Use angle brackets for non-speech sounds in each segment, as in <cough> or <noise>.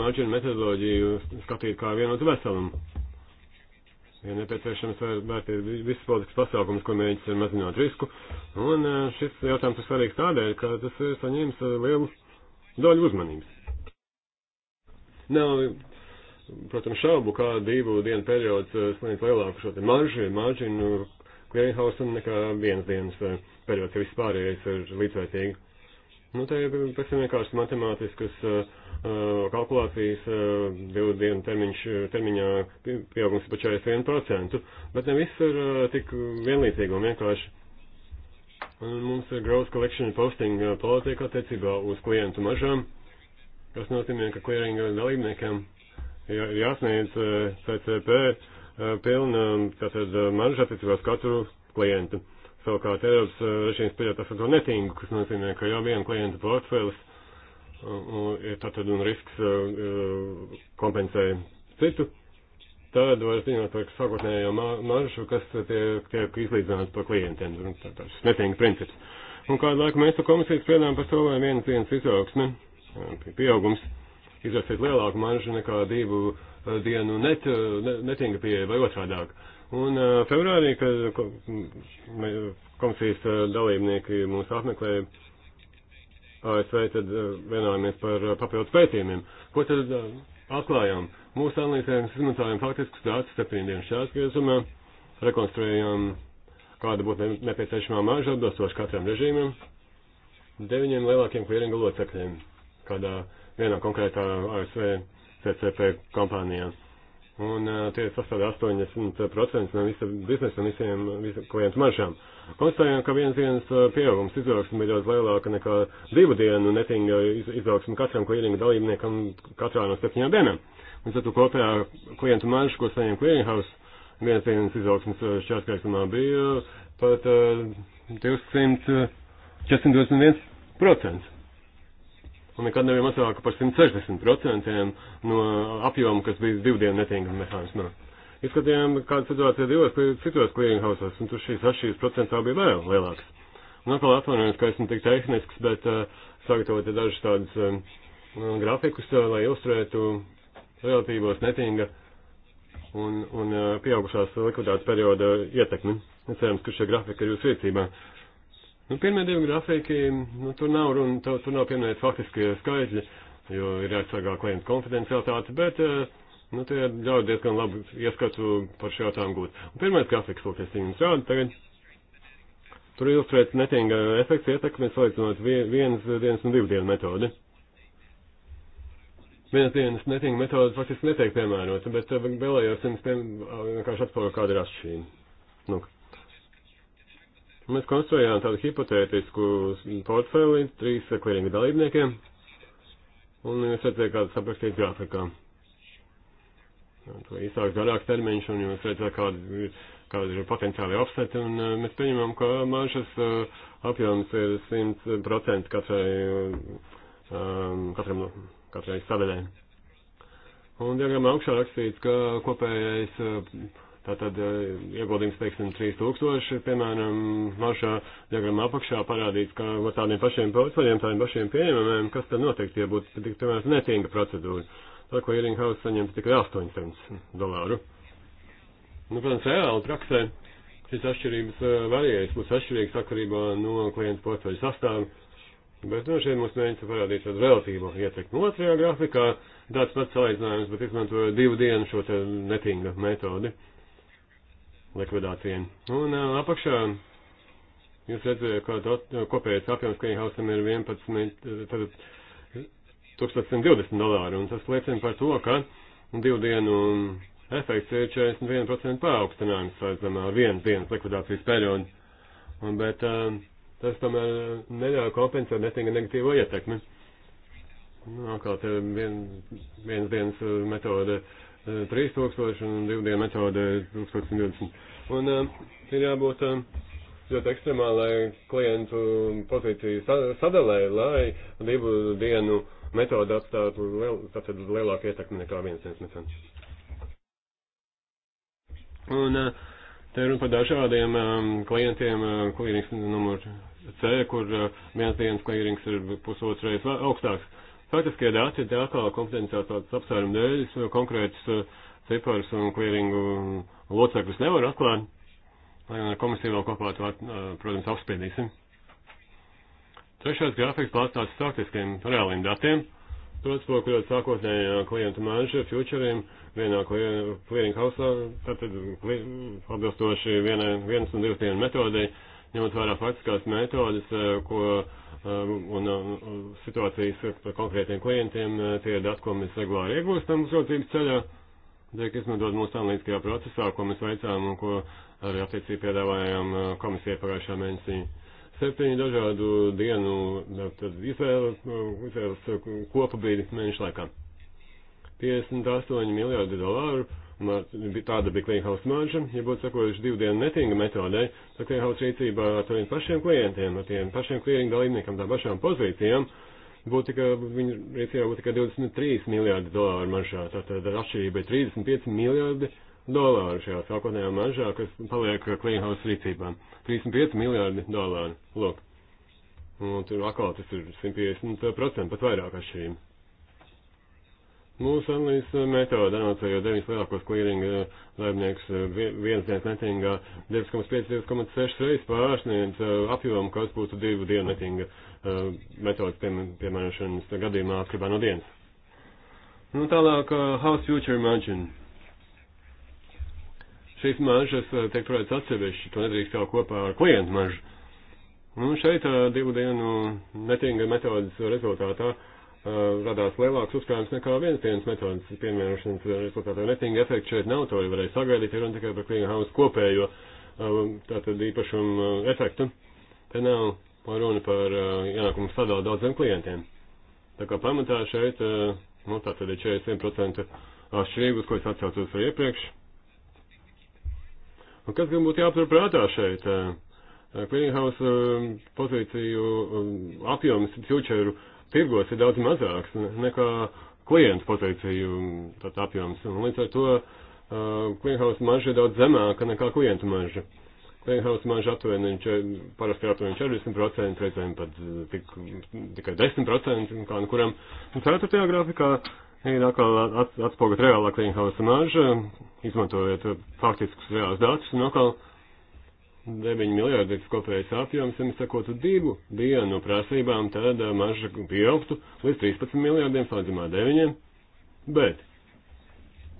marģinu metodoloģiju skatīt kā vienotu veselumu. Ja nepieciešams vērtīt visus politikas pasākumus, ko mēģinās mazināt risku. Un šis jautājums ir svarīgs tādēļ, ka tas ir saņēmis lielu daļu uzmanības. Nav, protams, šaubu, kā divu dienu periods sniedz lielāku šo te maržu, marģinu clearinghouse nekā vienas dienas periods, ja viss pārējais ir līdzvērtīgi. Nu, te ir pēc vienkārši matemātiskas uh, Eh, kalkulācijas eh, divu dienu termiņš, eh, termiņā pieaugums pa 41%, bet ne viss ir tik vienlīdzīgi un vienkārši. Un mums ir gross collection posting politika attiecībā uz klientu mažām, kas nozīmē, ka klieringa dalībniekiem ir jāsniedz CCP pilna tātad marža attiecībā uz katru klientu. Savukārt Eiropas režīms pieļaut asoto netingu, kas nozīmē, ka jau viena klienta portfelis tātad un risks uh, uh, kompensē citu, tad var ziņot par sākotnējo maržu, kas tiek, tiek izlīdzināta par klientiem. Nu, Tas netiek princips. Un kādu laiku mēs to komisijas spriedām par to, vai vienas dienas izaugsme, pieaugums, izrasīt lielāku maržu nekā divu uh, dienu net, netinga pieeja vai otrādāk. Un februārī, kad komisijas dalībnieki mūs apmeklēja, ASV tad eh, vienojamies par eh, papildus pētījumiem. Ko tad eh, atklājām? Mūsu analīzēm izmantojām faktiskus datus septiņu dienu šās griezumā, rekonstruējām, kāda būtu nepieciešamā marža atbilstoši katram režīmam, deviņiem lielākiem kliringa locekļiem, kādā vienā konkrētā ASV CCP kompānijā un tie sastāv 80% no visa biznesa un visiem visu klientu maržām. Konstatējām, ka viens dienas pieaugums izaugsme ir daudz lielāka nekā divu dienu netinga izaugsme katram klientu dalībniekam katrā no septiņām dienām. Un tad kopējā klientu marža, ko saņem clearinghouse, viens dienas izaugsmes šķērskaistumā bija pat uh, 200, 421% un nekad nebija mazāka par 160% no apjoma, kas bija divdienu netīnguma mehānismā. Izskatījām, kāda situācija divos citos clearinghousos, un tur šīs atšķirības procentā bija vēl lielākas. Un atkal atvainojos, ka esmu tik tehnisks, bet uh, eh, sagatavot dažus tādus uh, grafikus, uh, lai ilustrētu relatīvos netīnga un, un uh, pieaugušās likvidācijas perioda ietekmi. Cerams, ka šie grafika ir jūsu rīcībā. Uh, Nu, pirmie divi grafiki, nu, tur nav runa, tur, tur nav pieminēti faktiskie skaitļi, jo ir jāatsargā klienta konfidencialitāte, bet, eh, nu, tie ļauj diezgan labu ieskatu par šo jautājumu gūt. Un pirmais grafiks, lūk, es jums rādu tagad. Tur ilustrēts netinga efekts ietekmes, salīdzinot vienas dienas un divu dienu metodi. Vienas dienas netinga metode faktiski netiek piemērota, bet eh, vēlējos jums vienkārši atspoguļot, kāda ir atšķirība. Nu, Mēs konstruējām tādu hipotētisku portfeli trīs kliringa dalībniekiem, un jūs redzējāt, kāds aprakstīts grafikā. To īsāks, garāks termiņš, un jūs redzat, kāda, kāda ir potenciāli offseti, un eh, mēs pieņemam, ka maržas eh, apjoms ir 100% katrai, eh, katram, katrai sadaļai. Un diagramā augšā rakstīts, ka kopējais Tātad eh, ieguldījums, teiksim, 3000, piemēram, maršā diagramma apakšā parādīts, ka ar tādiem pašiem portfeļiem, tādiem pašiem pieņemamiem, kas tad notiek, tie būtu, piemēram, netīnga procedūra. Tā, ko Iringhaus saņems tikai 800 dolāru. Nu, protams, reāli praksē šīs atšķirības eh, varējas būs atšķirīgas atkarībā no klienta portfeļa sastāvā. Bet no nu, šeit mums mēģina parādīt tādu relatīvu ietekmi. No nu, otrajā grafikā tāds pats salīdzinājums, bet izmantoja divu dienu šo te netīnga metodi. Uh, likvidācijai. Un apakšā jūs redzat, ka tot, kopējais apjoms Kreihausam ir 11, tad 1120 dolāri, un tas liecina par to, ka divu dienu efekts ir 41% paaugstinājums saistībā ar vienas dienas likvidācijas periodu. Un, bet uh, tas tomēr neļauj kompensēt netinga negatīvo ietekmi. Nu, kā te vien, vienas dienas metode 3000 un divu dienu metode 1020. Un uh, ir jābūt uh, ļoti ekstremālai klientu pozīciju sadalē, lai divu dienu metode atstātu liel, lielāku ietekmi nekā viens dienas metode. Un uh, te runa par dažādiem um, klientiem, uh, klīrings numur C, kur uh, viens dienas klīrings ir pusotrais augstāks. Faktiskie dati te atkal konfidenciālitātes apsvērumu dēļ konkrētas uh, ciparus un kliringu locekļus nevar atklāt. Lai gan ar komisiju vēl kopā to, at, uh, protams, apspiedīsim. Trešais grafiks pārstāsta faktiskiem reāliem datiem. To atspoguļot sākotnējā klientu marža futuriem vienā clearing hausā, tātad atbilstoši vienai, vienas un divas dienu metodei, ņemot vērā faktiskās metodas, uh, ko Um, un um, situācijas par konkrētiem klientiem, uh, tie ir dati, ko mēs regulāri iegūstam uzraudzības ceļā, tiek izmantot mūsu analītiskajā procesā, ko mēs veicām un ko arī attiecīgi piedāvājām uh, komisijai pagājušā mēnesī. Septiņu dažādu dienu izvēles, uh, izvēles kopa bija mēnešu laikā. 58 miljārdi dolāru Tāda bija Klinghaus marža, ja būtu sakojuši divu dienu netinga metodai, tad Klinghaus rīcībā ar tiem pašiem klientiem, ar tiem pašiem klīringa dalībniekam, tā pašām pozīcijām, būtu tikai, viņa rīcībā būtu tikai 23 miljārdi dolāru maržā, tātad atšķirība ir 35 miljārdi dolāru šajā sākotnējā maržā, kas paliek Klinghaus rīcībā. 35 miljārdi dolāru, lūk. Un tur atkal tas ir 150% pat vairāk atšķirība. Mūsu analīzes metode analizēja deviņus lielākos klīringa eh, laimnieks eh, vienas dienas netingā 2,5-2,6 reizes pārsniedz eh, apjomu, kas būtu divu dienu netinga metodas piemērošanas gadījumā atkarībā no dienas. Nu, tālāk, house future margin. Šīs maržas tiek turētas atsevišķi, to nedrīkst jau kopā ar klientu maržu. Nu, šeit divu dienu netinga metodas rezultātā. Uh, Uh, radās lielāks uzkrājums nekā viens dienas metodas piemērošanas rezultātā. Netinga efekta šeit nav, to jau varēja sagaidīt, ir un tikai par Klinghausa kopējo uh, tātad īpašumu uh, efektu. Te nav runa par ienākumu sadalu daudziem klientiem. Tā kā pamatā šeit, nu tātad ir 41% atšķirības, ko es atcaucos arī iepriekš. Un kas gan būtu jāaptur prātā šeit? Clearinghouse pozīciju um, apjoms future tirgos ir daudz mazāks nekā klientu poteiciju apjoms. Un līdz ar to uh, klienthausa marža ir daudz zemāka nekā klientu marža. Klienthausa marža aptuveni, parasti aptuveni 40%, reizēm pat uh, tik, tikai 10%, kā nu kuram. Un ceturtajā grafikā ir atkal atspogat reālā klienthausa marža, izmantojot uh, faktiskus reālus datus un atkal. No 9 miljārdi kopējais apjoms, ja mēs sakotu divu dienu prasībām, tad eh, marža pieaugtu līdz 13 miljārdiem, slēdzamā 9. Bet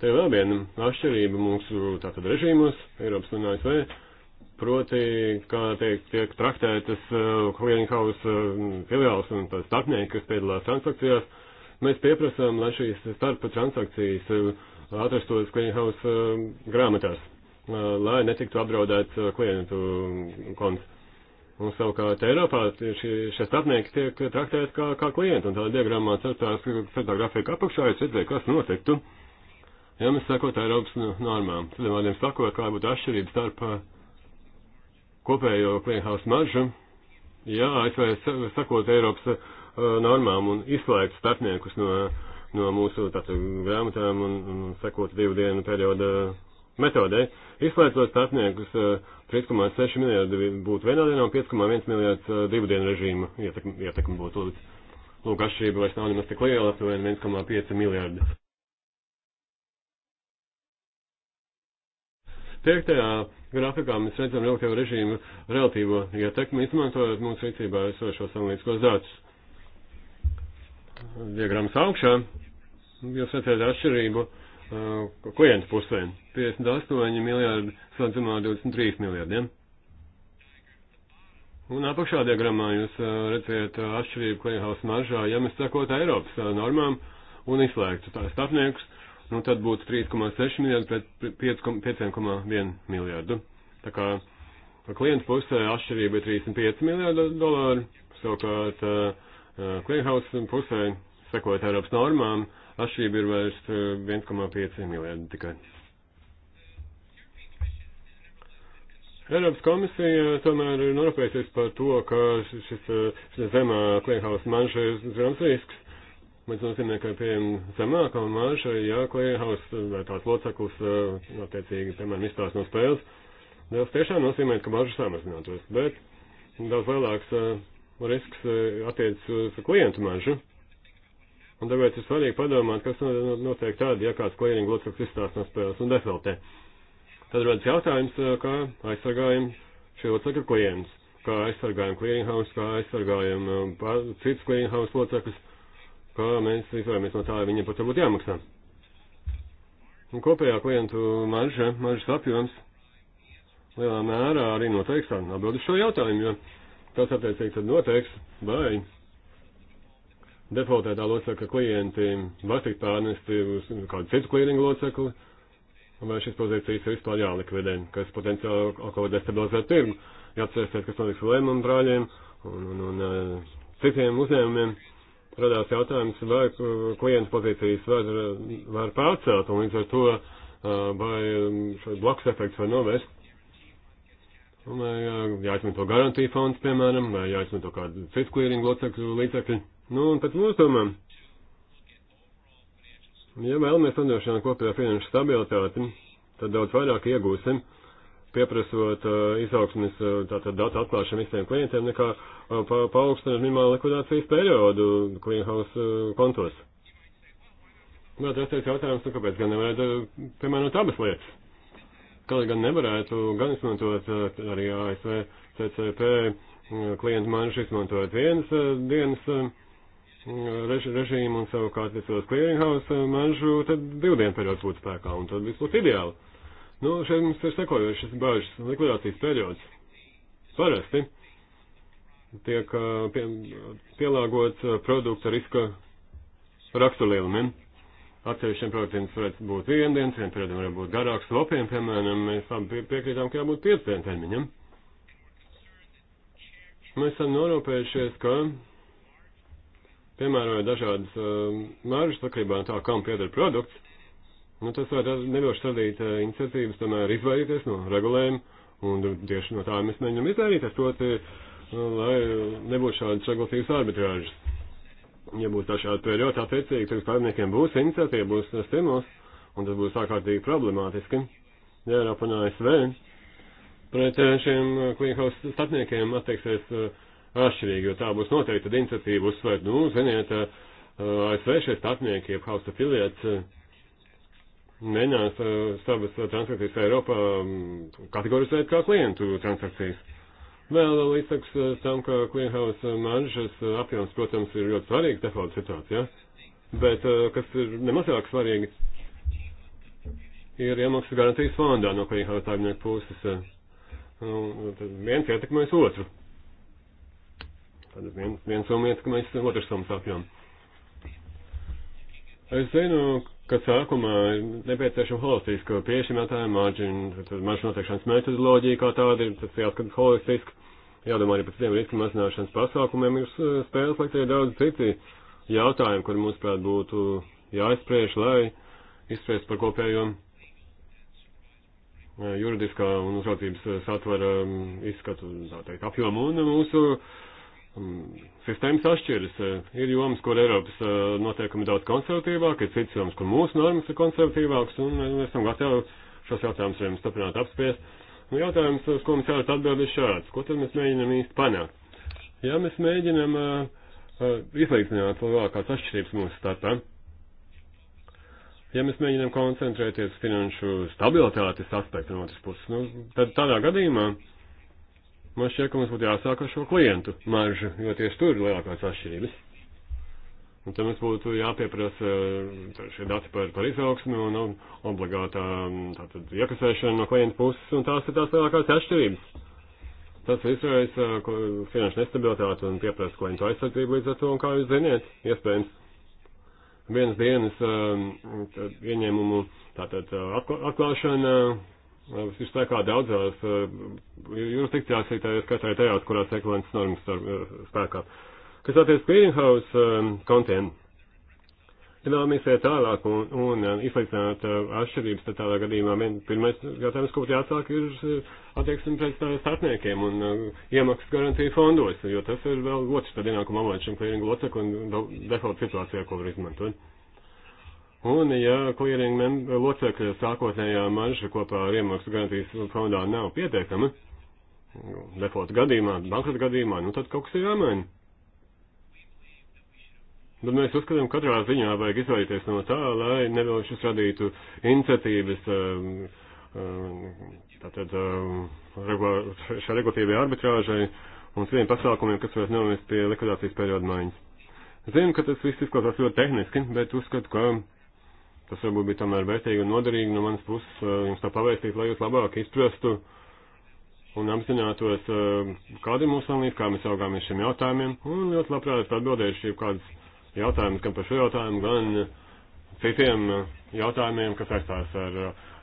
Te vēl viena atšķirība mūsu tātad režīmos, Eiropas un ASV, proti, kā tiek, tiek traktētas uh, Clearinghouse uh, filiāls un tās starpnieki, kas piedalās transakcijās, mēs pieprasām, lai šīs starpa transakcijas uh, atrastos Clearinghouse uh, grāmatās lai netiktu apdraudēts klientu konts. Un savukārt Eiropā šie, šie starpnieki tiek traktēti kā, kā klienti, un tādā diagrammā ceturtās, ceturtā grafika apakšā ir redzēja, kas notiktu, ja mēs sakot Eiropas normām. Citiem vārdiem sakot, kā būtu atšķirība starp kopējo klienthausu maržu, ja ASV sakot Eiropas normām un izslēgt starpniekus no, no mūsu tātad grāmatām un, un sakot divu dienu perioda metodē, izslēdzot starpniekus, 3,6 eh, miljardi būtu vienā dienā un 5,1 miljards eh, divu dienu režīmu ietekmi, ietekmi būtu. Lūk, atšķirība vairs nav nemaz tik liela, aptuveni 1,5 miljardi. Piektajā grafikā mēs redzam relatīvo režīmu relatīvo ietekmi, izmantojot mūsu rīcībā esošos analītiskos datus. Diagrammas augšā jūs redzat atšķirību Uh, klientu pusē. 58 miljārdi sadzimā 23 miljārdiem. Un apakšā diagramā jūs uh, redzēt uh, atšķirību klienthausa maržā. Ja mēs sakot Eiropas normām un izslēgtu starpniekus, nu tad būtu 3,6 miljārdi pret 5,1 miljārdu. Tā kā klientu pusē atšķirība ir 35 miljārdu dolāru, savukārt klienthausa pusē, sekot Eiropas normām, uh, atšķirība ir vairs 1,5 eh, miljardi tikai. Eiropas komisija tomēr ir norūpējusies par to, ka šis, šis zemā klienhausa manša ir zināms risks. Mēs nozīmē, ka pieejam zemākā manša, ja klienhausa vai tās loceklis, eh, attiecīgi, piemēram, izstās no spēles, tas tiešām nozīmē, ka marža samazinātos. Bet daudz lielāks eh, risks attiecas uz klientu maržu. Un tāpēc ir svarīgi padomāt, kas notiek tādi, ja kāds klieringa loceklis izstās no spēles un defaultē. Tad rodas jautājums, kā aizsargājam šī locekļa klientus, kā aizsargājam clearinghouse, kā aizsargājam uh, citus clearinghouse locekļus, kā mēs izvairamies no tā, viņiem pat būtu jāmaksā. Un kopējā klientu marža, maržas apjoms lielā mērā arī noteiks atbildi šo jautājumu, jo tas attiecīgi tad noteiks, vai defaultētā locekļa klienti var tikt pārnesti uz kādu citu klīringu locekli, vai šīs pozīcijas ir vispār jālikvidē, kas potenciāli atkal destabilizē tirgu. Jāatcerēsies, kas notiks lēmumu brāļiem un, un, un eh, citiem uzņēmumiem. Radās jautājums, vai eh, klientu pozīcijas var, var pārcelt, un līdz ar to eh, vai mm, šāds blakus efekts var novest. Un vai jāizmanto garantija fonds, piemēram, vai jāizmanto kādu citu klīringu locekļu līdzekļu. Nu, un pēc mūsu domām, ja vēlamies nodrošināt kopējo finanšu stabilitāti, tad daudz vairāk iegūsim, pieprasot uh, izaugsmes uh, tātad datu atklāšanu visiem klientiem, nekā uh, pa, paaugstināt minimālu likvidācijas periodu cleanhouse uh, kontos. Nā, nu, tas ir jautājums, nu, kāpēc gan nevarētu uh, piemērot abas lietas? Kaut gan nevarētu gan izmantot uh, arī ASV CCP uh, klientu manšu, izmantojot vienas uh, dienas. Uh, rež, režīmu un savukārt visos clearinghouse maržu, tad divdienu periods būtu spēkā, un tad viss būtu ideāli. Nu, šeit mums ir sekojošas bažas likvidācijas periods. Parasti tiek pie, pielāgots produkts ar riska raksturlielumiem. Atsevišķiem produktiem tas varētu būt viena diena, viena periodam varētu būt garāks, svopiem, piemēram, mēs abi piekrītām, ka jābūt 5 dienu termiņam. Mēs esam norūpējušies, ka piemēroja dažādas uh, um, mēržas sakarībā no tā, kam pieder produkts, nu, tas varētu nedoši radīt uh, iniciatīvas, tomēr izvairīties no regulējuma, un tieši no tā mēs mēģinām izvairīties, proti, uh, nu, lai nebūtu šādas regulatīvas arbitrāžas. Ja būs tā šāda perioda, attiecīgi, tad strādniekiem būs iniciatīva, būs stimuls, un tas būs ārkārtīgi problemātiski. Ja Eiropa un ASV pret uh, šiem klīnhaus uh, statniekiem attieksies uh, atšķirīgi, jo tā būs noteikti tad iniciatīva uzsvērt, nu, ziniet, ASV šie starpnieki, jeb hausta filiāts, mēģinās savas transakcijas Eiropā kategorizēt kā klientu transakcijas. Vēl līdzsaks tam, ka klienthouse maržas apjoms, protams, ir ļoti svarīgs default situācijā, bet kas ir nemazāk svarīgi, ir iemaksu garantijas fondā no klienthouse tāpnieku puses. Nu, viens ietekmēs otru. Tad vien, viens summa ietekmēs otru summas apjomu. Es zinu, ka sākumā ir nepieciešama holistiska pie šiem jautājumiem, margin, maržu noteikšanas metodoloģija kā tāda, tas jāskatās holistiski, jādomā arī par citiem riska mazināšanas pasākumiem, ir spēles lekcija daudz citi jautājumi, kur mums, prāt, būtu jāizspriež, lai izspriest par kopējo eh, juridiskā un uzraudzības satvara mm, izskatu, tā teikt, apjomu un mūsu Mm, sistēmas atšķiras. Eh, ir jomas, kur Eiropas eh, noteikumi daudz konservatīvāki, ir citas jomas, kur mūsu normas ir konservatīvākas, un eh, mēs esam gatavi šos jautājumus varam stiprināt apspriest. Un jautājums, uz ko mums jāvar atbild, ir šāds. Ko tad mēs mēģinam īsti panākt? Ja mēs mēģinam uh, uh, izlīdzināt lielākās atšķirības mūsu starpā, ja mēs mēģinam koncentrēties finanšu stabilitātes aspektu no otras puses, nu, tad tādā gadījumā uh, Man šķiet, ka mums būtu jāsāk ar šo klientu maržu, jo tieši tur ir lielākās atšķirības. Un tad mums būtu jāpieprasa eh, šie dati par, par izaugsmi un, un obligātā mm, tātad iekasēšana no klienta puses, un tās ir tās lielākās atšķirības. Tas izraisa eh, finanšu nestabilitāti un pieprasa klientu aizsardzību līdz ar to, un kā jūs ziniet, iespējams, vienas dienas uh, ieņēmumu tātad atklāšana ir spēkā daudzās eh, jurisdikcijās, ir tā skatā tajās, kurās ekvivalents normas eh, spēkā. Kas attiecas Greenhouse eh, kontiem, ja vēlamies iet tālāk un, un izlīdzināt atšķirības, tad tādā gadījumā pirmais jautājums, ko būtu jāatsāk, ir attieksme pret starpniekiem un iemaksas garantija fondos, jo tas ir vēl otrs tad ienākuma avots šim klīringu loceklim un default situācijā, ko var izmantot. Un, ja klieringa locekļa sākotnējā marža kopā ar iemaksu garantijas fondā nav pietiekama, defaulta gadījumā, bankrota gadījumā, nu tad kaut kas ir jāmaina. Bet mēs uzskatām, ka katrā ziņā vajag izvairīties no tā, lai nevēlšas radītu iniciatīvas, um, um, tātad um, šai regulatīvajai arbitrāžai un citiem pasākumiem, kas varētu novest pie likvidācijas perioda maiņas. Zinu, ka tas viss izklausās ļoti tehniski, bet uzskatu, ka Tas varbūt bija tomēr vērtīgi un noderīgi no manas puses eh, jums tā pavēstīt, lai jūs labāk izprastu un apzinātos, eh, kāda ir mūsu analīze, kā mēs augāmies šiem jautājumiem, un ļoti labprāt atbildēšu jau kādas jautājumas, gan par šo jautājumu, gan eh, citiem jautājumiem, kas saistās ar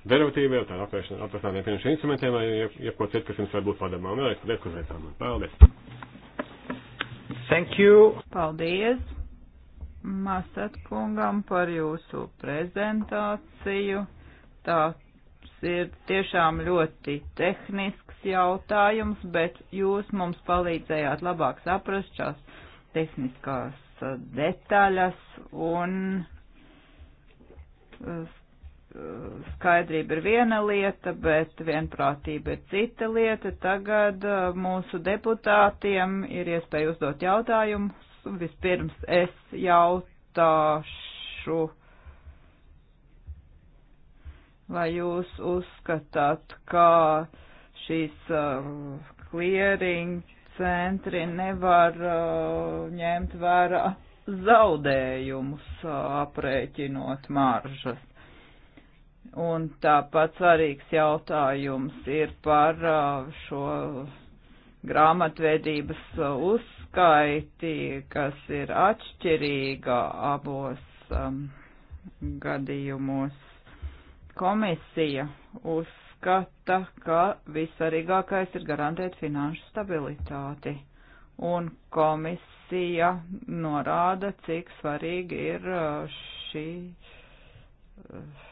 derivatīviem, tā atvērstādiem finanšu instrumentiem, vai jebko citu, kas jums varbūt padomā. Vēlreiz, paldies, ka uzveicām man. Paldies! Thank you! Paldies! Masat kungam par jūsu prezentāciju. Tas ir tiešām ļoti tehnisks jautājums, bet jūs mums palīdzējāt labāk saprast šās tehniskās uh, detaļas un uh, uh, skaidrība ir viena lieta, bet vienprātība ir cita lieta. Tagad mūsu deputātiem ir iespēja uzdot jautājumus Vispirms es jautāšu, vai jūs uzskatāt, ka šīs uh, clearing centri nevar uh, ņemt vērā zaudējumus uh, aprēķinot maržas. Un tāpat svarīgs jautājums ir par uh, šo grāmatvedības uh, uz skaiti, kas ir atšķirīga abos um, gadījumos. Komisija uzskata, ka vissvarīgākais ir garantēt finanšu stabilitāti, un komisija norāda, cik svarīgi ir uh, šī uh,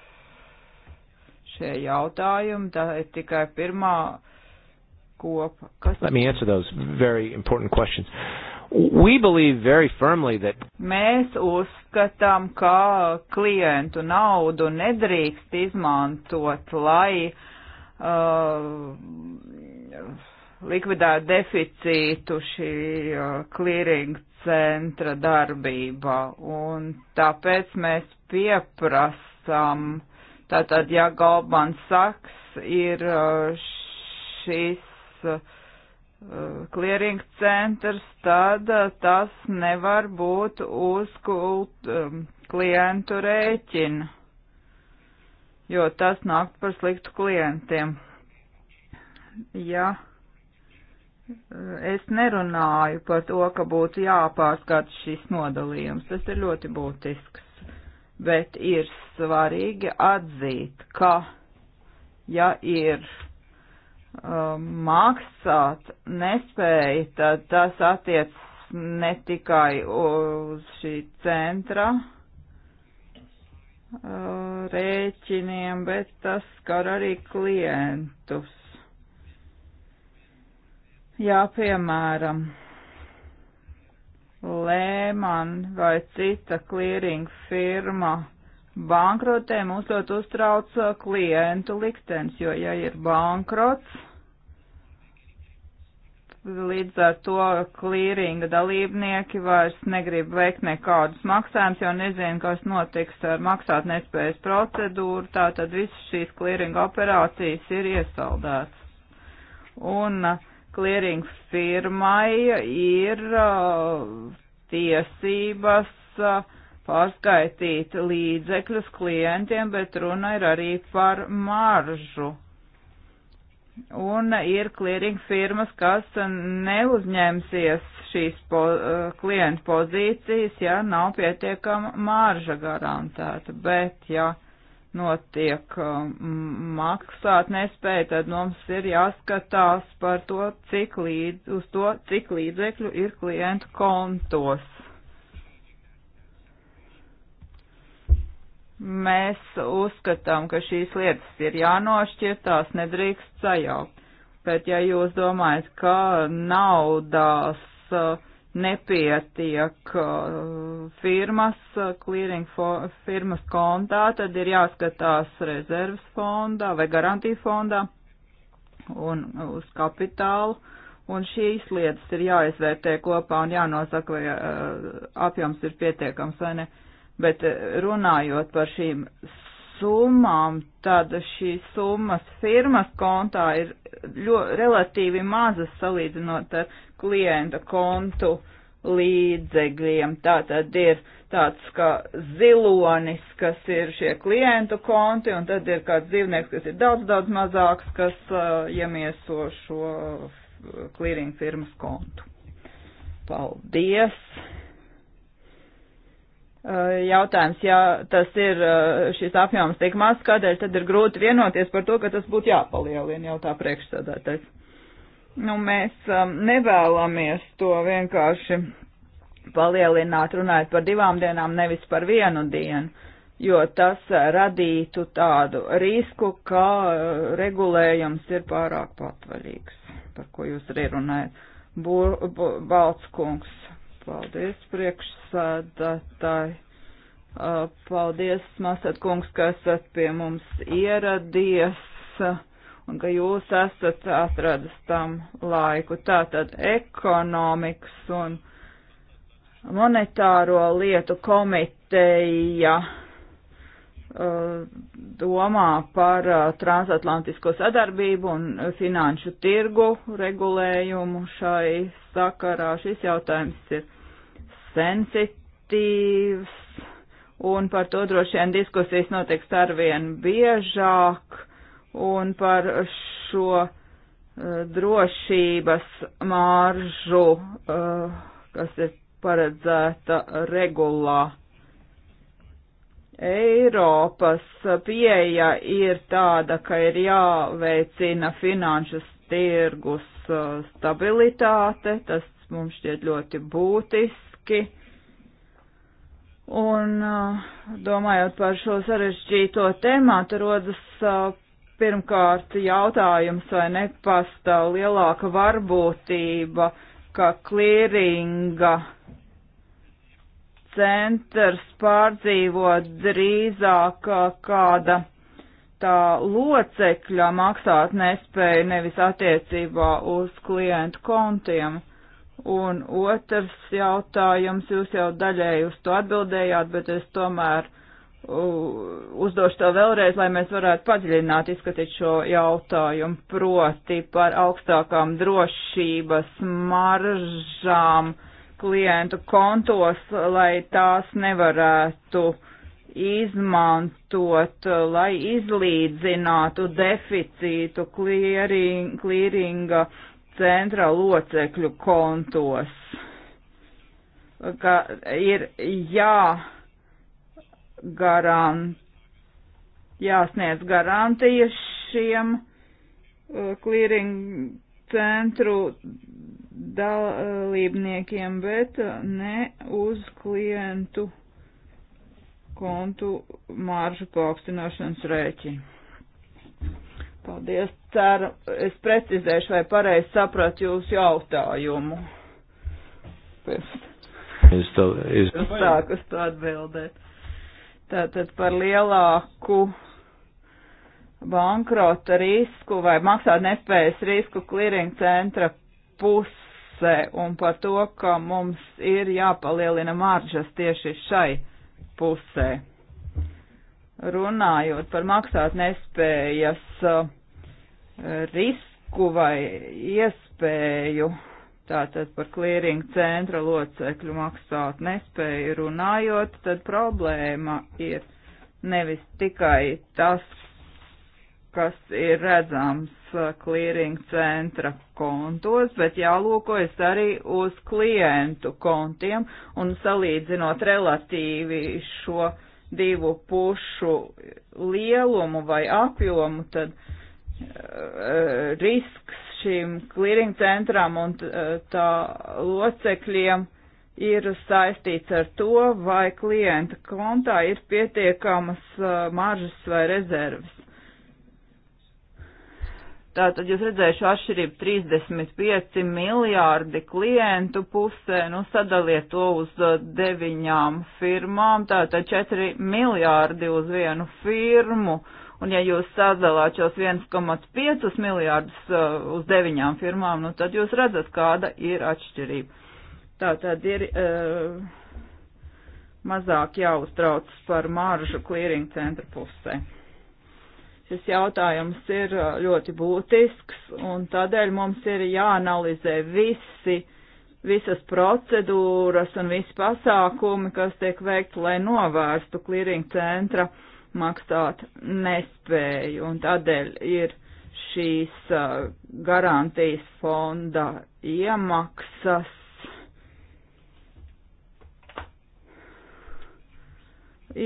šie jautājumi. Tā ir tikai pirmā kopu. Kas... Let me answer those very important questions. We believe very firmly that Mēs uzskatām, ka klientu naudu nedrīkst izmantot, lai uh, likvidētu deficītu šī uh, clearing centra darbībā. Un tāpēc mēs pieprasām, tātad, ja Goldman Sachs ir uh, šīs Uh, clearing centrs, tad uh, tas nevar būt uz kult, um, klientu rēķina, jo tas nākt par sliktu klientiem. Ja uh, es nerunāju par to, ka būtu jāpārskata šis nodalījums, tas ir ļoti būtisks, bet ir svarīgi atzīt, ka ja ir Um, maksāt nespēja, tad tas attiec ne tikai uz šī centra uh, rēķiniem, bet tas skar arī klientus. Jā, piemēram, Lēman vai cita clearing firma bankrotē mūs ļoti uztrauc uh, klientu liktenis, jo ja ir bankrots, līdz ar to klīringa dalībnieki vairs negrib veikt nekādus maksājumus, jo nezinu, kas notiks ar maksāt nespējas procedūru, tātad visas šīs klīringa operācijas ir iesaldētas. Un uh, klīringa firmai ir uh, tiesības uh, pārskaitīt līdzekļus klientiem, bet runa ir arī par maržu. Un ir clearing firmas, kas neuzņemsies šīs po, eh, klientu pozīcijas, ja nav pietiekama marža garantēta, bet ja notiek eh, maksāt nespēja, tad mums ir jāskatās par to, cik līdz, uz to, cik līdzekļu ir klientu kontos Mēs uzskatām, ka šīs lietas ir jānošķir, tās nedrīkst sajaukt. Bet ja jūs domājat, ka naudās uh, nepietiek uh, firmas, uh, clearing firmas kontā, tad ir jāskatās rezerves fondā vai garantija fondā un uz kapitālu. Un šīs lietas ir jāizvērtē kopā un jānosaka, vai apjoms ir pietiekams vai ne. Uh, Bet eh, runājot par šīm summām, tad šīs summas firmas kontā ir ļo, relatīvi mazas salīdzinot ar klienta kontu līdzekļiem. Tā tad ir tāds kā zilonis, kas ir šie klientu konti, un tad ir kāds dzīvnieks, kas ir daudz, daudz mazāks, kas uh, iemieso šo clearing firmas kontu. Paldies! Eh, jautājums, ja tas ir eh, šis apjoms tik maz, kādēļ tad ir grūti vienoties par to, ka tas būtu jāpalielina jau tā priekšsēdētais. Nu, mēs eh, nevēlamies to vienkārši palielināt, runājot par divām dienām, nevis par vienu dienu, jo tas radītu tādu risku, ka regulējums ir pārāk patvaļīgs, par ko jūs arī runājat. Balts kungs Paldies, priekšsēdētāji. Uh, paldies, Masat kungs, ka esat pie mums ieradies uh, un ka jūs esat atradis tam laiku. Tātad ekonomikas un monetāro lietu komiteja uh, domā par transatlantisko sadarbību un finanšu tirgu regulējumu šai sakarā. Šis jautājums ir sensitīvs, un par to droši vien diskusijas notiks arvien biežāk, un par šo eh, drošības māržu, eh, kas ir paredzēta regulā. Eiropas pieeja ir tāda, ka ir jāveicina finanšu tirgus eh, stabilitāte, tas mums šķiet ļoti būtisks lieliski. Un uh, domājot par šo sarežģīto tēmātu, rodas uh, pirmkārt jautājums, vai nepastāv lielāka varbūtība, ka klīringa centrs pārdzīvo drīzāk uh, kāda tā locekļa maksāt nespēju nevis attiecībā uz klientu kontiem. Uh, Un otrs jautājums, jūs jau daļēji uz to atbildējāt, bet es tomēr uzdošu to vēlreiz, lai mēs varētu padziļināt izskatīt šo jautājumu proti par augstākām drošības maržām klientu kontos, lai tās nevarētu izmantot, lai izlīdzinātu deficītu klīringa centra locekļu kontos, ka ir jāgaran, jāsniedz garantijas šiem klīringu uh, centru dalībniekiem, bet ne uz klientu kontu māržu paaugstināšanas rēķinu. Paldies ceru, es precizēšu vai pareizi sapratu jūsu jautājumu. Es to, es... Es sāku uz to atbildēt. Tātad par lielāku bankrota risku vai maksāt nespējas risku clearing centra pusē un par to, ka mums ir jāpalielina maržas tieši šai pusē runājot par maksātnespējas uh, risku vai iespēju. Tātad par klīringu centra locekļu maksāt nespēju runājot, tad problēma ir nevis tikai tas, kas ir redzams klīringu uh, centra kontos, bet jālūkojas arī uz klientu kontiem un salīdzinot relatīvi šo divu pušu lielumu vai apjomu, tad uh, Eh, risks šīm clearing centram un eh, tā locekļiem ir saistīts ar to, vai klienta kontā ir pietiekamas eh, maržas vai rezerves. Tātad jūs redzējuši atšķirību 35 miljārdi klientu pusē, nu sadaliet to uz deviņām firmām, tātad 4 miljārdi uz vienu firmu. Uh, Un ja jūs sadalāt šos 1,5 miljārdus uh, uz deviņām firmām, nu tad jūs redzat, kāda ir atšķirība. Tā tad ir uh, mazāk jāuztrauc par maržu klīringa centra pusē. Šis jautājums ir uh, ļoti būtisks, un tādēļ mums ir jāanalizē visi, visas procedūras un visi pasākumi, kas tiek veikti, lai novērstu klīringa centra uh, maksāt nespēju, un tādēļ ir šīs uh, garantijas fonda iemaksas.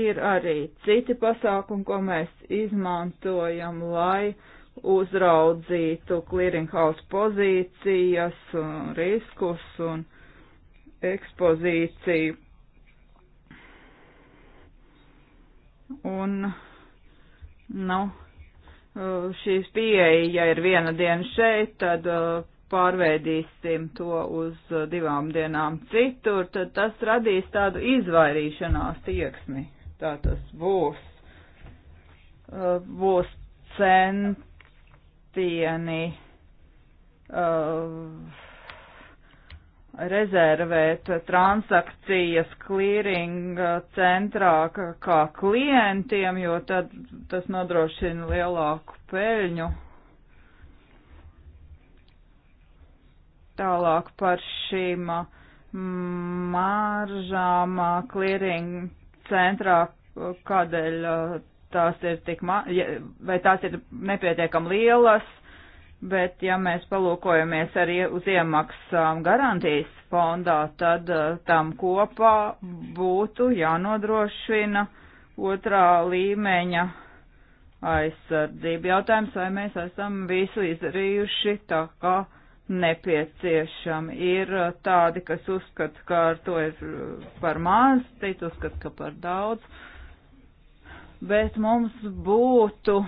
Ir arī citi pasākumi, ko mēs izmantojam, lai uzraudzītu clearinghouse pozīcijas un riskus un ekspozīciju Un, nu, šīs pieeja, ja ir viena diena šeit, tad uh, pārveidīsim to uz uh, divām dienām citur, tad tas radīs tādu izvairīšanās tieksmi. Tā tas būs. Uh, būs centieni. Uh, rezervēt transakcijas klīringa centrā kā klientiem, jo tad tas nodrošina lielāku peļņu. Tālāk par šīm mm, maržām klīringa centrā, kādēļ uh, tās ir tik, ma ja, vai tās ir nepietiekam lielas, Bet, ja mēs palūkojamies arī uz iemaksām garantijas fondā, tad eh, tam kopā būtu jānodrošina otrā līmeņa aizsardzība. Jautājums, vai mēs esam visu izdarījuši tā kā nepieciešami. Ir eh, tādi, kas uzskata, ka ar to ir eh, par maz, citi uzskata, ka par daudz. Bet mums būtu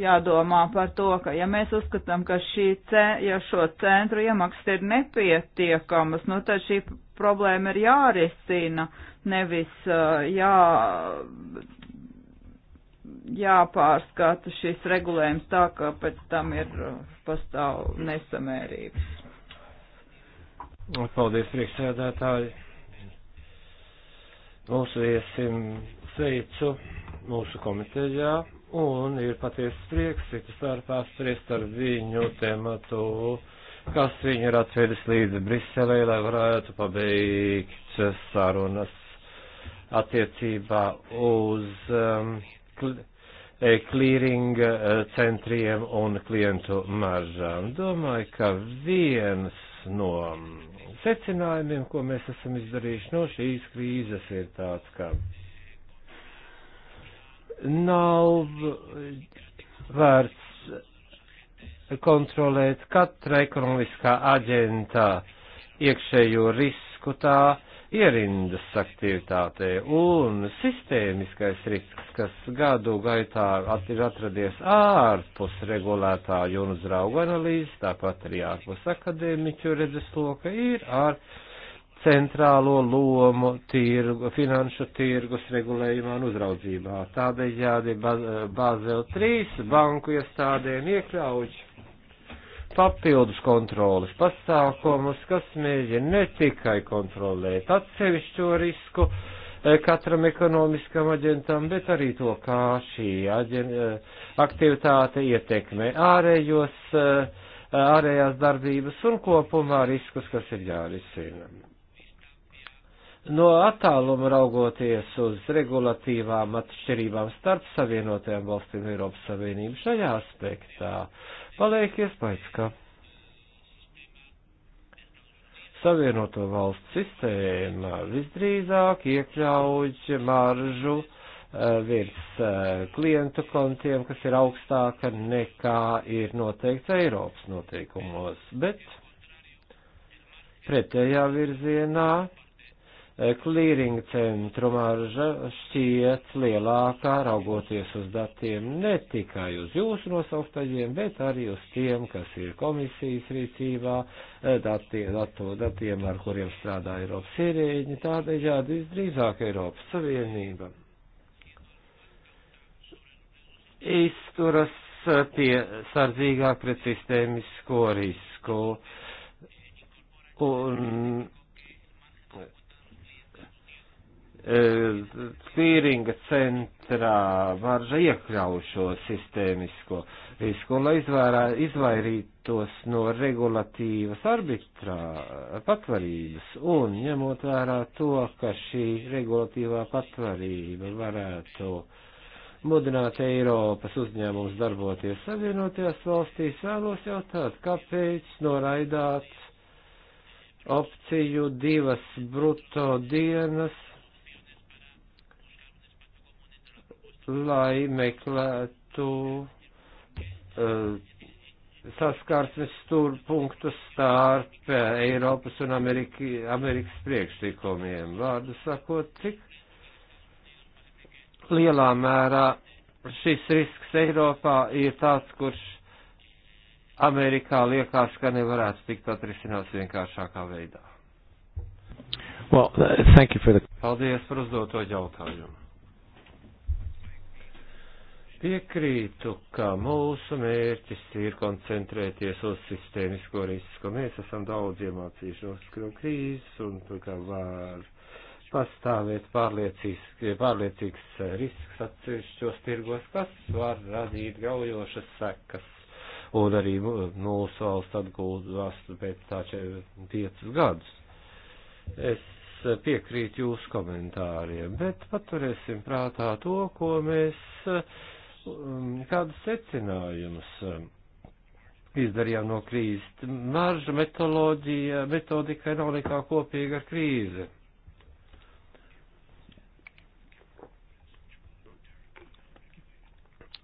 jādomā par to, ka ja mēs uzskatām, ka šī ce, ja šo centru iemaksas ir nepietiekamas, nu tad šī problēma ir jārisina, nevis uh, jā, jāpārskata šis regulējums tā, ka pēc tam ir uh, pastāv nesamērība. Paldies, priekšsēdētāji. Mūsu viesim sveicu mūsu komitejā Un ir patiesi prieks, cik starpā spriest ar viņu tematu, kas viņu ir atvedis līdz Briselē, lai varētu pabeigt sarunas attiecībā uz um, klīringa e, e, centriem un klientu maržām. Domāju, ka viens no secinājumiem, ko mēs esam izdarījuši no šīs krīzes, ir tāds, ka. Kā nav vērts kontrolēt katra ekonomiskā aģentā iekšējo risku tā ierindas aktivitātē un sistēmiskais risks, kas gadu gaitā at ir atradies ārpus regulētāju un uzraugu analīzes, tāpat arī ārpus akadēmiķu redzesloka, ir ārpus centrālo lomu tirgu, finanšu tirgus regulējumā un uzraudzībā. Tādējādi Bāzel 3 banku iestādēm iekļauj papildus kontrolas pasākumus, kas mēģina ne tikai kontrolēt atsevišķo risku eh, katram ekonomiskam aģentam, bet arī to, kā šī aģen, eh, aktivitāte ietekmē ārējos, eh, ārējās darbības un kopumā riskus, kas ir jārisina No attāluma raugoties uz regulatīvām atšķirībām starp savienotajām valstīm Eiropas Savienību šajā aspektā, paliek iespējas, ka savienoto valstu sistēma visdrīzāk iekļauj maržu eh, virs eh, klientu kontiem, kas ir augstāka nekā ir noteikts Eiropas noteikumos, bet pretējā virzienā klīringa eh, centru marža šķiet lielākā, raugoties uz datiem ne tikai uz jūsu nosauktajiem, bet arī uz tiem, kas ir komisijas rīcībā, eh, dati, datu, datiem, ar kuriem strādā Eiropas sirēņi, tādējādi visdrīzāk Eiropas Savienība. Izturas eh, pie sardzīgāk pret sistēmisko risku. Un klīringa eh, centrā marža iekļauj šo sistēmisko risku un lai izvērā, izvairītos no regulatīvas arbitrā patvarības un ņemot vērā to, ka šī regulatīvā patvarība varētu mudināt Eiropas uzņēmumus darboties savienotajās valstīs, vēlos jautāt, kāpēc noraidāt opciju divas bruto dienas lai meklētu eh, saskarsmes tur punktu starp Eiropas un Ameriki, Amerikas priekšlikumiem. Vārdu sakot, cik lielā mērā šis risks Eiropā ir tāds, kurš Amerikā liekas, ka nevarētu tikt atrisināts vienkāršākā veidā. Well, thank you for the... Paldies par uzdoto jautājumu. Piekrītu, ka mūsu mērķis ir koncentrēties uz sistēmisko risku. Mēs esam daudz iemācījušies no krīzes un kā var pastāvēt pārliecīgs risks atsevišķos tirgos, kas var radīt gaujošas sekas. Un arī mūsu valsts atgūdās pēc tā 5 gadus. Es piekrītu jūsu komentāriem, bet paturēsim prātā to, ko mēs Um, kādus secinājumus um, izdarījām no krīzes. Marža metoloģija, metodika nav nekā kopīga ar krīzi.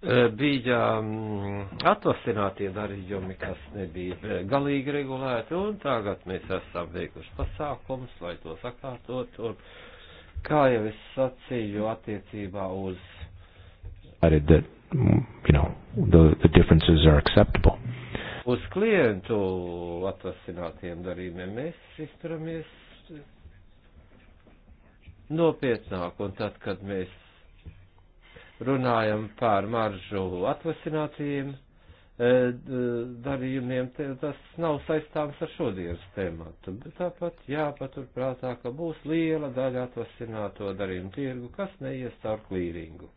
Uh, bija um, atvasinātie darījumi, kas nebija galīgi regulēti, un tagad mēs esam veikuši pasākumus, lai to sakārtot, un kā jau es sacīju attiecībā uz. Arī Mm, you know, the, the differences are acceptable. Uz klientu atvasinātiem darījumiem mēs izturamies nopietnāk, un tad, kad mēs runājam par maržu atvasinātajiem e, darījumiem, tas nav saistāms ar šodienas tēmatu. Bet tāpat jāpaturprātā, ka būs liela daļa atvasināto darījumu tirgu, kas neies caur klīringu.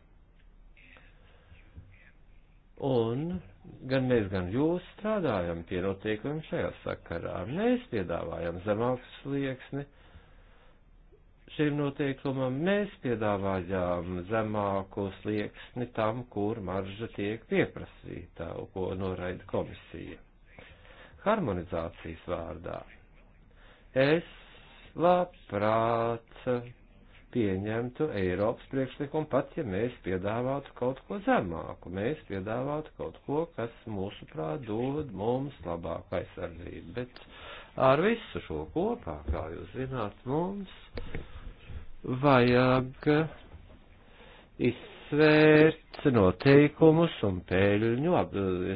Un gan mēs, gan jūs strādājam pie noteikumiem šajā sakarā. Mēs piedāvājam zemāku slieksni šim noteikumam, mēs piedāvājam zemāku slieksni tam, kur marža tiek pieprasītā, ko noraida komisija. Harmonizācijas vārdā. Es labprāt pieņemtu Eiropas priekšlikumu, pat ja mēs piedāvātu kaut ko zemāku. Mēs piedāvātu kaut ko, kas mūsuprāt dod mums labāku aizsardzību. Bet ar visu šo kopā, kā jūs zināt, mums vajag izsvērt noteikumus un pēļņu,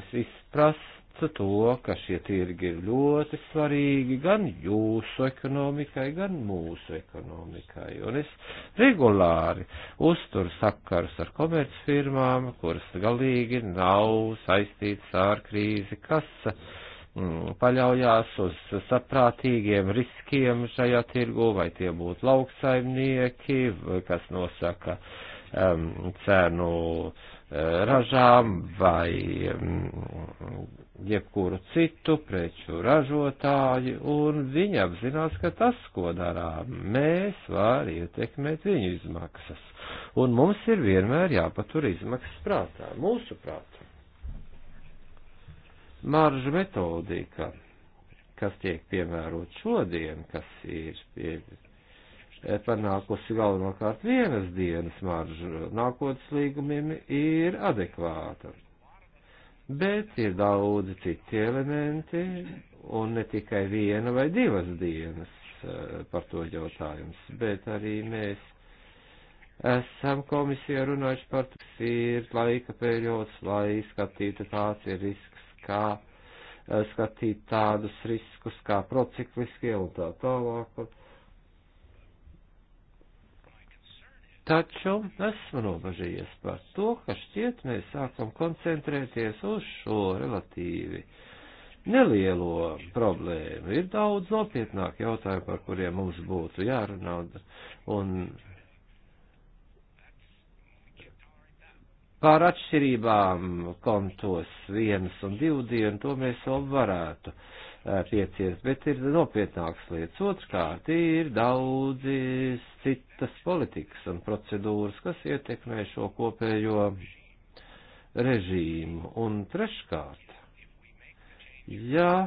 es izprast to, ka šie tirgi ir ļoti svarīgi gan jūsu ekonomikai, gan mūsu ekonomikai. Un es regulāri uzturu sakars ar komercfirmām, kuras galīgi nav saistītas ar krīzi, kas mm, paļaujās uz saprātīgiem riskiem šajā tirgu, vai tie būtu lauksaimnieki, kas nosaka um, cenu eh, ražām vai um, jebkuru citu preču ražotāju, un viņi apzinās, ka tas, ko darām, mēs var ietekmēt viņu izmaksas. Un mums ir vienmēr jāpatur izmaksas prātā, mūsu prātā. Marža metodika, kas tiek piemērot šodien, kas ir pie, e, panākusi galvenokārt vienas dienas maržu, nākotnes līgumiem ir adekvāta bet ir daudzi citi elementi, un ne tikai viena vai divas dienas eh, par to jautājums, bet arī mēs esam komisijā runājuši par to, kas ir laika periods, lai skatītu tāds ir risks, kā eh, skatīt tādus riskus kā procikliskie un tā tālāk. Un Taču esmu nobažījies par to, ka šķiet mēs sākam koncentrēties uz šo relatīvi nelielo problēmu. Ir daudz nopietnāk jautājumu, par kuriem mums būtu jārunā. Un, un pār atšķirībām kontos vienas un divu dienu to mēs vēl varētu uh, Eh, piecies, bet ir nopietnākas lietas. Otrkārt, ir daudzi citas politikas un procedūras, kas ietekmē šo kopējo režīmu. Un treškārt, ja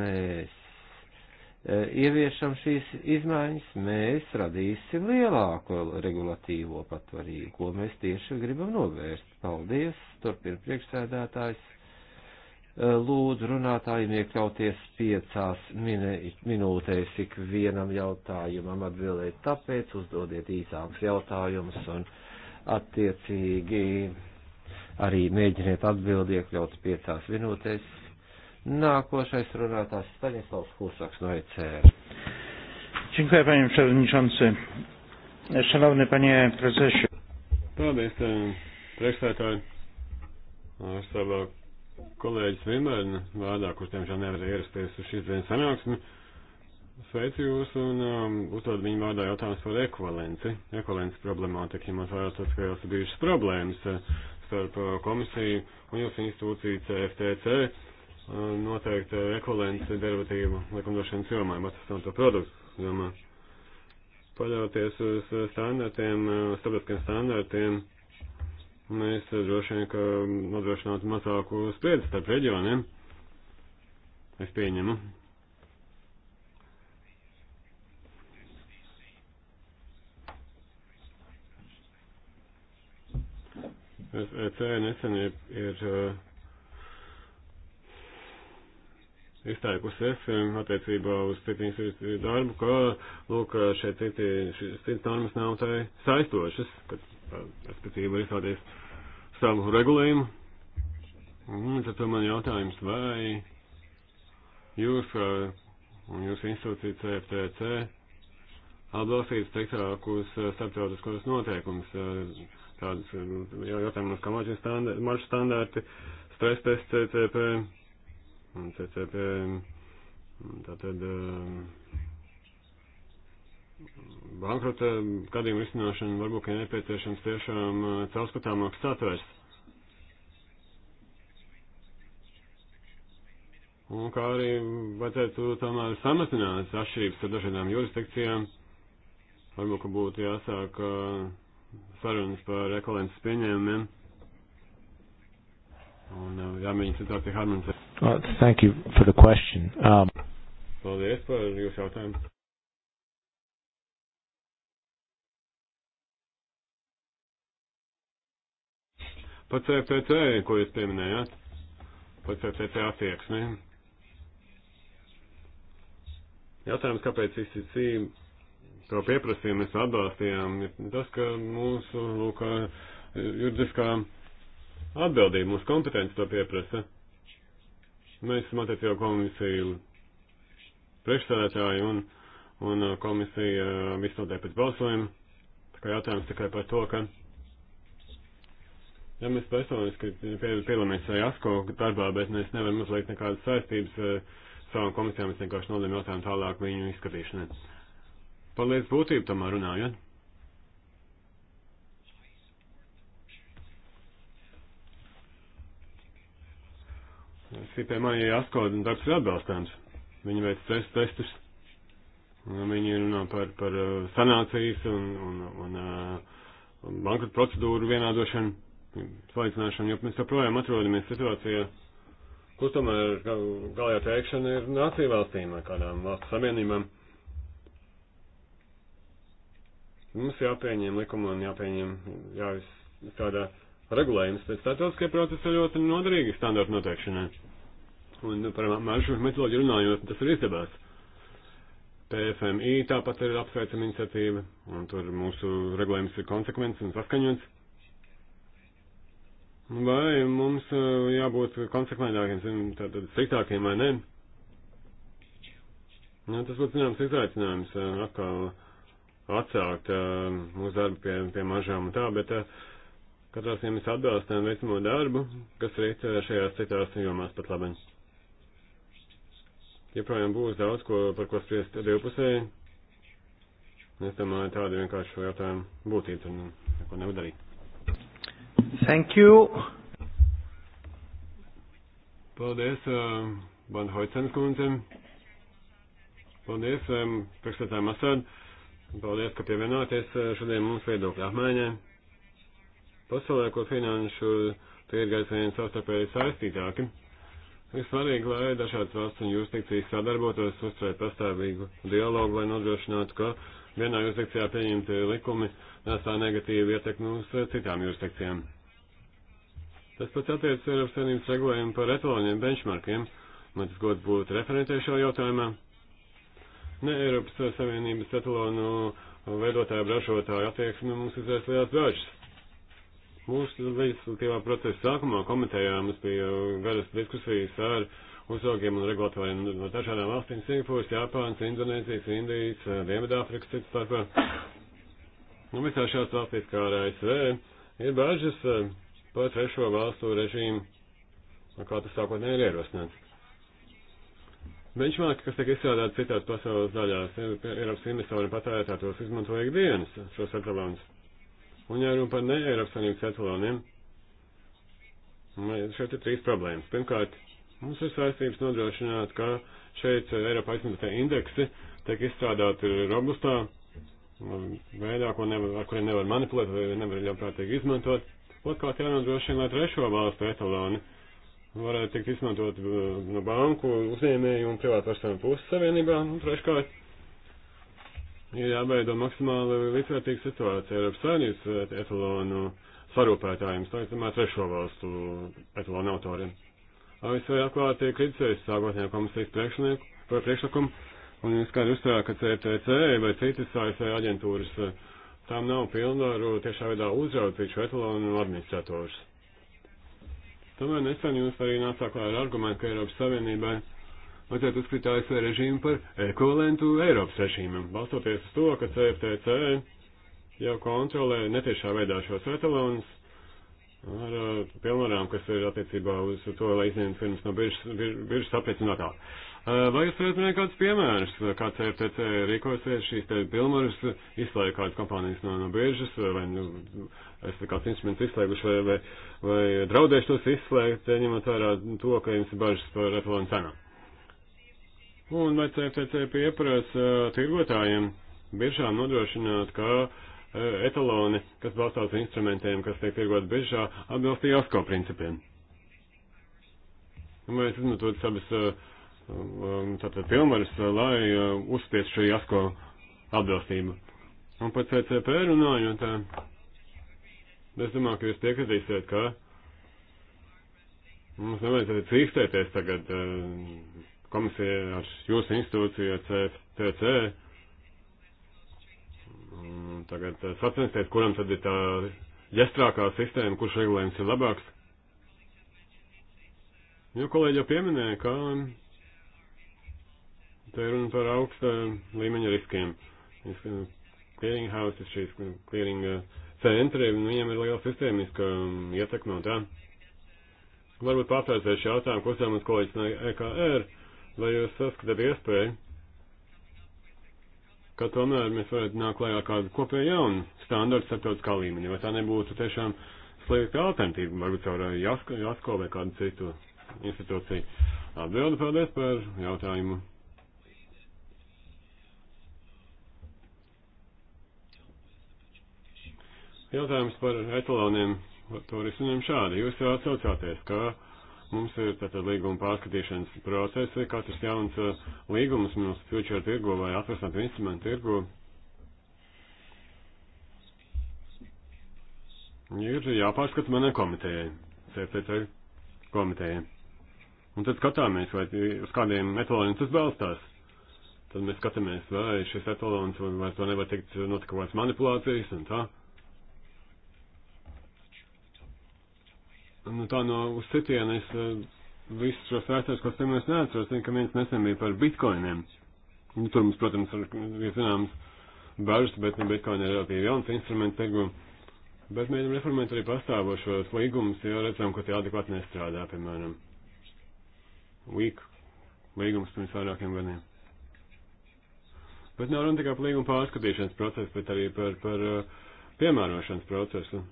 mēs eh, ieviešam šīs izmaiņas, mēs radīsim lielāko regulatīvo patvarību, ko mēs tieši gribam novērst. Paldies, turpina priekšsēdētājs lūdzu runātājiem iekļauties piecās minūtēs ik vienam jautājumam atbildēt, tāpēc uzdodiet īsākus jautājumus un attiecīgi arī mēģiniet atbildi iekļaut piecās minūtēs. Nākošais runātājs Staņislavs Husaks no ECR. Dziękuję panie przewodniczący. Szanowny panie prezesie. Paldies, e, priekšstādātāji. Ar savu kolēģis Vimberna vārdā, kurš tiemžēl nevar ierasties uz šīs dienas sanāksmi. Sveicu jūs un um, uzdod viņu vārdā jautājums par ekvalenci. Ekvalences problemātika, ja man vajadzētu, ka jau ir bijušas problēmas uh, starp uh, komisiju un jūsu institūciju CFTC uh, noteikti ekvivalents derivatīvu likumdošanas jomā, atsastoto produktu jomā. Paļauties uz standartiem, starptautiskiem standartiem, mēs droši vien, ka nodrošinātu mazāku spriedzi starp reģioniem. Es pieņemu. EC e nesen ir, ir uh, izteikusi es um, attiecībā uz citu institūciju darbu, ka, lūk, šeit citi, šīs citas normas nav tai saistošas, kad respektīvi var izrādīt savu regulējumu. Un tad man jautājums, vai jūs un jūsu institūcija CFTC atbalstīs striktākus starptautiskos noteikumus, tādus nu, jautājumus kā maču standarti, maču standarti stress tests CCP, CCP, tātad. Um, bankrota gadījumu risināšanu varbūt ir nepieciešams tiešām eh, caurskatāmāks satvers. Un kā arī vajadzētu tomēr samazināt atšķirības ar dažādām jurisdikcijām, varbūt, ka būtu jāsāk eh, sarunas par ekvivalences pieņēmumiem. Un eh, jāmēģina situāciju harmonizēt. Thank you for the question. Um, Paldies par jūsu jautājumu. Par CCC, ko jūs pieminējāt, par CCC attieksmi. Jautājums, kāpēc ICC to pieprasīja, mēs atbalstījām, ir tas, ka mūsu lūk, juridiskā atbildība, mūsu kompetence to pieprasa. Mēs esam attiecīgo komisiju priekšsēdētāji un, un uh, komisija uh, visu notiek pēc balsojuma. Tā kā jautājums tikai par to, ka Ja mēs personiski piedalāmies eh, ASCO darbā, bet mēs nevaram uzlikt nekādas saistības eh, savām komisijām, mēs vienkārši nodam jautājumu tālāk viņu izskatīšanai. Par lietas būtību tomēr runājot. Ja? Sīpēm arī ASCO darbs ir atbalstāms. Viņi veic stresa testus. Viņi runā par, par eh, sanācijas un, un, un, un bankrota procedūru vienādošanu salīdzināšanu, jo mēs joprojām atrodamies situācijā, kur tomēr galējā teikšana ir nācija valstīm vai kādām valstu savienībām. Mums jāpieņem likuma un jāpieņem, jāizstrādā regulējums, bet starptautiskie procesi ir ļoti noderīgi standarta noteikšanai. Un nu, par maršu metoloģiju runājot, tas ir izdevās. PFMI tāpat ir apsveicama iniciatīva, un tur mūsu regulējums ir konsekvents un saskaņots. Vai mums uh, jābūt konsekventākiem, tātad striktākiem vai ne? Nu, tas būtu zināms izaicinājums uh, atkal atsākt uh, mūsu darbu pie, pie mažām un tā, bet katrā ziņā mēs atbalstām veicamo darbu, kas rīt šajās citās jomās pat labi. Joprojām būs daudz, ko, par ko spriest divpusēji. Es domāju, tāda vienkārši jautājuma būtība, neko nevar darīt. Thank you. Paldies, uh, Van Hoicens kundzem. Paldies, um, priekšsētājiem Asad. Paldies, ka pievienāties uh, šodien mums viedokļu apmaiņai. Pasaulē, ko finanšu tirgais vien savstarpēji saistītāki, ir svarīgi, lai dažādas valsts un jurisdikcijas sadarbotos, uzturēt pastāvīgu dialogu, lai nodrošinātu, ka vienā jurisdikcijā pieņemti likumi nesā negatīvu ietekmi uz citām jurisdikcijām. Tas pats attiecas ar apstādījums regulējumu par etaloniem benchmarkiem. Man tas gods būtu referentē šajā jautājumā. Ne Eiropas Savienības etalonu veidotāju ražotāju attieksme mums izraisa liels bažas. Mūsu legislatīvā procesa sākumā komitejā mums bija garas diskusijas ar uzraugiem un regulatoriem no dažādām valstīm - Singapūras, Japānas, Indonēzijas, Indijas, Dienvidāfrikas, cits starpā. Nu, visā šās valstīs, kā arī ASV, ir bažas par trešo valstu režīmu, kā tas sākotnēji ir ierosināts. Benchmark, kas tiek izstrādāti citās pasaules daļās, Eiropas investori un patērētāji tos izmanto ikdienas šos etalonus. Un ja runa par ne Eiropas Savienības etaloniem, šeit ir trīs problēmas. Pirmkārt, mums ir saistības nodrošināt, ka šeit Eiropā izmantotie indeksi tiek izstrādāti robustā veidā, ko nevar, ar kuriem nevar manipulēt vai nevar ļaunprātīgi izmantot. Otkārt jānodrošina, lai trešo valstu etaloni varētu tikt izmantot uh, no banku, uzņēmēju un privātpersonu puses savienībā. Un treškārt ir jābeido maksimāli līdzvērtīga situācija Eiropas Savienības uh, etalonu sarūpētājiem, stāstamā trešo valstu etalonu autoriem. ASV atklāti kritizējis sākotnējo komisijas priekšnieku par priekšlikumu un skaidri uzstāja, ka CTC vai citas ASV aģentūras uh, tām nav pilnvaru tiešā veidā uzraudzīt šo etalonu administratorus. Tomēr nesen jūs arī nācāt klāt ar argumentu, ka Eiropas Savienībai vajadzētu uzskatīt ASV režīmu par ekvivalentu Eiropas režīmam, balstoties uz to, ka CFTC jau kontrolē netiešā veidā šos etalonus ar uh, pilnvarām, kas ir attiecībā uz to, lai izņemtu firmas no biržas, bir, biržas apliecinātā. Uh, Eh, vai jūs varat minēt kādus piemērus, kā CFTC rīkosies šīs te pilmarus, izslēg kādas kompānijas no, no biežas, eh, vai nu, esat kāds instruments izslēguši, vai, vai, vai draudējuši tos izslēgt, eh, ņemot vērā to, ka jums ir bažas par etalonu cenām? Un vai CFTC pieprasa tirgotājiem biežām nodrošināt, ka etaloni, kas balstās uz instrumentiem, kas tiek tirgot biežā, atbilst JASKO principiem? Vai es izmantotu savas uh, Um, tātad pilnvaras, uh, lai uh, uzspies šo jasko atbilstību. Un par CCP runājot, uh, es domāju, ka jūs piekritīsiet, ka mums nevajadzētu cīkstēties tagad komisija ar jūsu institūciju, ar CFTC. Tagad sacensties, kuram tad ir tā ģestrākā sistēma, kurš regulējums ir labāks. Jo kolēģi jau pieminēja, ka Te runa par augsta līmeņa riskiem. Clearinghouses, šīs clearinga uh, centri, viņiem ir liela sistēmiska um, ietekme no tā. Varbūt pārstāvēšu jautājumu, ko uzdevums kolēģis no EKR, vai jūs saskatāt iespēju, ka tomēr mēs varētu nākt klajā kādu kopēju jaunu standartu starptautiskā līmenī, vai tā nebūtu tiešām slikta alternatīva, varbūt caur uh, jāsko, jāsko vai kādu citu institūciju. Atbildi, paldies par jautājumu. Jautājums par etaloniem, to risinām šādi. Jūs jau atsaucāties, ka mums ir tātad līguma pārskatīšanas procesi, katrs jauns uh, līgums mums future tirgo vai atrastāt instrumentu tirgo. Ir jāpārskata manai komitejai, CCC komitejai. Un tad skatāmies, vai uz kādiem etaloniem tas balstās. Tad mēs skatāmies, vai šis etalons, vai to nevar tikt notikot manipulācijas un tā. nu, tā no uz citienes eh, visus šos vēstures, ko tam es neatceros, zinu, ka viens nesen bija par bitkoiniem. Nu, tur mums, protams, ir zināms bažas, bet nu, bitkoini ir relatīvi jauns instruments tirgu. Bet mēģinam reformēt arī pastāvošos līgumus, jo redzam, ka tie adekvāti nestrādā, piemēram, week līgums pirms vairākiem gadiem. Bet nav runa tikai par līguma pārskatīšanas procesu, bet arī par, par eh, piemērošanas procesu.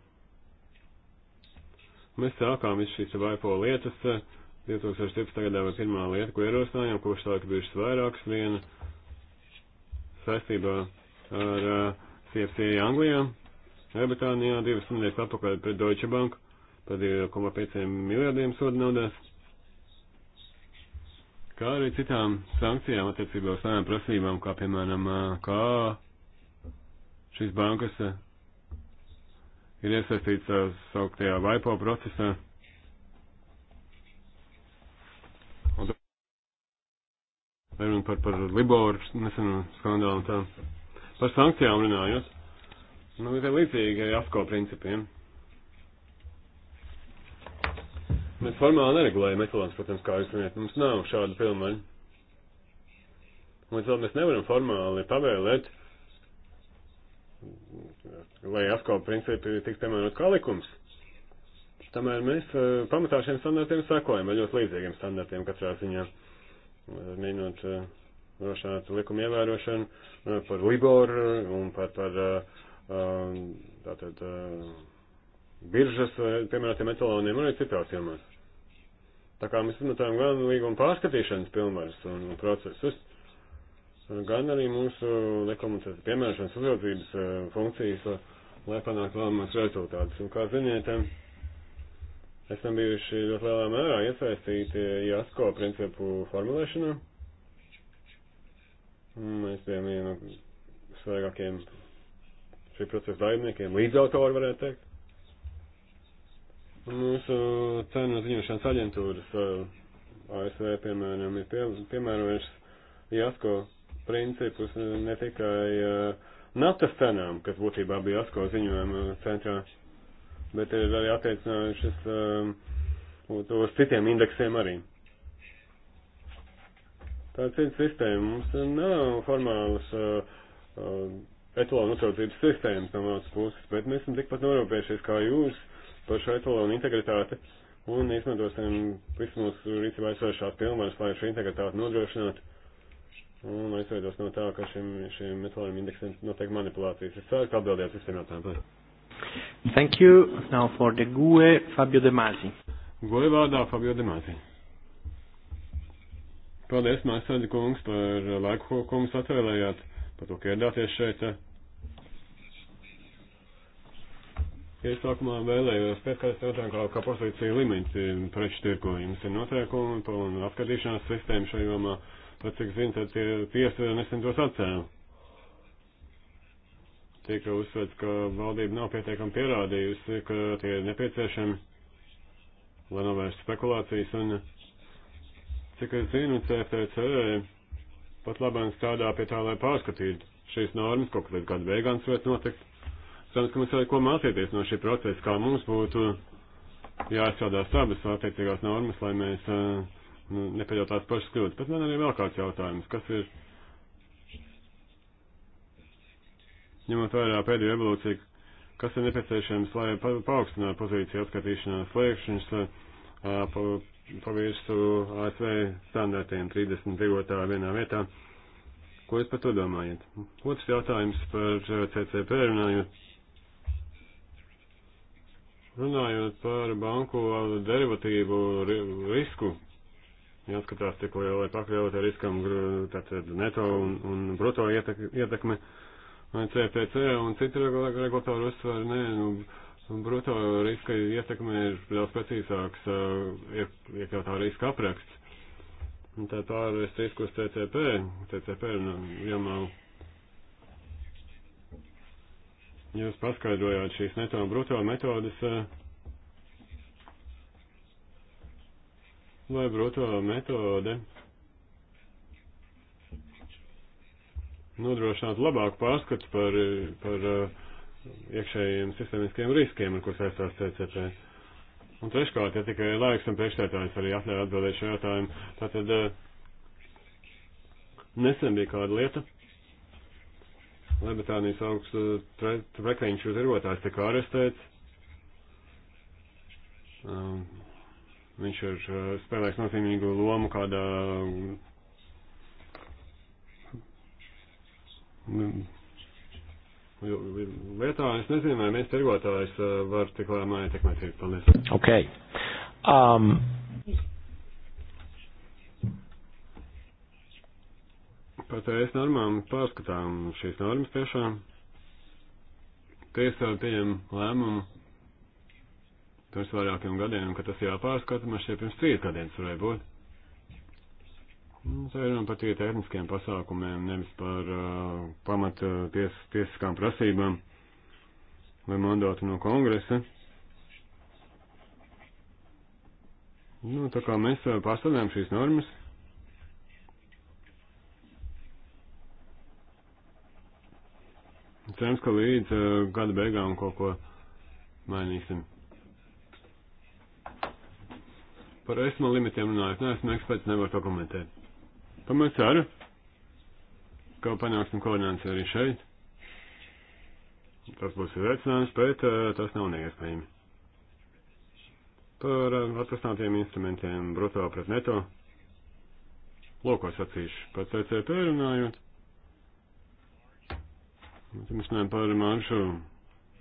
Mēs sākām visu šīs vaipo lietas 2017. gadā vai pirmā lieta, ko ierosinājām, kurš tā ir bijušas vairākas viena saistībā ar uh, CFC Anglijā, Lielbritānijā, divas nedēļas atpakaļ pret Deutsche Bank par 2,5 miljardiem sodu naudās, kā arī citām sankcijām attiecībā uz savām prasībām, kā piemēram, uh, kā šīs bankas uh, ir iesaistīts sauktajā vaipo procesā. Runa par, par Liboru nesenu skandālu un tā. Par sankcijām runājot. Nu, ir līdzīgi arī AFCO principiem. Mēs formāli neregulējam metilāns, protams, kā jūs zināt, mums nav šāda pilnvaļa. Līdz vēl mēs nevaram formāli pavēlēt lai atkal principi tiks piemērot kā likums. Tomēr mēs eh, pamatā šiem standartiem sakojam, vai ļoti līdzīgiem standartiem katrā ziņā, mēģinot norošināt eh, likuma ievērošanu eh, par Liboru un par, par tātad, biržas, piemēram, tiem etaloniem arī citās jomās. Tā kā mēs izmantojam gan līguma pārskatīšanas pilnvaras un procesus, gan arī mūsu nekomunicētas piemērošanas uzraudzības e, funkcijas, e, lai panāktu vēlamas rezultātus. Un kā ziniet, e, esam bijuši ļoti lielā mērā iesaistīti JASKO principu formulēšanā. Mēs bijām viena no svarīgākajiem šī procesa daļniekiem, līdzautori varētu teikt. Mūsu cenu ziņošanas aģentūras ASV, piemēram, ir pie, piemērojušas JASKO principus ne tikai uh, naftas cenām, kas būtībā bija ASKO ziņojuma centrā, bet ir arī attiecinājušas uh, uz citiem indeksiem arī. Tā ir cita sistēma. Mums nav formālas uh, eh, uh, etalonu uzraudzības sistēmas no mūsu puses, bet mēs esam tikpat norūpējušies kā jūs par šo etalonu integritāti un izmantosim visu mūsu rīcībā esošās pilnvaras, lai šo integritāti nodrošinātu Un aizveidos no tā, ka šim, šim metāliem indeksiem notiek manipulācijas. Es ceru, ka atbildējāt visiem jautājumiem. Thank you. Now for the GUE, Fabio De Masi. GUE vārdā Fabio De Masi. Paldies, Māsādi kungs, par laiku, ko kungs atvēlējāt, par to, ka ieradāties šeit. Iesākumā eh. vēlējos pēc kādas jautājumas, kā, kā pozīcija limiti eh, preču tirko. Jums ir noteikumi un apskatīšanās sistēma šajomā. Uh, Pat cik zinu, tad tie tiesa nesen tos atcēla. Tika uzsvērts, ka valdība nav pietiekami pierādījusi, ka tie ir nepieciešami, lai novērstu spekulācijas. Un, cik es zinu, CFTC pat labāk strādā pie tā, lai pārskatītu šīs normas, kaut kad līdz gada beigām svērt notikt. Cerams, ka mums vajag ko mācīties no šī procesa, kā mums būtu jāizstrādās abas attiecīgās normas, lai mēs uh, nu, nepieļaut tās pašas kļūdas. Bet man arī vēl kāds jautājums, kas ir, ņemot vērā pēdējo evolūciju, kas ir nepieciešams, lai pa, paaugstinātu pozīciju atskatīšanā slēgšanas pa, pavirstu ASV standartiem 32. vienā vietā. Ko jūs par to domājat? Otrs jautājums par CCP runājot. Runājot par banku derivatīvu risku jāskatās, cik lielai pakļautai riskam tātad neto un, un bruto ietekme. CPC un citu regulatoru uzsver, nē, nu, nu, bruto riska ietekme ir daudz precīzāks, iekļautā riska apraksts. Un tā pārvērst risku uz CCP, CCP nu, jāmau. Jūs paskaidrojāt šīs neto un bruto metodas. Uh, lai broto metode nodrošinātu labāku pārskatu par, par eh, iekšējiem sistēmiskiem riskiem, ar ko saistās CCP. Un treškārt, ja tikai laiks un priekšstētājs arī atļauj atbildēt šo jautājumu, tātad eh, nesen bija kāda lieta. Lielbritānijas augsts prekvenču eh, zirgotājs tika arestēts. Um, Viņš ir eh, spēlējis nozīmīgu lomu kādā mm, lietā. Es nezinu, vai mēs tirgotājs eh, var tik lēmā ietekmēt. Paldies. Ok. Um. Pat es normām pārskatām šīs normas tiešām. Tiesa pieņem lēmumu pirms vairākiem gadiem, ka tas jāpārskata, man šķiet pirms trīs gadiem tas varēja būt. Nu, tā ir runa par tie tehniskiem pasākumiem, nevis par uh, pamata uh, ties, tiesiskām prasībām vai mandātu no kongresa. Nu, tā kā mēs uh, pārstāvjām šīs normas. Cerams, ka līdz uh, gada beigām kaut ko mainīsim. Par esmu limitiem runājot, neesmu eksperts, nevaru to komentēt. Tomēr ceru, ka panāksim koordināciju arī šeit. Tas būs izaicinājums, bet eh, tas nav neiespējami. Par eh, atrastātiem instrumentiem brutā pret neto. Lūk, ko sacīšu par CCP runājot. Mēs runājam par maršu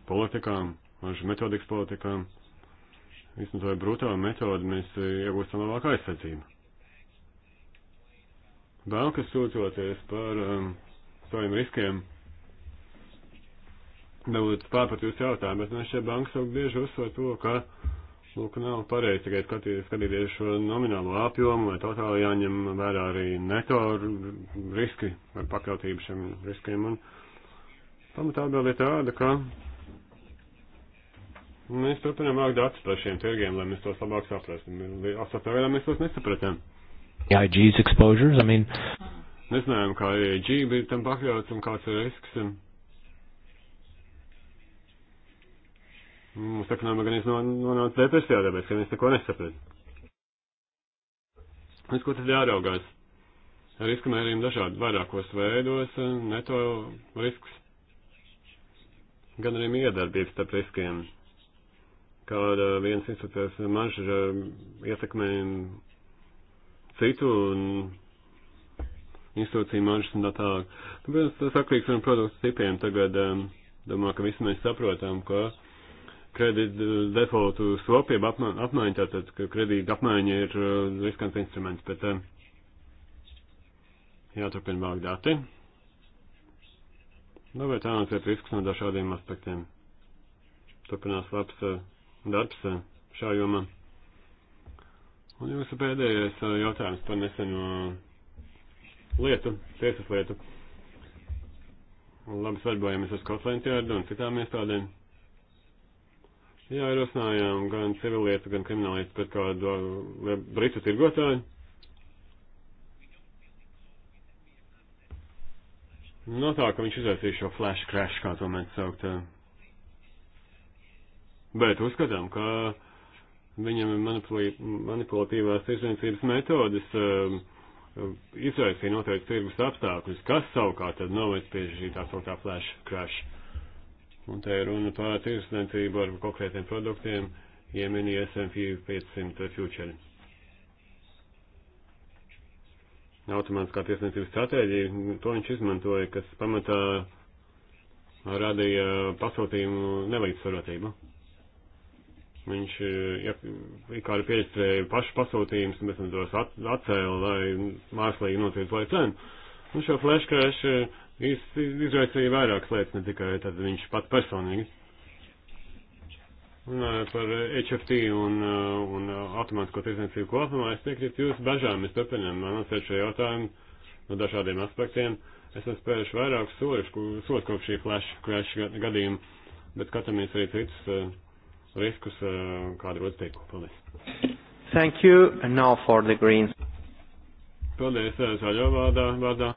politikām, maršu metodikas politikām izmantojot brutālu metodu, mēs e, iegūstam labāku aizsardzību. Bankas sūcoties par um, saviem riskiem, daudz pārprat jūsu jautājumu, bet mēs šie bankas jau bieži uzsver to, ka, lūk, nav pareizi tikai skatīties, skatīties šo nominālo apjomu, vai totāli jāņem vērā arī neto riski vai pakļautību šiem riskiem. Un pamatā atbildi tāda, ka Mēs turpinām vākt datus par šiem tirgiem, lai mēs tos labāk saprastu. Astotnē vēl mēs tos nesapratām. AIG's exposures, I mean. Nezinājām, kā AIG e bija tam pakļauts un kāds ir risks. Un... Mums ekonomika gan nonāca depresijā, tāpēc, ka mēs neko nesapratām. Mēs ko tad jāraugās? Riska mērījumi dažādi vairākos veidos, neto risks, gan arī miedarbības starp riskiem kāda eh, viens institucijas marža eh, ietekmē citu un institūciju maržas un tā tālāk. Tāpēc tas atkarīgs no produktu tipiem. Tagad um, domāju, ka visi mēs saprotam, ka kredīt defaultu swapība apma apmaiņa, tātad, ka kredīt apmaiņa ir uh, riskants instruments, bet um, jāturpina vāk dati. Labi, nu, tā nav risks no dažādiem aspektiem. Turpinās labs uh, darbs eh, šā jomā. Un jūsu pēdējais eh, jautājums par neseno lietu, tiesas lietu. Labi sadarbojamies ar Scotland Yardu un citām iestādēm. Jā, ierosinājām gan civilietu, gan krimināllietu pret kādu eh, britu tirgotāju. No nu, tā, ka viņš izraisīja šo flash crash, kā to mēs saukt. Uh, Bet uzskatām, ka viņam manipulatīvās tirsniecības metodas um, izraisīja noteikti tirgus apstākļus, kas savukārt tad noved pie šī tā sauktā flash crash. Un te ir runa par tirsniecību ar konkrētiem produktiem, iemini S&P 500 futures. Automātiskā tiesniecības stratēģija, to viņš izmantoja, kas pamatā radīja pasūtījumu nelīdzsvarotību. Viņš e, ja, kā ir pieredzējis pašu pasūtījumus, un pēc tam tos at, atcēla, lai mākslīgi notiek lai cenu. Un šo flashkašu e, iz, izraisīja vairākas lietas, ne tikai tad viņš pats personīgi. Un e, par HFT un, un automātisko tirdzniecību kopumā es piekrītu jūsu bažām, es turpinām analizēt šo jautājumu no dažādiem aspektiem. Es esmu spējuši vairākus soļus, soļus kopš šī flash crash gadījuma, bet skatāmies arī citus. Uh, riskus, eh, kādi rodas tiek. Paldies. Thank you, and now for the Greens. Paldies, eh, zaļo vārdā, vārdā.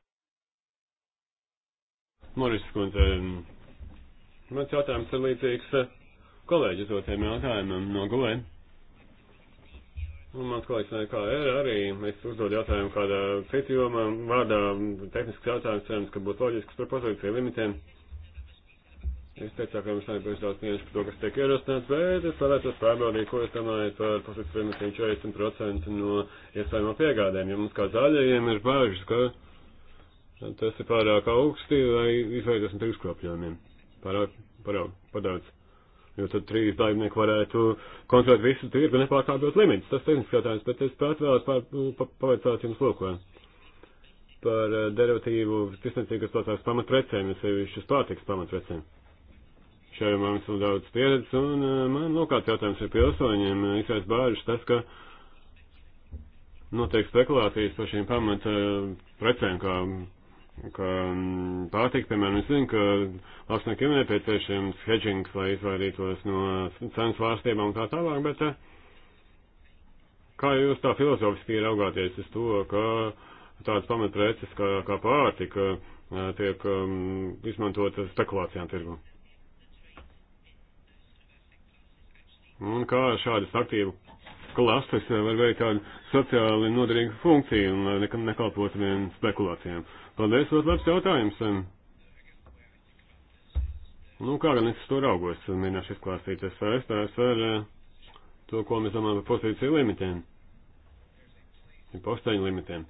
Moris Kundze, eh, mans jautājums ir līdzīgs kolēģis otiem jautājumam no gulēm. Un mans kolēģis kā ir arī, es uzdodu jautājumu kādā citu jomā, vārdā tehnisks jautājums, cerams, ka būs loģisks par pozīciju limitiem. Es teicu, ka jums nebūs daudz mīļš par to, kas tiek ierosināts, bet es vēlētos pārbaudīt, ko jūs domājat par pozitīviem 40% no iespējamo piegādēm. Ja mums kā zaļajiem ir bāžas, ka tas ir pārāk augsti vai izveidosim priekškropļojumiem. Pārāk, pārāk, padaudz. Jo tad trīs dalībnieki varētu kontrolēt visu tirgu, nepārkāpjot limitus. Tas tehnisks jautājums, bet es pat vēlos pavaicāt jums lūko par eh, derivatīvu tirsniecības pamatprecēm, jo sevišķi uz pārtiks pamatprecēm. Šajā man esmu daudz pieredzes, un uh, man lokāts nu, jautājums ir pilsoņiem. Uh, Izsais bāžas tas, ka notiek spekulācijas par šīm pamata uh, precēm, kā, kā mm, pārtika, piemēram, es zinu, ka lauksniekiem nepieciešams hedgings, lai izvairītos no cenu svārstībām un tā tālāk, bet kā jūs tā filozofiski raugāties uz to, ka tādas pamatpreces kā, kā pārtika tiek um, izmantotas spekulācijām tirgu? Un kā šādas aktīvu klases var veikt tādu sociāli noderīgu funkciju un uh, nekam nekalpot vien spekulācijām. Paldies, ļoti labs jautājums. Um, nu, kā gan es to raugos, mēģināšu izklāstīt. Es saistās ar uh, to, ko mēs domājam par pozīciju limitiem. Posteņu limitiem.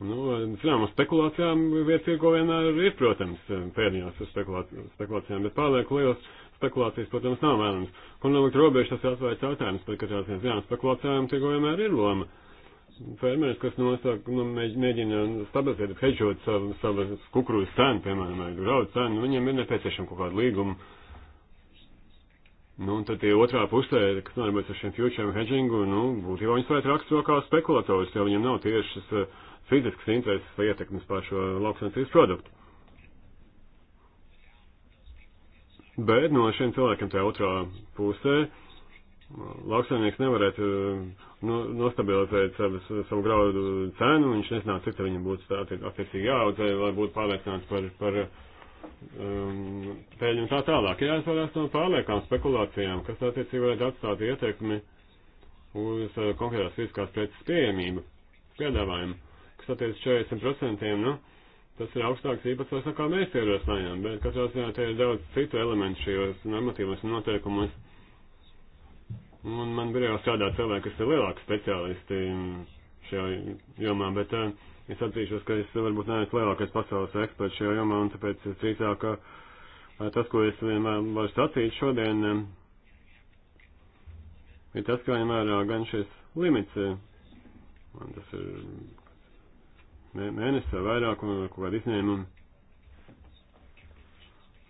Nu, zinām, spekulācijām vietas ieko vienmēr ir, protams, pēdējās spekulācijām, bet pārlieku liels spekulācijas, protams, nav vēlams. Un nolikt nu, robežu tas ir atvērts jautājums, bet katrā ziņā spekulācijām tikai vienmēr ir loma. Fermeris, kas nosaka, nu, mēģina stabilizēt, hedžot savu, savu kukurūzu cenu, piemēram, vai graudu cenu, nu, viņam ir nepieciešama kaut kāda līguma. Nu, un tad tie otrā pusē, kas nodarbojas ar šiem future hedžingu, nu, būtībā viņus varētu raksturo kā spekulatoris, jo viņam nav tiešas uh, fiziskas intereses vai ietekmes pār šo lauksaimniecības produktu. bet no šiem cilvēkiem tajā otrā pusē lauksaimnieks nevarētu nu, nostabilizēt savas, savu graudu cenu, viņš nezinātu, cik te viņam būtu attiecīgi jāaudzē, lai būtu pārliecināts par, par um, pēļņu un tā tālāk. Ir jāizvairās no pārliekām spekulācijām, kas attiecīgi varētu atstāt ietekmi uz eh, konkrētās fiziskās preces pieejamību, piedāvājumu, kas attiec 40%, nu, tas ir augstāks īpatsvars nekā mēs ierosinājām, bet katrā ziņā te ir daudz citu elementu šajos normatīvos un noteikumos. Un man birojā strādā cilvēki, kas ir lielāki speciālisti šajā jomā, bet uh, es atzīšos, ka es varbūt neesmu lielākais pasaules eksperts šajā jomā, un tāpēc es drīzāk, ka uh, eh, tas, ko es vienmēr varu sacīt šodien, uh, ir tas, ka vienmēr gan šis limits, man tas ir mēnesis vai vairāk un kaut kādi izņēmumi.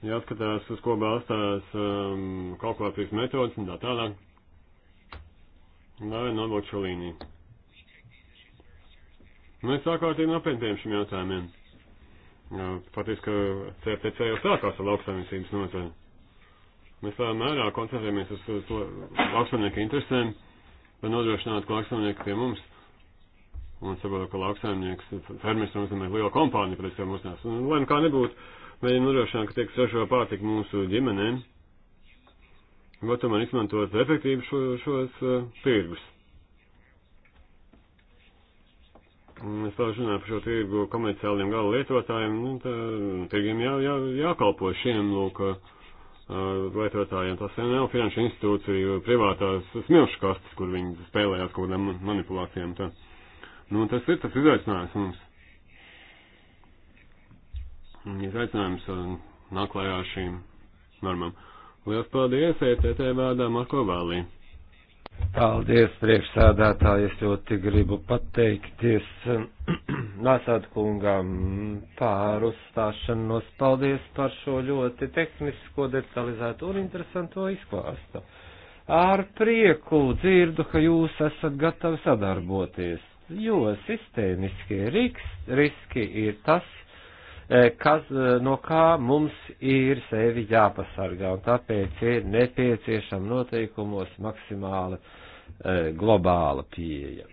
Jāskatās, uz ko balstās um, kalkulācijas metodas un tā tālāk. Lai novilkt šo līniju. Mēs sākārtīgi nopietniem šiem jautājumiem. Faktiski, CFTC jau sākās ar lauksaimniecības nozari. Mēs tā mērā koncentrējamies uz, uz to lauksaimnieku interesēm, lai nodrošinātu, ka lauksaimnieki pie mums Un saprotu, ka lauksaimnieks, fermers nozīmē liela kompānija, pēc tam uzņēmums. Un, lai nu kā nebūtu, mēģinām nodrošināt, ka tiek sažo pārtika mūsu ģimenēm. Vai tomēr izmantot efektīvi šo, šos uh, tirgus? Un es vēl runāju par šo tirgu komerciāliem gala lietotājiem. Nu, tā, tirgiem jā, jā, jākalpo šiem lūk, uh, lietotājiem. Tas nav finanšu institūciju privātās smilšu kastes, kur viņi spēlējās kaut kādām manipulācijām. Tā. Nu, tas ir tas izaicinājums mums. Izaicinājums uh, nāk klajā ar šīm normām. Lielas paldies, ETT vārdā Marko Vālī. Paldies, priekšsādātāji, es ļoti gribu pateikties Nāsāda <clears throat> kungam par uzstāšanos. Paldies par šo ļoti tehnisko, detalizētu un interesanto izklāstu. Ar prieku dzirdu, ka jūs esat gatavi sadarboties jo sistēmiskie riski ir tas, e, kas, e, no kā mums ir sevi jāpasargā, un tāpēc ir nepieciešama noteikumos maksimāla e, globāla pieeja.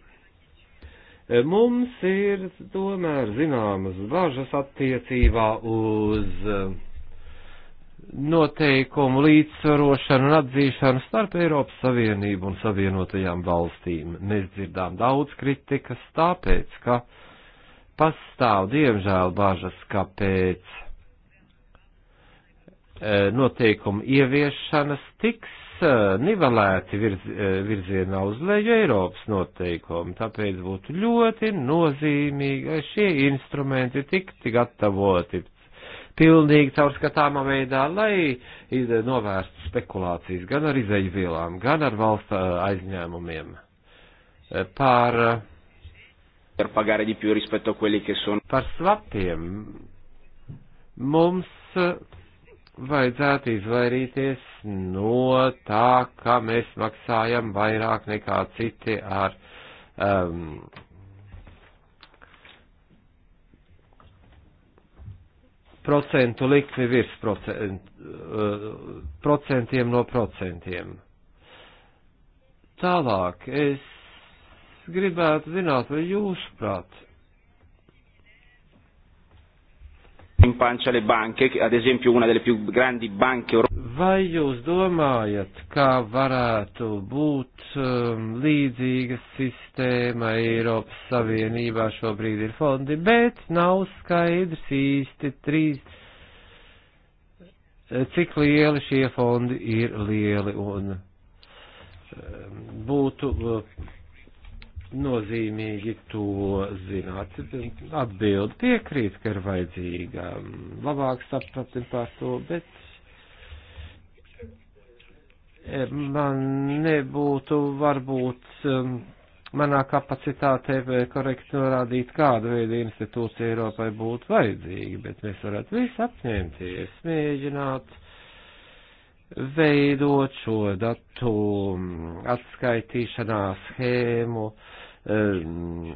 Mums ir tomēr zināmas bažas attiecībā uz noteikumu līdzsvarošanu un atzīšanu starp Eiropas Savienību un Savienotajām valstīm. Mēs dzirdām daudz kritikas, tāpēc, ka pastāv diemžēl bažas, ka pēc e, noteikumu ieviešanas tiks e, nivelēti virz, e, virzienā uz leju Eiropas noteikumi, tāpēc būtu ļoti nozīmīgi, ka šie instrumenti tikti gatavoti pilnīgi caurskatāmā veidā, lai novērstu spekulācijas gan ar izeju vielām, gan ar valsts aizņēmumiem. Par, par svapiem mums vajadzētu izvairīties no tā, ka mēs maksājam vairāk nekā citi ar um, procentu likmi virs procent, eh, procentiem no procentiem. Tālāk es gribētu zināt, vai jūs prāt in pancia le banche, ad esempio una delle più grandi banche europee. Vai jūs domājat, kā varētu būt um, līdzīga sistēma Eiropas Savienībā šobrīd ir fondi, bet nav skaidrs īsti trīs, cik lieli šie fondi ir lieli un um, būtu. Uh, nozīmīgi to zināt. Atbild piekrīt, ka ir vajadzīga labāka sapratne par to, bet e, man nebūtu varbūt um, manā kapacitātē korekti norādīt, kāda veida institūcija Eiropai būtu vajadzīga, bet mēs varētu visu apņemties, mēģināt veidot šo datu mm, atskaitīšanās schēmu eh,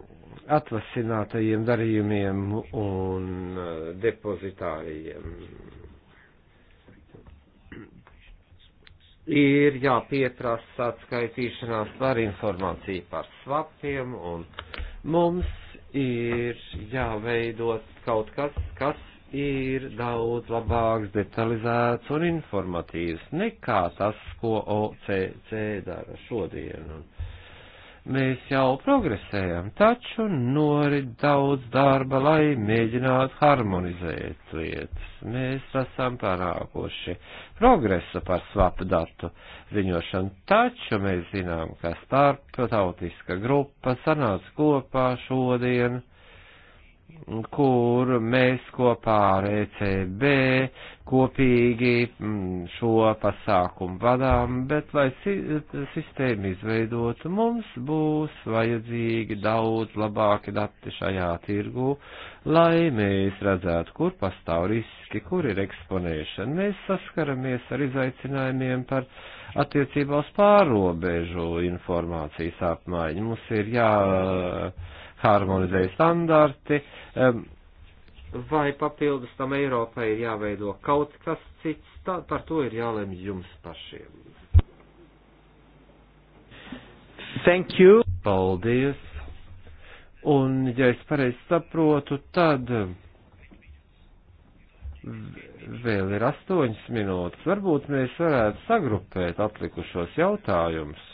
atvasinātajiem darījumiem un eh, depozitārijiem. Ir jāpieprasa atskaitīšanās par informāciju par svapiem un mums ir jāveidot kaut kas, kas ir daudz labāks, detalizēts un informatīvs nekā tas, ko OCC dara šodien. Un mēs jau progresējam, taču norit daudz darba, lai mēģinātu harmonizēt lietas. Mēs esam panākuši progresu par svapu datu ziņošanu, taču mēs zinām, ka starptautiska grupa sanāca kopā šodien kur mēs kopā ar ECB kopīgi mm, šo pasākumu vadām, bet lai sistēmu izveidotu, mums būs vajadzīgi daudz labāki dati šajā tirgu, lai mēs redzētu, kur pastāv riski, kur ir eksponēšana. Mēs saskaramies ar izaicinājumiem par attiecībā uz pārobežu informācijas apmaiņu. Mums ir jā. Ja, harmonizēja standarti, um, vai papildus tam Eiropai ir jāveido kaut kas cits, tā, par to ir jālemj jums pašiem. Thank you. Paldies. Un, ja es pareizi saprotu, tad vēl ir astoņas minūtes. Varbūt mēs varētu sagrupēt atlikušos jautājumus.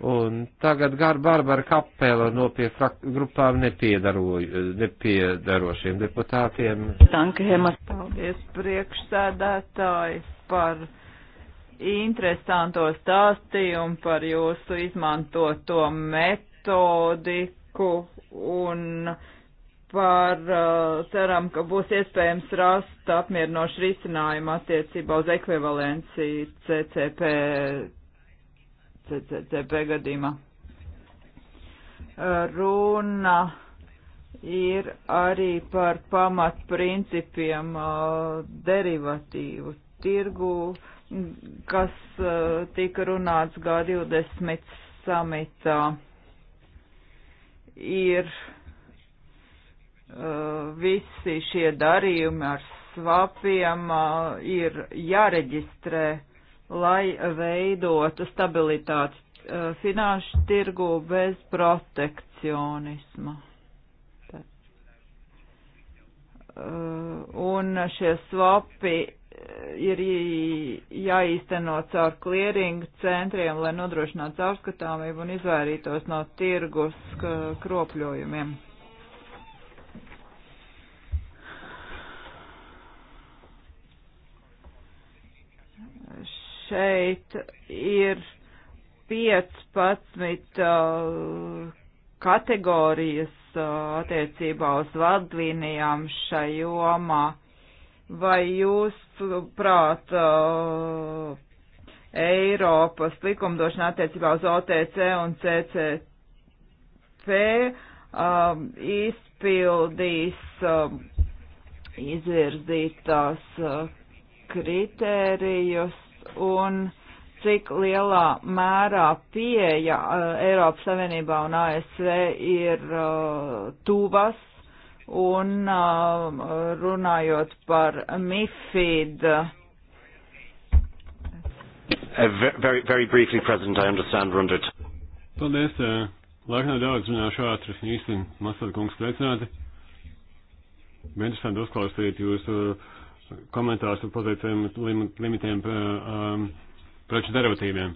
Un tagad gar Barbara Kapela no pie grupām nepiedarošiem deputātiem. Tankēmas paldies priekšsēdētāji par interesanto stāstījumu par jūsu izmantoto metodiku un par, uh, ceram, ka būs iespējams rast apmierinošu risinājumu attiecībā uz ekvivalenciju CCP CCCP gadījumā. Runa ir arī par pamatprincipiem uh, derivatīvu tirgu, kas uh, tika runāts G20 samitā. Ir uh, visi šie darījumi ar svapiem ir jāreģistrē lai veidotu stabilitātes finanšu tirgu bez protekcionisma. Un šie svapi ir jāīsteno caur klieringu centriem, lai nodrošinātu caurskatāmību un izvairītos no tirgus kropļojumiem. šeit ir 15 uh, kategorijas uh, attiecībā uz vadlīnijām šai jomā. Vai jūs, prāt, uh, Eiropas likumdošana attiecībā uz OTC un CCP um, izpildīs um, izvirzītās uh, kritērijus un cik lielā mērā pieeja eh, Eiropas Savienībā un ASV ir eh, tuvas, un eh, runājot par MIFID. Uh, very, very briefly, President, I understand we're under. Paldies. Laika nav daudz, runāšu ātri. Īsti, Masada kungs, sveicināti. Mēģināt uzklausīt jūsu uh, komentārs par paveicējiem lim, limitiem um, preču derivatīviem.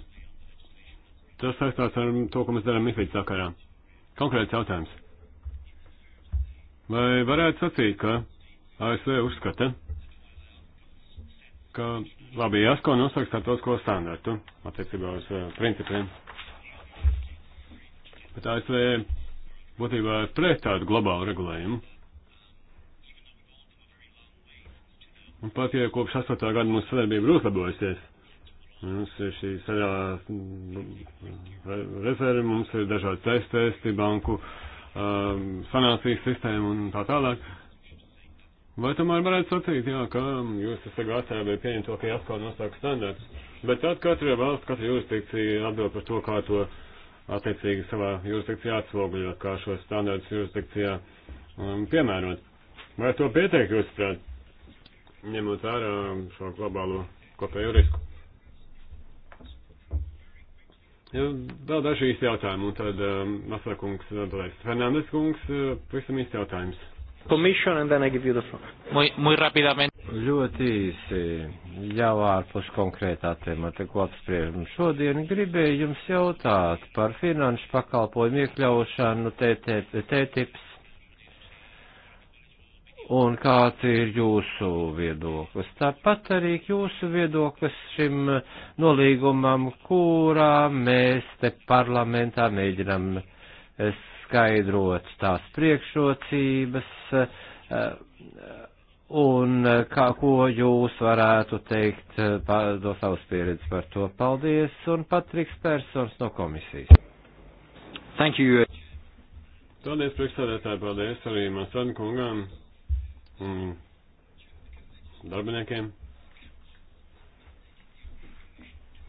Tas saistās ar to, ko mēs darām MIFID sakarā. Konkrēts jautājums. Vai varētu sacīt, ka ASV uzskata, ka labi, jāsko nosaka starptautisko standartu attiecībā uz uh, principiem, bet ASV būtībā ir pret tādu globālu regulējumu? Un pat, ja kopš 8. gada mūsu sadarbība ir uzlabojusies, mums ir šī saļā mm, rezerve, mums ir dažādi testēsti, banku um, sanācijas sistēma un tā tālāk. Vai tomēr varētu sacīt, jā, ka jūs esat gatavi pieņemt to, ka jāskauj nosaka standarts, bet tad katra valsts, katra jurisdikcija atbild par to, kā to attiecīgi savā jurisdikcijā atspoguļot, kā šo standarts jurisdikcijā um, piemērot. Vai to pieteikt, jūs prāt? ņemot vērā šo globālo kopējo risku. Ja, vēl daži īsti jautājumi, un tad um, Masarkungs atbildēs. Fernandes kungs, uh, pavisam īsti jautājums. Commission and then I give you the floor. Muy, muy rápidamente. Ļoti īsi, jau ārpus konkrētā temata, ko apspriežam šodien, gribēju jums jautāt par finanšu pakalpojumu iekļaušanu TTIPs un kāds ir jūsu viedoklis. Tāpat arī jūsu viedoklis šim nolīgumam, kurā mēs te parlamentā mēģinam eh, skaidrot tās priekšrocības eh, un eh, kā, ko jūs varētu teikt no savas pieredzes par to. Paldies un Patriks Persons no komisijas. Thank you. Paldies, priekšsēdētāji, paldies arī Masad kungam un darbiniekiem.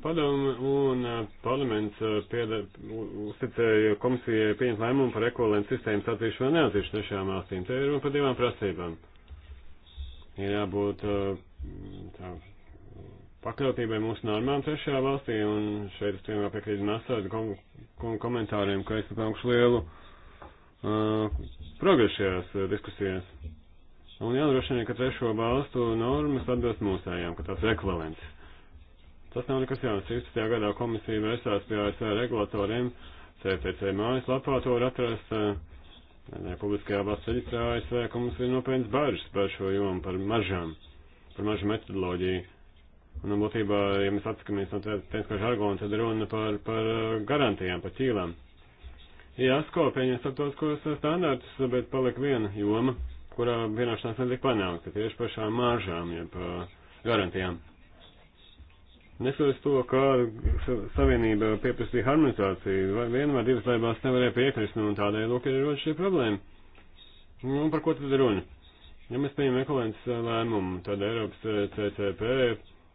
Padomu un uh, parlaments uh, uzticēja komisijai pieņemt lēmumu par ekvivalentu sistēmas atzīšanu un neatzīšanu šajām valstīm. Te ir runa par divām prasībām. Ir jābūt uh, tā, pakļautībai mūsu normām trešajā valstī, un šeit es pilnībā piekrītu Nasādu kom kom komentāriem, ka esmu panākuši lielu uh, progresu šajās diskusijās. Un jānodrošina, ka trešo balstu normas atbilst mūsējām, ka tās ir ekvivalents. Tas nav nekas jauns. 16. gadā komisija vērsās pie ASV regulatoriem, CCC mājaslapā to var atrast republiskajā valsts reģistrā ASV, ka mums ir nopietnas bažas par šo jomu, par mažām, par mažu metodoloģiju. Un, būtībā, ja mēs atskamies no tehniskā žargona, tad runa par, par uh, garantijām, par ķīlām. Jāsko pieņem starptautiskos standārtus, bet palika viena joma kurā vienošanās netiek panākta tieši par šām māržām, jeb garantijām. Neskatoties to, kā Savienība pieprasīja harmonizāciju, viena vai divas laibās nevarēja piekrist, nu, un tādēļ, lūk, ir runa šī problēma. Nu, par ko tad runa? Ja mēs pieņemam ekvivalents lēmumu, tad Eiropas CCP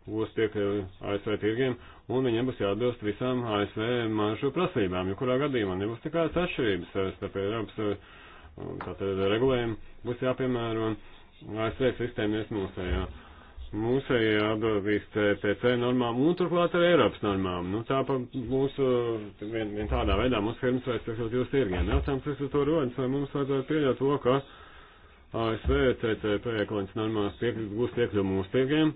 būs piekļuvi ASV tirgiem, un viņiem būs jāatbilst visām ASV maržu prasībām, jo kurā gadījumā nebūs nekādas atšķirības starp Eiropas tātad regulējumi būs jāpiemēro. ASV sistēma ies mūsējā. Mūsējā atbilst CC normām un turklāt ar Eiropas normām. Nu, tā pa mūsu, vien, vien tādā veidā mūsu firmas vairs piekļūt jūsu tirgiem. Jautājums, kas uz to rodas, vai mums vajadzētu pieļaut to, ka ASV CCP ekoloģiski normās piekļūt, būs piekļūt mūsu tirgiem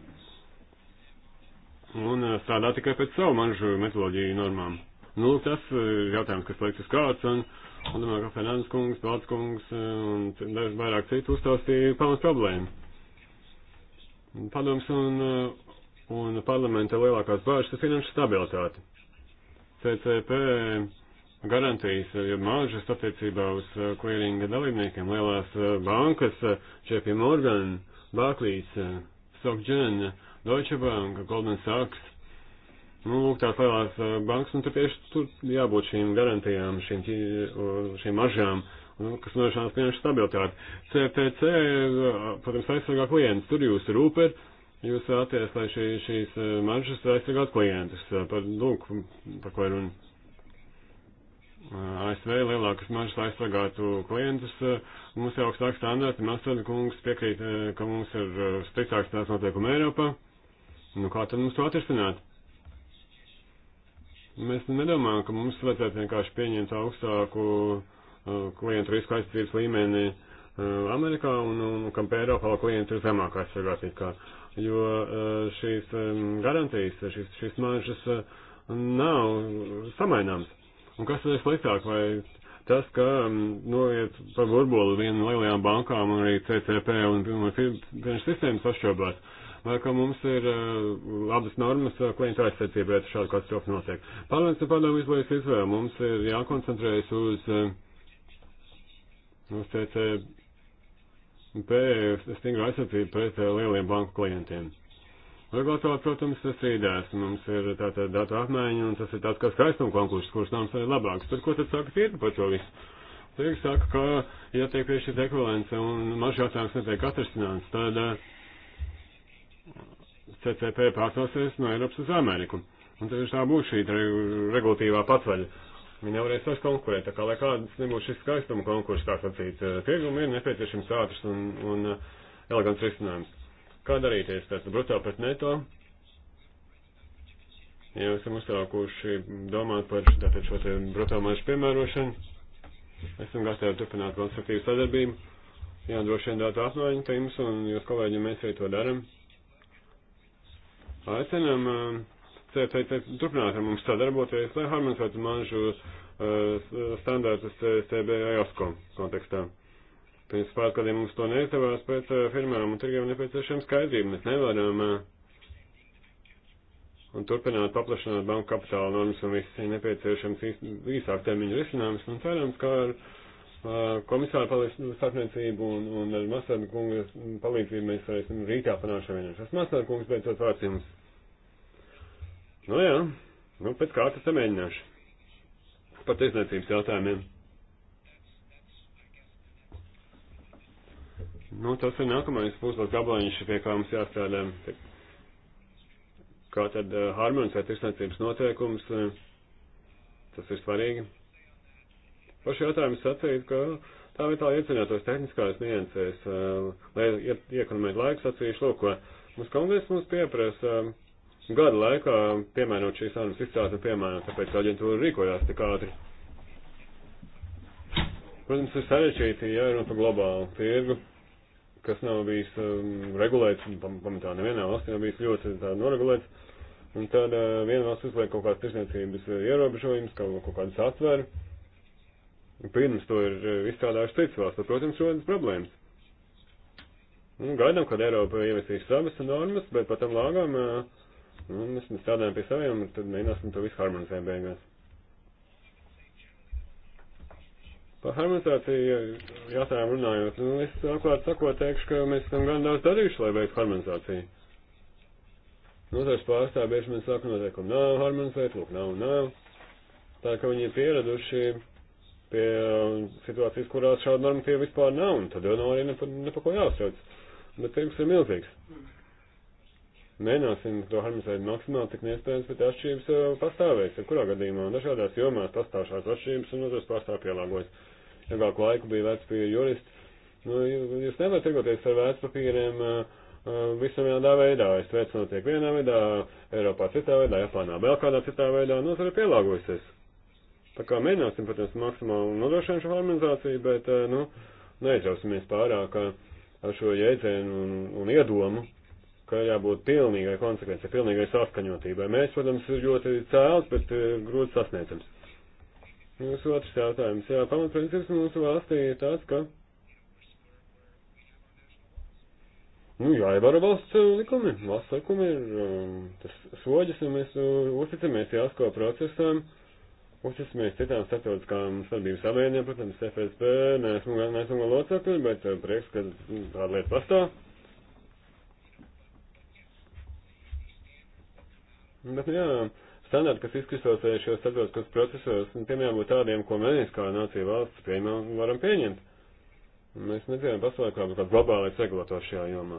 un uh, strādā tikai pēc savu manžu metodoloģiju normām. Nu, tas uh, jautājums, kas liekas uz kārtas, un Un domāju, ka Fernandes kungs, Balts kungs eh, un daži vairāk citu uzstāstīja pamat problēmu. Padoms un, eh, un parlamenta lielākās bāžas ir finanšu stabilitāte. CCP garantijas, eh, ja māžas attiecībā uz clearinga dalībniekiem, lielās bankas, JP Morgan, Barclays, SocGen, Deutsche Bank, Goldman Sachs, Nu, lūk, tās lielās bankas, un nu, tur tieši tur jābūt šīm garantijām, šīm, šīm mažām, nu, kas nodrošinās finanšu stabilitāti. CFTC, protams, aizsargā klientus, tur jūs ir Uber, jūs vēlaties, lai šī, šīs maržas aizsargātu klientus, par, lūk, par ko ir un ASV lielākas maržas aizsargātu klientus, mums ir augstāk standarti, Masada kungs piekrīt, ka mums ir striktāks tās noteikumi Eiropā, nu kā tad mums to atrisināt? Mēs nedomājam, ka mums vajadzētu vienkārši pieņemt augstāku uh, klientu risku aizsardzības līmeni uh, Amerikā un, un kam Eiropā klientu ir zemāk aizsargāti. Jo uh, šīs um, garantijas, šīs, šīs maržas nav samaināmas. Un kas ir sliktāk, vai tas, ka um, noiet pa burbuli vienu no lielajām bankām un arī CCP un, un finanšu sistēmas sašķobās? vai ka mums ir eh, labas normas eh, klientu aizsardzībai, ja šāda katastrofa notiek. Parlaments un padomu izlaiž izvēlu. Mums ir jākoncentrējas uz, eh, uz TCP stingru aizsardzību pret lieliem banku klientiem. Regulātori, protams, strīdās. Mums ir tāda datu apmaiņa, un tas ir tāds kā skaistuma konkurss, kurš nav labāks. Tur, ko tad saka tirgi par to visu? Tirgi saka, ka, ja tiek pie šis ekvivalents un mažs jautājums netiek atrastināts, tad uh, CCP pārcelsies no Eiropas uz Ameriku. Un tad tā būs šī regulatīvā patvaļa. Viņi nevarēs vairs konkurēt, tā kā lai kāds nebūs šis skaistuma konkurss, kā sacīt, eh, tirgumi ir nepieciešams ātrs un, un eh, elegants risinājums. Kā darīties, tad brutā pret neto? Jau esam uzsākuši domāt par tātad šo te brutā maišu piemērošanu. Esam gatavi turpināt konstruktīvu sadarbību. Jā, droši vien dātu apmaiņu ka jums un jūs kolēģi, mēs arī to darām. Aicinam CPC eh, turpināt ar mums sadarboties, lai harmonizētu manžu eh, standārtus eh, CB AOSCO kontekstā. Pirms pāris gadiem mums to neizdevās, pēc firmām un tirgiem nepieciešama skaidrība. Mēs nevaram un turpināt paplašināt banku kapitāla normas un viss ir nepieciešams īsāk termiņu risinājums un cerams, ka ar komisāra starpniecību un, un ar Masāda kunga palīdzību mēs varēsim rītā panākt šo vienošanos. Masāda kungs beidzot vārds jums. Nu jā, nu pēc kārtas samēģināšu. Par tiesniecības jautājumiem. Nu, tas ir nākamais puslaiks gabaliņš, pie kā mums jāstrādā. Kā tad harmonizēt tirsniecības noteikumus, tas ir svarīgi. Par šo jautājumu sacīt, ka tā vietā iecinātos tehniskās niansēs, eh, lai iekonomētu laiku sacīšu, lūk, ko mums kongress mums pieprasa um, gada laikā piemērot šīs sarunas izstrādes un piemērot, tāpēc aģentūra rīkojās tik ātri. Protams, ir sarežģīti, ja runa par globālu tirgu, kas nav bijis um, regulēts, pamatā nevienā valstī nav bijis ļoti noregulēts, un tad uh, viena valsts uzliek kaut kādas tirsniecības uh, ierobežojumus, kaut, kaut kādas atveru Pirms to ir eh, izstrādājuši cits valsts, tad, protams, rodas problēmas. Un nu, gaidām, kad Eiropa ieviesīs savas normas, bet pat tam lāgām, eh, nu, mēs strādājam pie saviem, tad mēģināsim to visu harmonizēt beigās. Par harmonizāciju jāsājām runājot, nu, es atklāt sakot teikšu, ka mēs esam gan daudz darījuši, lai veiktu harmonizāciju. Nozars pārstāv bieži man saka, noteikumi nav harmonizēt, lūk, nav, nav. Tā ka viņi ir pieraduši pie situācijas, kurās šāda norma pie vispār nav, un tad jau nav arī nepa, nepa ko jāuztrauc. Bet tirgus ir milzīgs. Mēģināsim to harmonizēt maksimāli, cik neiespējams, bet atšķirības uh, pastāvēs, ja kurā gadījumā dažādās jomās pastāv šās atšķirības un otrs pārstāv pielāgojas. Ilgāku laiku bija vērts pie jurista. Nu, jūs nevarat tirgoties ar vērtspapīriem uh, uh, visam jādā veidā. Es veicu notiek vienā veidā, Eiropā citā veidā, Japānā vēl kādā citā veidā, nu, tas ir pielāgojusies. Tā kā mēģināsim, protams, maksimāli nodrošināt šo harmonizāciju, bet, eh, nu, neizjausimies pārāk eh, ar šo jēdzienu un, un iedomu, ka jābūt pilnīgai konsekvenci, pilnīgai saskaņotībai. Mēs, protams, ir ļoti cēls, bet eh, grūti sasniedzams. Mūsu otrs jautājums. Jā, pamatprincips mūsu valstī ir tāds, ka. Nu, jāievēro valsts likumi. Valsts likumi ir um, tas soģis, un mēs uh, uzticamies jāsko procesam. Um, uzticamies citām starptautiskām sadarbības savienībām, protams, FSP, neesmu, neesmu gan locekļi, bet eh, prieks, ka tāda lieta pastāv. Bet, nu, jā, standarti, kas izkristalizē šos starptautiskos procesos, un nu, tiem jābūt tādiem, ko mēs, kā nācija valsts, pieņemam, varam pieņemt. Mēs nedzīvojam pasaulē, kā būtu globālais regulators šajā jomā.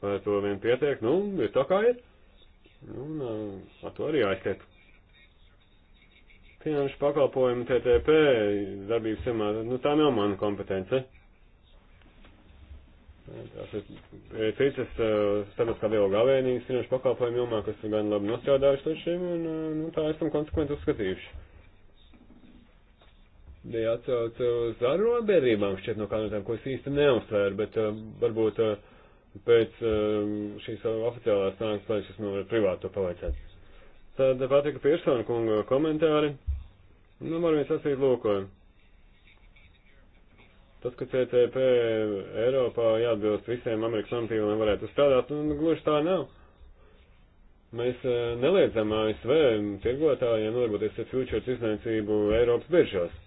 Vai to vien pietiek? Nu, ir tā kā ir. Nu, un, eh, ar to arī aiztiek finanšu pakalpojumu TTP darbības simā, nu tā nav mana kompetence. Tās ir citas uh, starptautiskā dialoga avēnijas finanšu pakalpojumu jomā, kas ir gan labi nostrādājuši līdz šim, un uh, nu, tā esam konsekventi uzskatījuši. Bija atcauc uh, uz arotbiedrībām šķiet no kādām, ko es īsti neuztvēru, bet uh, varbūt uh, pēc uh, šīs oficiālās nākas, lai es esmu privātu to pavaicāt. Tad patika Pirsona kunga komentāri. Nu, man viens sacīt, lūk, tas, ka CTP Eiropā jāatbilst visiem Amerikas normatīviem, varētu strādāt, nu, gluži tā nav. Mēs eh, neliedzam ASV tirgotājiem nodarboties ar futures izniecību Eiropas biržās.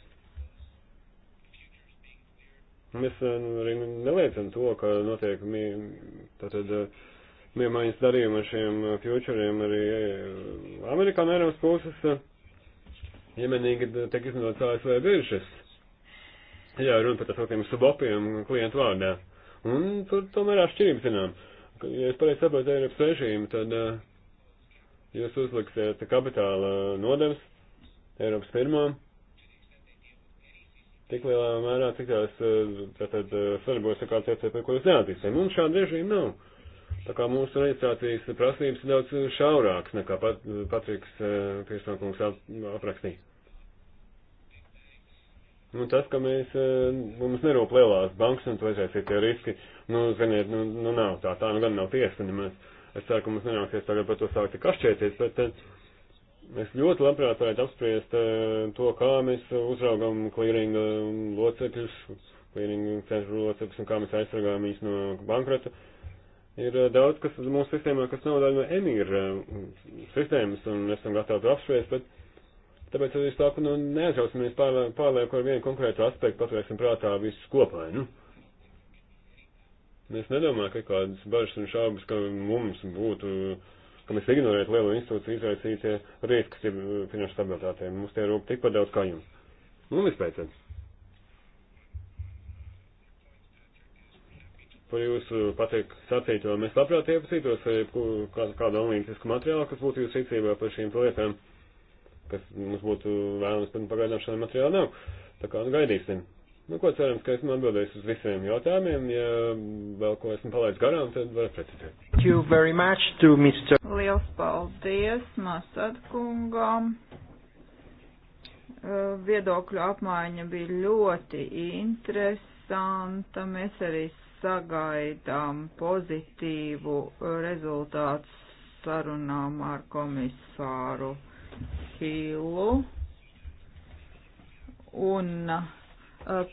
Mēs eh, nu, arī neliecam to, ka notiek tātad eh, miemaiņas darījumi ar šiem futuriem arī Amerikā un Eiropas puses. Jemenīgi tiek izmantots ASV biržas. Jā, runa par tā sauktiem subopiem klientu vārdā. Un tur tomēr atšķirības zinām. Ja es pareizi saprotu Eiropas režīmu, tad uh, jūs uzliksiet kapitāla nodevs Eiropas firmām. Tik lielā mērā, cik tās eh, tātad eh, sadarbos ar kāds CCP, ko jūs neattīstījat. Mums šāda režīma nav. Tā kā mūsu reģistrācijas prasības ir daudz šaurākas nekā pat, Patriks Pirsonkungs eh, ap, aprakstīja. Nu, tas, ka mēs, eh, mums nerūp lielās bankas, un vajadzēs ir tie riski, nu, ziniet, nu, nu nav tā, tā nu gan nav tiesa, un mēs, es ceru, ka mums nenāksies tagad par to sākt kašķēties, bet eh, es ļoti labprāt varētu apspriest to, kā mēs uzraugam klīringa locekļus, klīringa centru locekļus, un kā mēs aizsargājam viņus no bankrota. Uh, ir eh, daudz, kas mūsu sistēmā, kas nav daļa no emīra eh, sistēmas, un esam gatavi to apspriest, bet tāpēc es saku, nu, neaizrausimies pārlieku ar vienu konkrētu aspektu, paturēsim prātā visus kopā, nu. Es nedomāju, ka kādas bažas un šaubas, ka mums būtu, ka mēs ignorētu lielo institūciju izraisītie riski, kas ir eh, finanšu stabilitātē. Mums tie rūp tikpat daudz kā jums. Nu, un vispēc. Tad. par jūsu pateiktu sacīto. Mēs labprāt iepazītos ar kādu analītisku materiālu, kas būtu jūsu rīcībā par šīm lietām, kas mums būtu vēlams, bet pagaidām šāda materiāla nav. Tā kā nu, gaidīsim. Nu, ko cerams, ka esmu atbildējis uz visiem jautājumiem. Ja vēl ko esmu palaidis garām, tad var precizēt. Mr... Liels paldies Masadkungam. Uh, viedokļu apmaiņa bija ļoti interesanta. Mēs arī sagaidām pozitīvu rezultātu sarunām ar komisāru Hīlu. Un eh,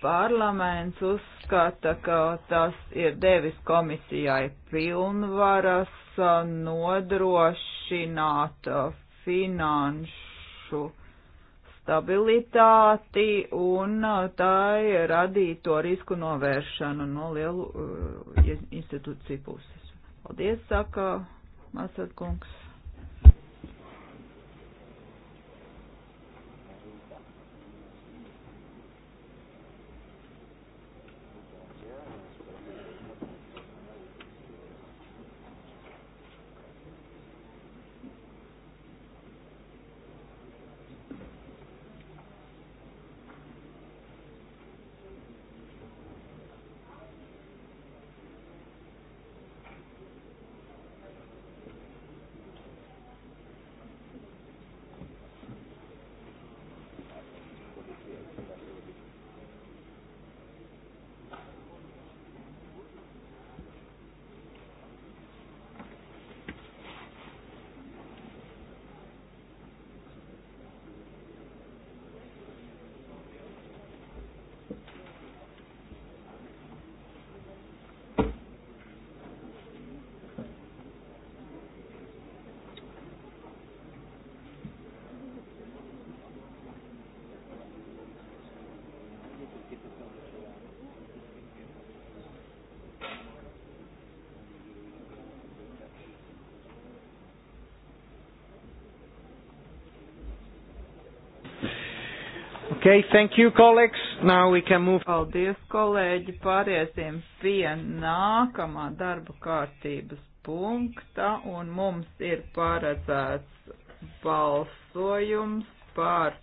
parlaments uzskata, ka tas ir devis komisijai pilnvaras eh, nodrošināt eh, finanšu stabilitāti un uh, tai radīto risku novēršanu no lielu uh, institūciju puses. Paldies, saka Masatkungs. Okay, thank you, colleagues. Now we can move. Paldies, kolēģi. Pāriesim pie nākamā darba kārtības punkta, un mums ir paredzēts balsojums par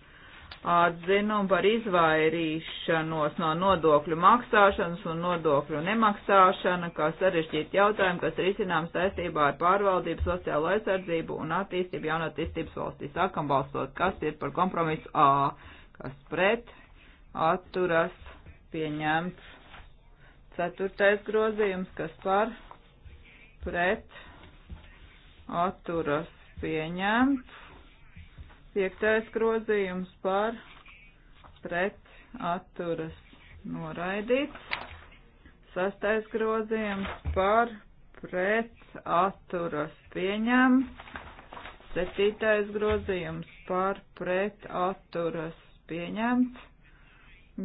atzinumu par izvairīšanos no nodokļu maksāšanas un nodokļu nemaksāšana, kā sarežģīti jautājumi, kas risinām saistībā ar pārvaldību, sociālo aizsardzību un attīstību jaunatīstības valstī. Sākam balsot, kas ir par kompromisu A kas pret, atturas, pieņemts. Ceturtais grozījums, kas par, pret, atturas, pieņemts. Piektais grozījums par, pret, atturas, noraidīts. Sastais grozījums par, pret, atturas, pieņemts. Septītais grozījums par, pret, atturas, pieņemts.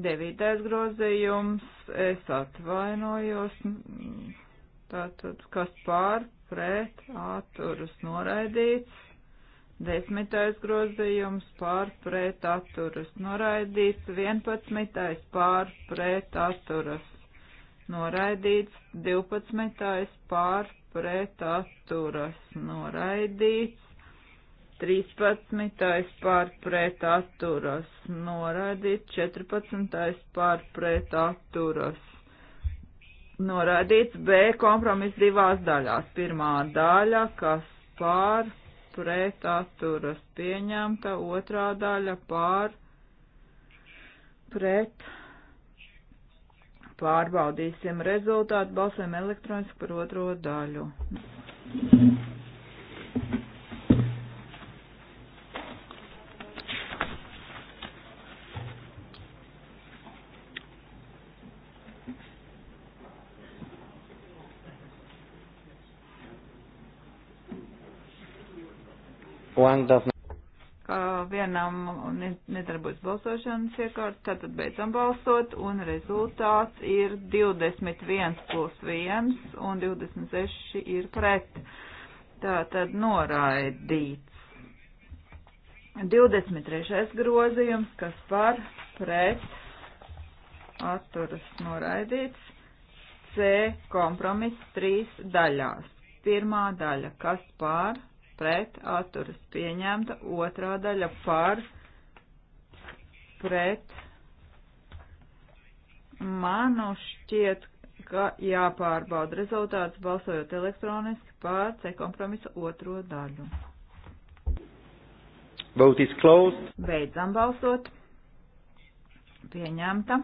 Devītais grozījums, es atvainojos, tātad kas pār, pret, atturas noraidīts. Desmitais grozījums pār pret atturas noraidīts, vienpadsmitais pār pret atturas noraidīts, divpadsmitais pār pret atturas noraidīts, 13. pārpret atturas norādīt, 14. pārpret atturas norādīts, B kompromiss divās daļās. Pirmā daļa, kas pārpret atturas pieņemta, otrā daļa pārpret. Pārbaudīsim rezultātu, balsēm elektroniski par otro daļu. Thank you. Ka vienam nedarbojas balsošanas iekārta, tātad beidzam balsot, un rezultāts ir 21 plus 1, un 26 ir pret. Tātad noraidīts. 23. grozījums, kas par pret atturas noraidīts. C kompromiss trīs daļās. Pirmā daļa, kas par pret atturas pieņemta, otrā daļa par pret. Manu šķiet, ka jāpārbauda rezultāts balsojot elektroniski par C kompromisa otro daļu. Vote is closed. Beidzam balsot. Pieņemta.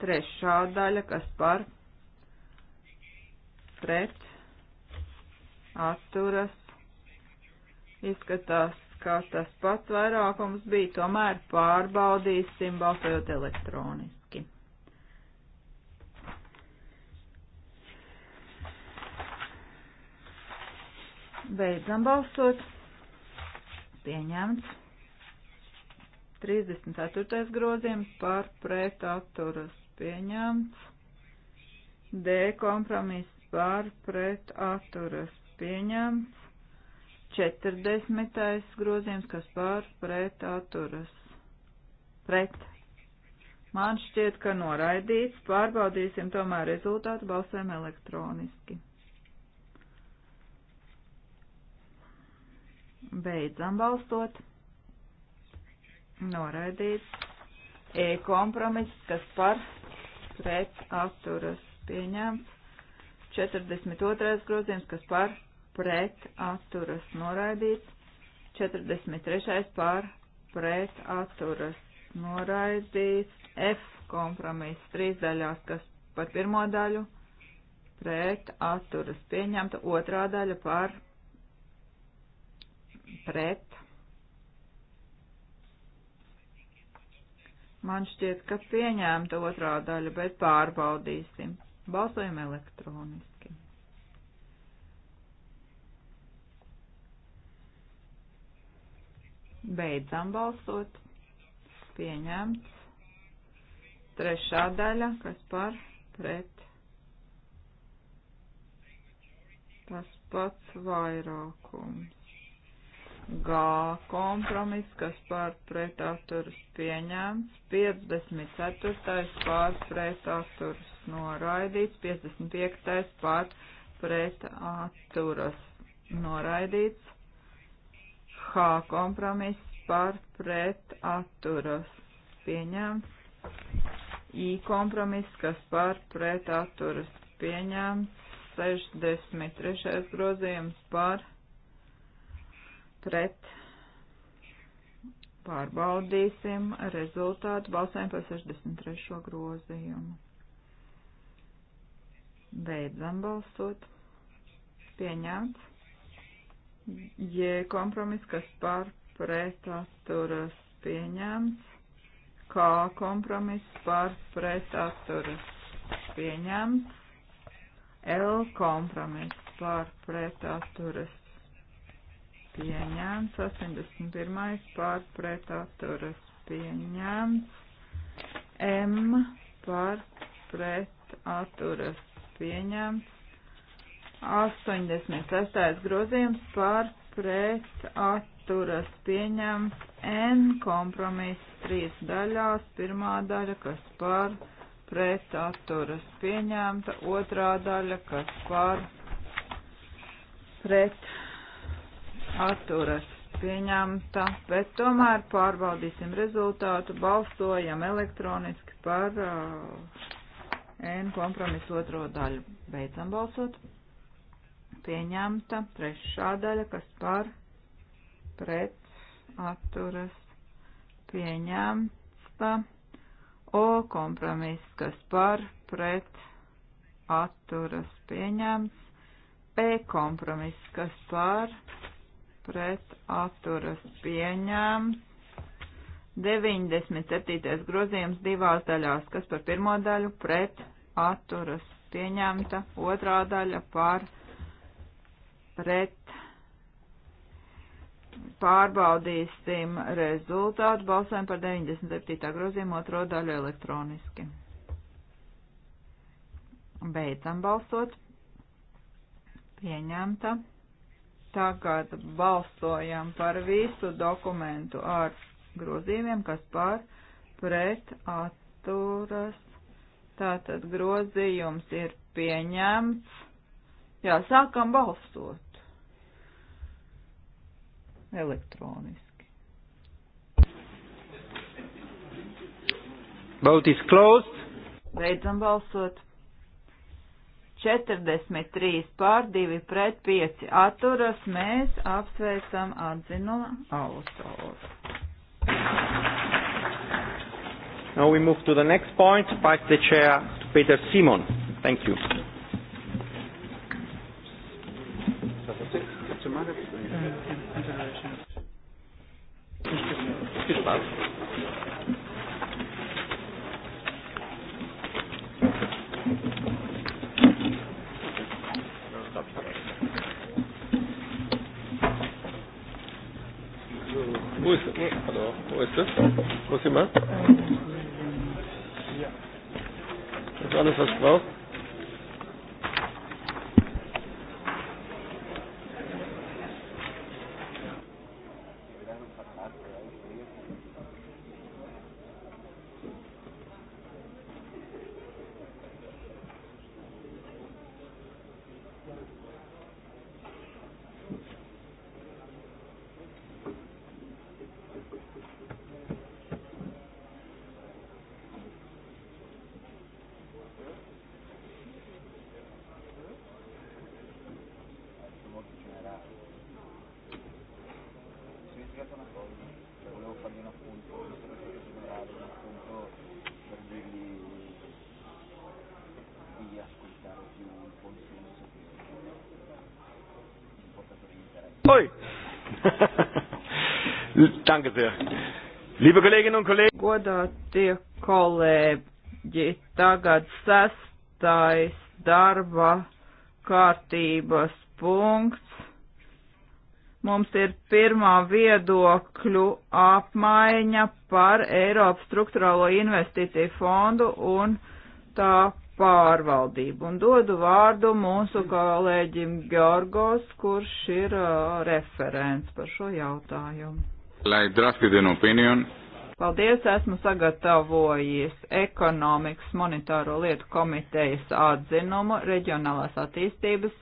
Trešā daļa, kas par pret atturas Izskatās, kā tas pats vairākums bija, tomēr pārbaudīsim balsojot elektroniski. Beidzam balsot. Pieņemts. 34. grozījums par pret atturas pieņemts. D kompromiss par pret atturas pieņemts. 40. grozījums, kas pār pret atturas. Pret. Man šķiet, ka noraidīts. Pārbaudīsim tomēr rezultātu balsēm elektroniski. Beidzam balstot. Noraidīts. E kompromiss, kas par pret atturas pieņemts. 42. grozījums, kas par pret atturas noraidīts, 43. par pret atturas noraidīts, F kompromiss trīs daļās, kas par pirmo daļu pret atturas pieņemta, otrā daļa par pret. Man šķiet, ka pieņēmta otrā daļa, bet pārbaudīsim. Balsojam elektroniski. Beidzam balsot. Pieņemts. Trešā daļa, kas par pret. Tas pats vairākums. G kompromis, kas par pret atturas pieņemts. 54. pār pret atturas noraidīts. 55. pār pret atturas noraidīts. H kompromiss par pret atturas pieņemts. I kompromiss, kas par pret atturas pieņemts. 63. grozījums par pret. Pārbaudīsim rezultātu balsēm par 63. grozījumu. Beidzam balsot. Pieņemts. J kompromiss, kas par pret atturas pieņemts. K kompromiss par pret atturas pieņemts. L kompromiss par pret atturas pieņemts. 81. par pret atturas pieņemts. M par pret atturas pieņemts. 86. grozījums par pret atturas pieņem N kompromiss trīs daļās. Pirmā daļa, kas par pret atturas pieņemta, otrā daļa, kas par pret atturas pieņemta, bet tomēr pārbaudīsim rezultātu, balsojam elektroniski par uh, N kompromisu otro daļu. Beidzam balsot pieņemta, trešā daļa, kas par pret atturas pieņemta, O kompromiss, kas par pret atturas pieņemts, P kompromiss, kas par pret atturas pieņemts, 97. grozījums divās daļās, kas par pirmo daļu pret atturas pieņemta, otrā daļa par pret pret. Pārbaudīsim rezultātu. Balsojam par 97. grozījumu otro daļu elektroniski. Beidzam balsot. Pieņemta. Tagad balsojam par visu dokumentu ar grozījumiem, kas pār pret atturas. Tātad grozījums ir pieņemts. Jā, sākam balsot. Elektroniski. Vote is closed. Beidzam balsot. 43 pār 2 pret 5 atturas mēs apsveicam atzinuma autoru. Now we move to the next point, pass the chair to Peter Simon. Thank you. gespannt. <laughs> Danke sehr. Liebe Kolleginnen un kolēģi. Godātie kolēģi, tagad sestais darba kārtības punkts. Mums ir pirmā viedokļu apmaiņa par Eiropas struktūrālo investīciju fondu un tā pārvaldību. Un dodu vārdu mūsu kolēģim Georgos, kurš ir uh, referents par šo jautājumu. Lai drafted an opinion. Paldies, esmu sagatavojis ekonomikas monetāro lietu komitejas atzinumu reģionālās attīstības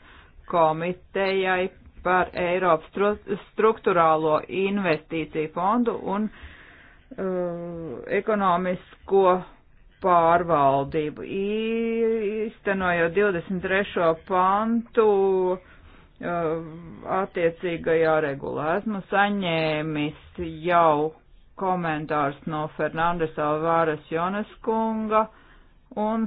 komitejai par Eiropas stru struktūrālo investīciju fondu un uh, ekonomisko pārvaldību. Īstenojot 23. pantu uh, attiecīgajā regulā, esmu saņēmis jau komentārs no Fernandes Alvāras Jonas kunga un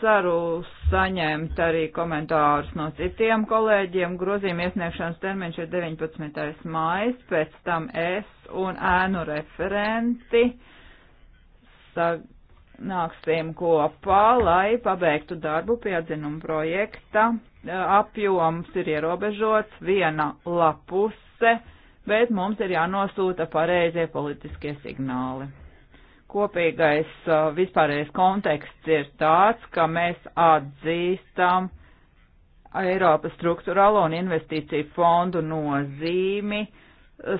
ceru saņemt arī komentārus no citiem kolēģiem. Grozījuma iesniegšanas termiņš ir 19. mājas, pēc tam es un ēnu referenti sag nāksim kopā, lai pabeigtu darbu pie atzinuma projekta. E, apjoms ir ierobežots, viena lapuse, bet mums ir jānosūta pareizie politiskie signāli. Kopīgais e, vispārējais konteksts ir tāds, ka mēs atzīstam Eiropas struktūralo un investīciju fondu nozīmi, uh,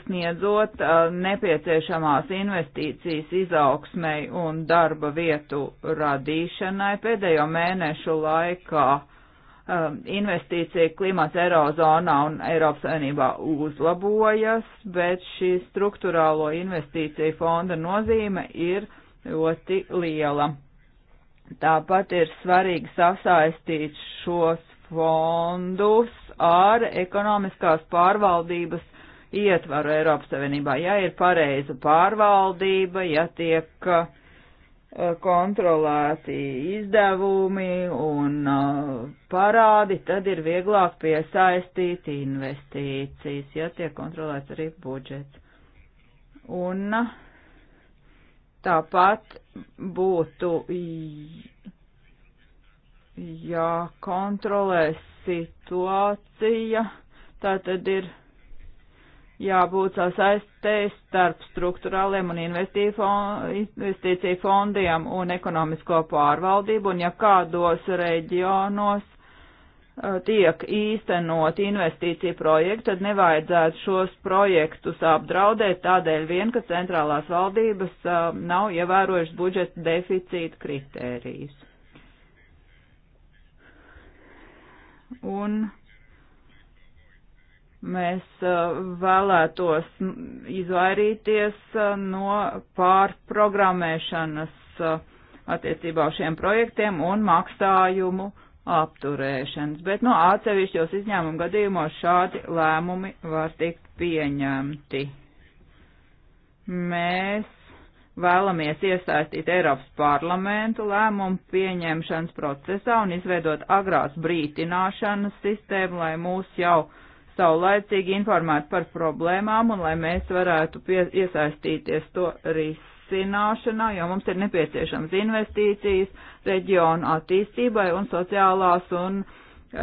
sniedzot uh, nepieciešamās investīcijas izaugsmai un darba vietu radīšanai. Pēdējo mēnešu laikā um, investīcija klimats Eirozonā un Eiropas Savienībā uzlabojas, bet šī struktūrālo investīciju fonda nozīme ir ļoti liela. Tāpat ir svarīgi sasaistīt šos fondus ar ekonomiskās pārvaldības ietvaru Eiropas Savienībā. Ja ir pareiza pārvaldība, ja tiek uh, kontrolēti izdevumi un uh, parādi, tad ir vieglāk piesaistīt investīcijas, ja tiek kontrolēts arī budžets. Un uh, tāpat būtu jākontrolē situācija, tā tad ir jābūt sasaistēji starp struktūrāliem un investīciju fondiem un ekonomisko pārvaldību, un ja kādos reģionos e, tiek īstenot investīciju projektu, tad nevajadzētu šos projektus apdraudēt tādēļ vien, ka centrālās valdības e, nav ievērojušas budžeta deficīta kritērijas. Un Mēs uh, vēlētos izvairīties uh, no pārprogrammēšanas uh, attiecībā uz šiem projektiem un maksājumu apturēšanas, bet no nu, atsevišķos izņēmumu gadījumos šādi lēmumi var tikt pieņemti. Mēs vēlamies iesaistīt Eiropas parlamentu lēmumu pieņemšanas procesā un izveidot agrās brītināšanas sistēmu, lai mūs jau uh, saulaicīgi informēt par problēmām un lai mēs varētu pie, iesaistīties to risināšanā, jo mums ir nepieciešams investīcijas reģionu attīstībai un sociālās un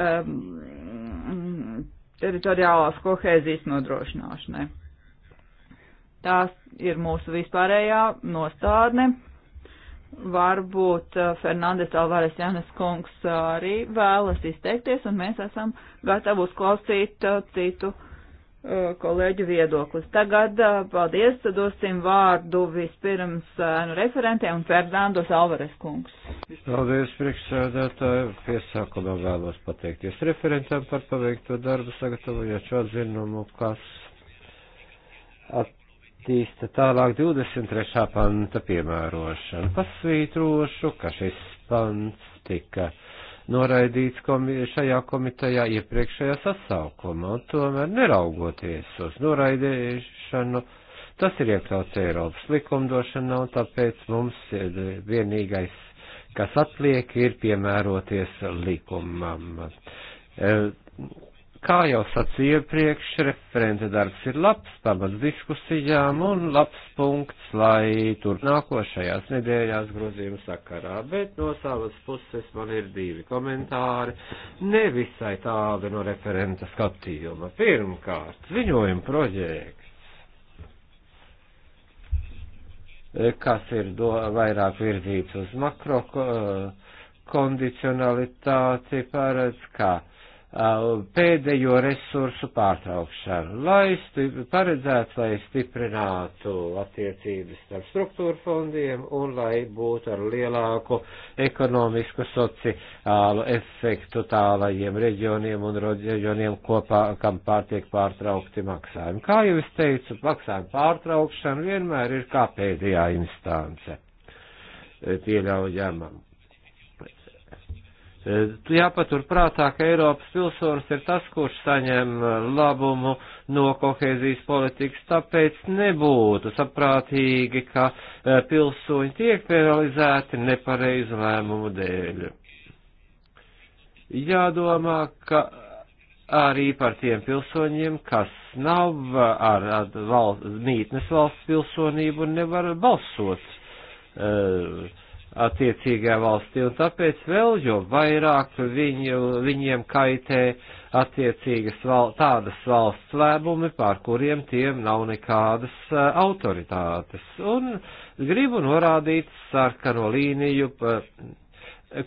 um, teritoriālās kohēzijas nodrošināšanai. Tās ir mūsu vispārējā nostādne varbūt eh, Fernandes Alvarez Janes kungs eh, arī vēlas izteikties, un mēs esam gatavi uzklausīt eh, citu kolēģu viedoklis. Tagad, paldies, dosim vārdu vispirms nu, referentiem un Fernandos Alvarez kungs. Paldies, priekšsēdētāji. Piesākumā vēlos pateikties referentam par paveikto darbu, sagatavojot šo atzinumu, kas at attīsta tālāk 23. panta piemērošanu. Pasvītrošu, ka šis pants tika noraidīts komi šajā komitejā iepriekšējā sasaukumā, un tomēr neraugoties uz noraidīšanu, tas ir iekļauts Eiropas likumdošanā, un tāpēc mums vienīgais, kas atliek, ir piemēroties likumam. E, Kā jau sacīju iepriekš, referenta darbs ir labs, pamats diskusijām un labs punkts, lai tur nākošajās nedēļās grozījuma sakarā, bet no savas puses man ir divi komentāri, nevisai tādi no referenta skatījuma. Pirmkārt, ziņojuma projekts, kas ir do, vairāk virzīts uz makro kondicionalitāti, paredz, ka Uh, pēdējo resursu pārtraukšanu, lai paredzētu, lai stiprinātu attiecības starp struktūra fondiem un lai būtu ar lielāku ekonomisku sociālu efektu tālajiem reģioniem un reģioniem kopā, kam pārtiek pārtraukti maksājumi. Kā jau es teicu, maksājumu pārtraukšana vienmēr ir kā pēdējā instance e, pieļaujamam Eh, jāpatur prātā, ka Eiropas pilsonis ir tas, kurš saņem eh, labumu no kohēzijas politikas, tāpēc nebūtu saprātīgi, ka eh, pilsoņi tiek penalizēti nepareizu lēmumu dēļ. Jādomā, ka arī par tiem pilsoņiem, kas nav ar, ar valsts, mītnes valsts pilsonību, nevar balsot. Uh, attiecīgā valstī, un tāpēc vēl jo vairāk viņu, viņiem kaitē attiecīgas val, tādas valsts lēmumi, pār kuriem tiem nav nekādas uh, autoritātes. Un gribu norādīt sarkano līniju, pa,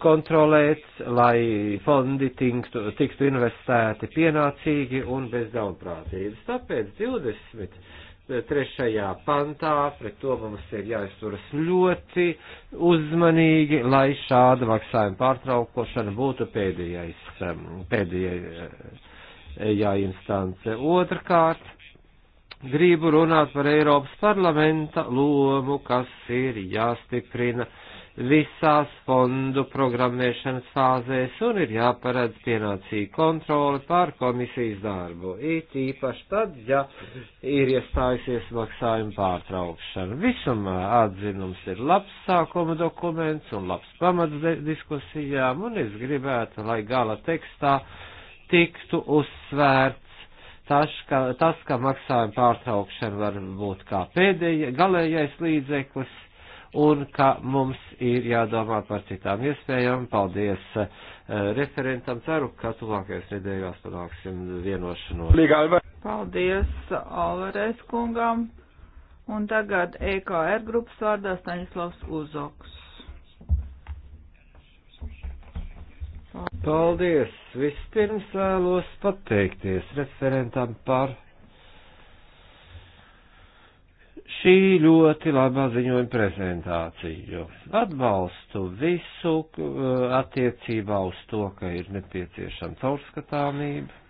kontrolēt, lai fondi tinktu, tiktu investēti pienācīgi un bez ļaunprātības. Tāpēc 20 trešajā pantā, pret to mums ir jāizturas ļoti uzmanīgi, lai šāda maksājuma pārtraukošana būtu pēdējais, um, pēdējā instance. Otrkārt, gribu runāt par Eiropas parlamenta lomu, kas ir jāstiprina visās fondu programmēšanas fāzēs un ir jāparedz pienācīga kontrole pār komisijas darbu, it īpaši tad, ja ir iestājusies maksājuma pārtraukšana. Visumā atzinums ir labs sākuma dokuments un labs pamats diskusijām, un es gribētu, lai gala tekstā tiktu uzsvērts tas, ka, tas, ka maksājuma pārtraukšana var būt kā pēdējais, galējais līdzeklis, un ka mums ir jādomā par citām iespējām. Paldies uh, referentam. Ceru, ka tuvākajās nedēļās panāksim vienošanos. Paldies Alvarez kungam. Un tagad EKR grupas vārdā Staņislavs Uzoks. Paldies! Vispirms vēlos pateikties referentam par šī ļoti labā ziņojuma prezentāciju. Atbalstu visu eh, attiecībā uz to, ka ir nepieciešama caurskatāmība.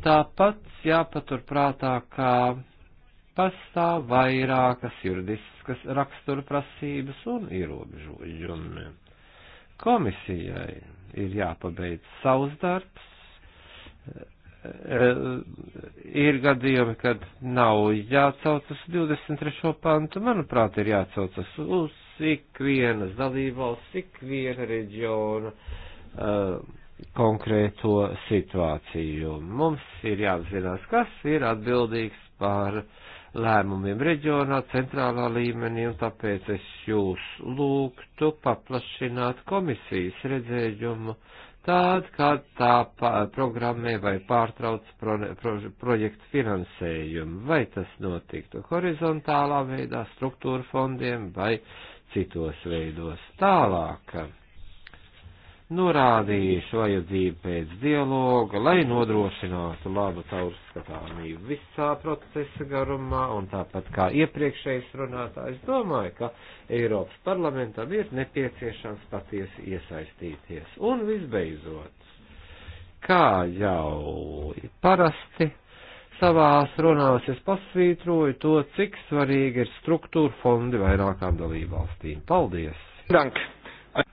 Tāpat jāpaturprātā, ka pastāv vairākas juridiskas rakstura prasības un ierobežojumi. Komisijai ir jāpabeidz savs darbs, Eh, ir gadījumi, kad nav jācaucas 23. pantu, manuprāt, ir jācaucas uz ikvienas dalībvalsts, ikviena reģiona uh, konkrēto situāciju. Mums ir jāapzinās, kas ir atbildīgs par lēmumiem reģionā, centrālā līmenī, un tāpēc es jūs lūgtu paplašināt komisijas redzējumu uh, tad, kad tā programmē vai pārtrauc pro, pro, projektu finansējumu, vai tas notiktu horizontālā veidā, struktūra fondiem vai citos veidos tālāk norādījuši vajadzību pēc dialoga, lai nodrošinātu labu caurskatāmību visā procesa garumā, un tāpat kā iepriekšējais runātājs domāju, ka Eiropas parlamentam ir nepieciešams patiesi iesaistīties. Un visbeidzot, kā jau parasti savās runās es pasvītroju to, cik svarīgi ir struktūra fondi vairākām dalībvalstīm. Paldies! Dank!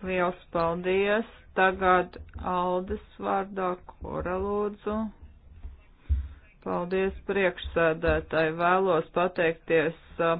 Liels paldies! Tagad Aldis vārdā Kora lūdzu. Paldies priekšsēdētāji. Vēlos pateikties uh,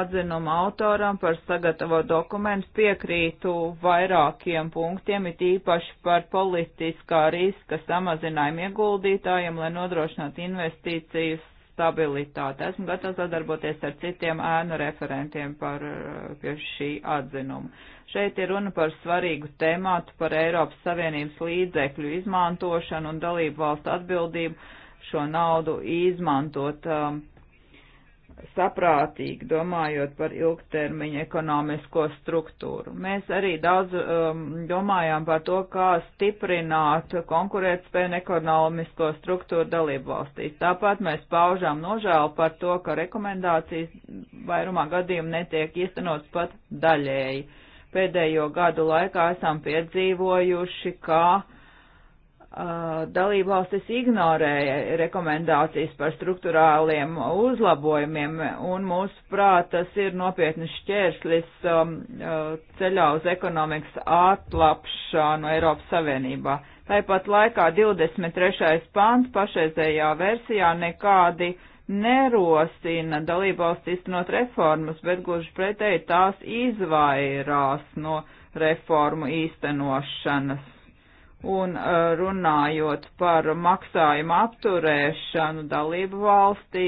atzinuma autoram par sagatavo dokumentus. Piekrītu vairākiem punktiem, it īpaši par politiskā riska samazinājumu ieguldītājiem, lai nodrošinātu investīcijas stabilitāti. Esmu gatavs sadarboties ar citiem ēnu referentiem par, uh, pie šī atzinuma. Šeit ir runa par svarīgu tēmātu par Eiropas Savienības līdzekļu izmantošanu un dalību valstu atbildību šo naudu izmantot um, saprātīgi, domājot par ilgtermiņa ekonomisko struktūru. Mēs arī daudz um, domājām par to, kā stiprināt konkurētspēju un ekonomisko struktūru dalību valstīs. Tāpat mēs paužām nožēlu par to, ka rekomendācijas vairumā gadījumu netiek īstenotas pat daļēji. Uh, Pēdējo gadu laikā esam piedzīvojuši, ka uh, dalībvalstis ignorēja rekomendācijas par struktūrāliem uzlabojumiem, un mūsu prāt tas ir nopietnis šķērslis um, ceļā uz ekonomikas atlapšanu Eiropas Savienībā. Tāpat laikā 23. pāns pašreizējā versijā nekādi uh, nerosina dalībvalsts iztenot reformas, bet gluži pretēji tās izvairās no reformu īstenošanas. Un uh, runājot par maksājumu apturēšanu dalību valstī,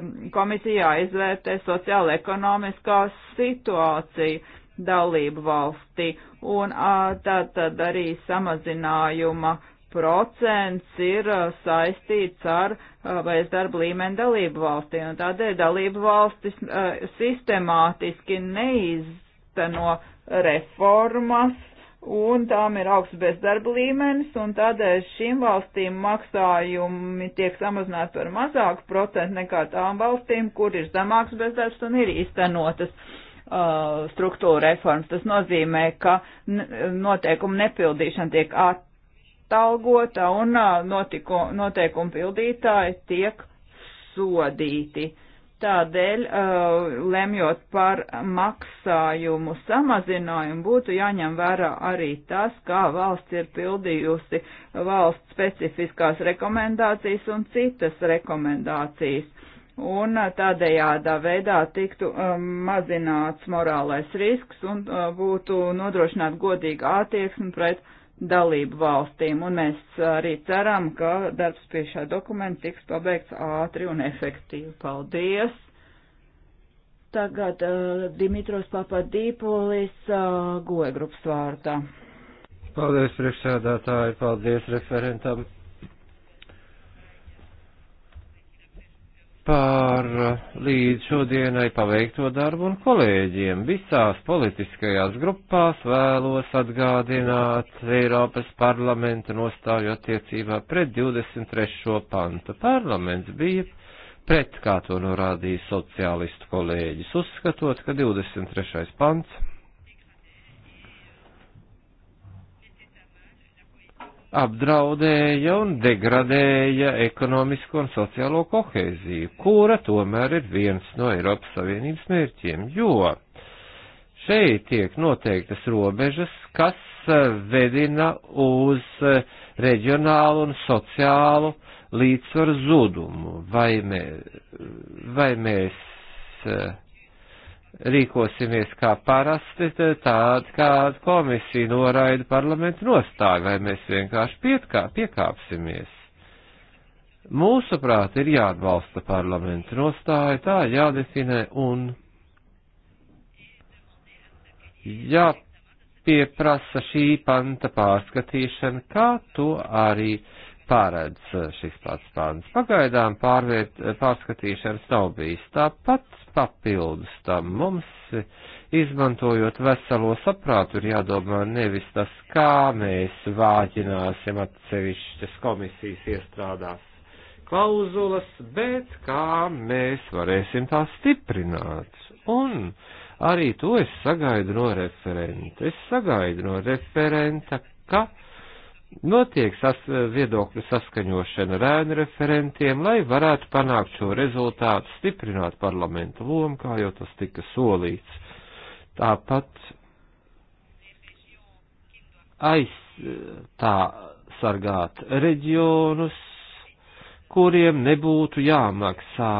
um, komisijā izvērtē sociāla ekonomiskā situācija dalību valstī un uh, tātad arī samazinājuma uh, procents ir uh, saistīts ar bezdarba uh, līmeni dalību valstī, un tādēļ dalību valstis uh, sistemātiski neizteno reformas, un tām ir augsts bezdarba līmenis, un tādēļ šīm valstīm maksājumi tiek samazināti par mazāku procentu nekā tām valstīm, kur ir zemāks bezdarbs un ir iztenotas struktūra reformas. Tas nozīmē, ka noteikumu nepildīšana tiek attīstīta atalgota un notiku, noteikumu pildītāji tiek sodīti. Tādēļ, lemjot par maksājumu samazinājumu, būtu jāņem vērā arī tas, kā valsts ir pildījusi valsts specifiskās rekomendācijas un citas rekomendācijas. Un tādējādā veidā tiktu mazināts morālais risks un būtu nodrošināt godīga attieksme pret dalību valstīm, un mēs arī ceram, ka darbs pie šā dokumenta tiks pabeigts ātri un efektīvi. Paldies! Tagad uh, Dimitros Papadīpolis uh, goja grupas vārdā. Paldies priekšsēdētāji, paldies referentam par līdz šodienai paveikto darbu un kolēģiem. Visās politiskajās grupās vēlos atgādināt Eiropas parlamenta nostāju attiecībā pret 23. pantu. Parlaments bija pret, kā to norādīja sociālistu kolēģis, uzskatot, ka 23. pants apdraudēja un degradēja ekonomisko un sociālo kohēziju, kura tomēr ir viens no Eiropas Savienības mērķiem, jo šeit tiek noteiktas robežas, kas vedina uz reģionālu un sociālu līdzsvaru zudumu. Vai, mē, vai mēs rīkosimies kā parasti, tād kāda komisija noraida parlamentu nostāju, vai mēs vienkārši pietkā, piekāpsimies. Mūsuprāt, ir jāatbalsta parlamentu nostāja, tā jādefinē un jāpieprasa šī panta pārskatīšana, kā to arī uh, pārēdz eh, šis pats pāns. Pagaidām pārvērt, eh, pārskatīšanas nav bijis tāpat papildus tam mums, eh, izmantojot veselo saprātu, ir jādomā nevis tas, kā mēs vāģināsim atsevišķas komisijas iestrādās klauzulas, bet kā mēs varēsim tās stiprināt. Un arī to es sagaidu no referenta. Es sagaidu no referenta, ka notiek sas, viedokļu saskaņošana ar ēnu referentiem, lai varētu panākt šo rezultātu, stiprināt parlamenta lomu, kā jau tas tika solīts. Tāpat aiz tā sargāt reģionus, kuriem nebūtu jāmaksā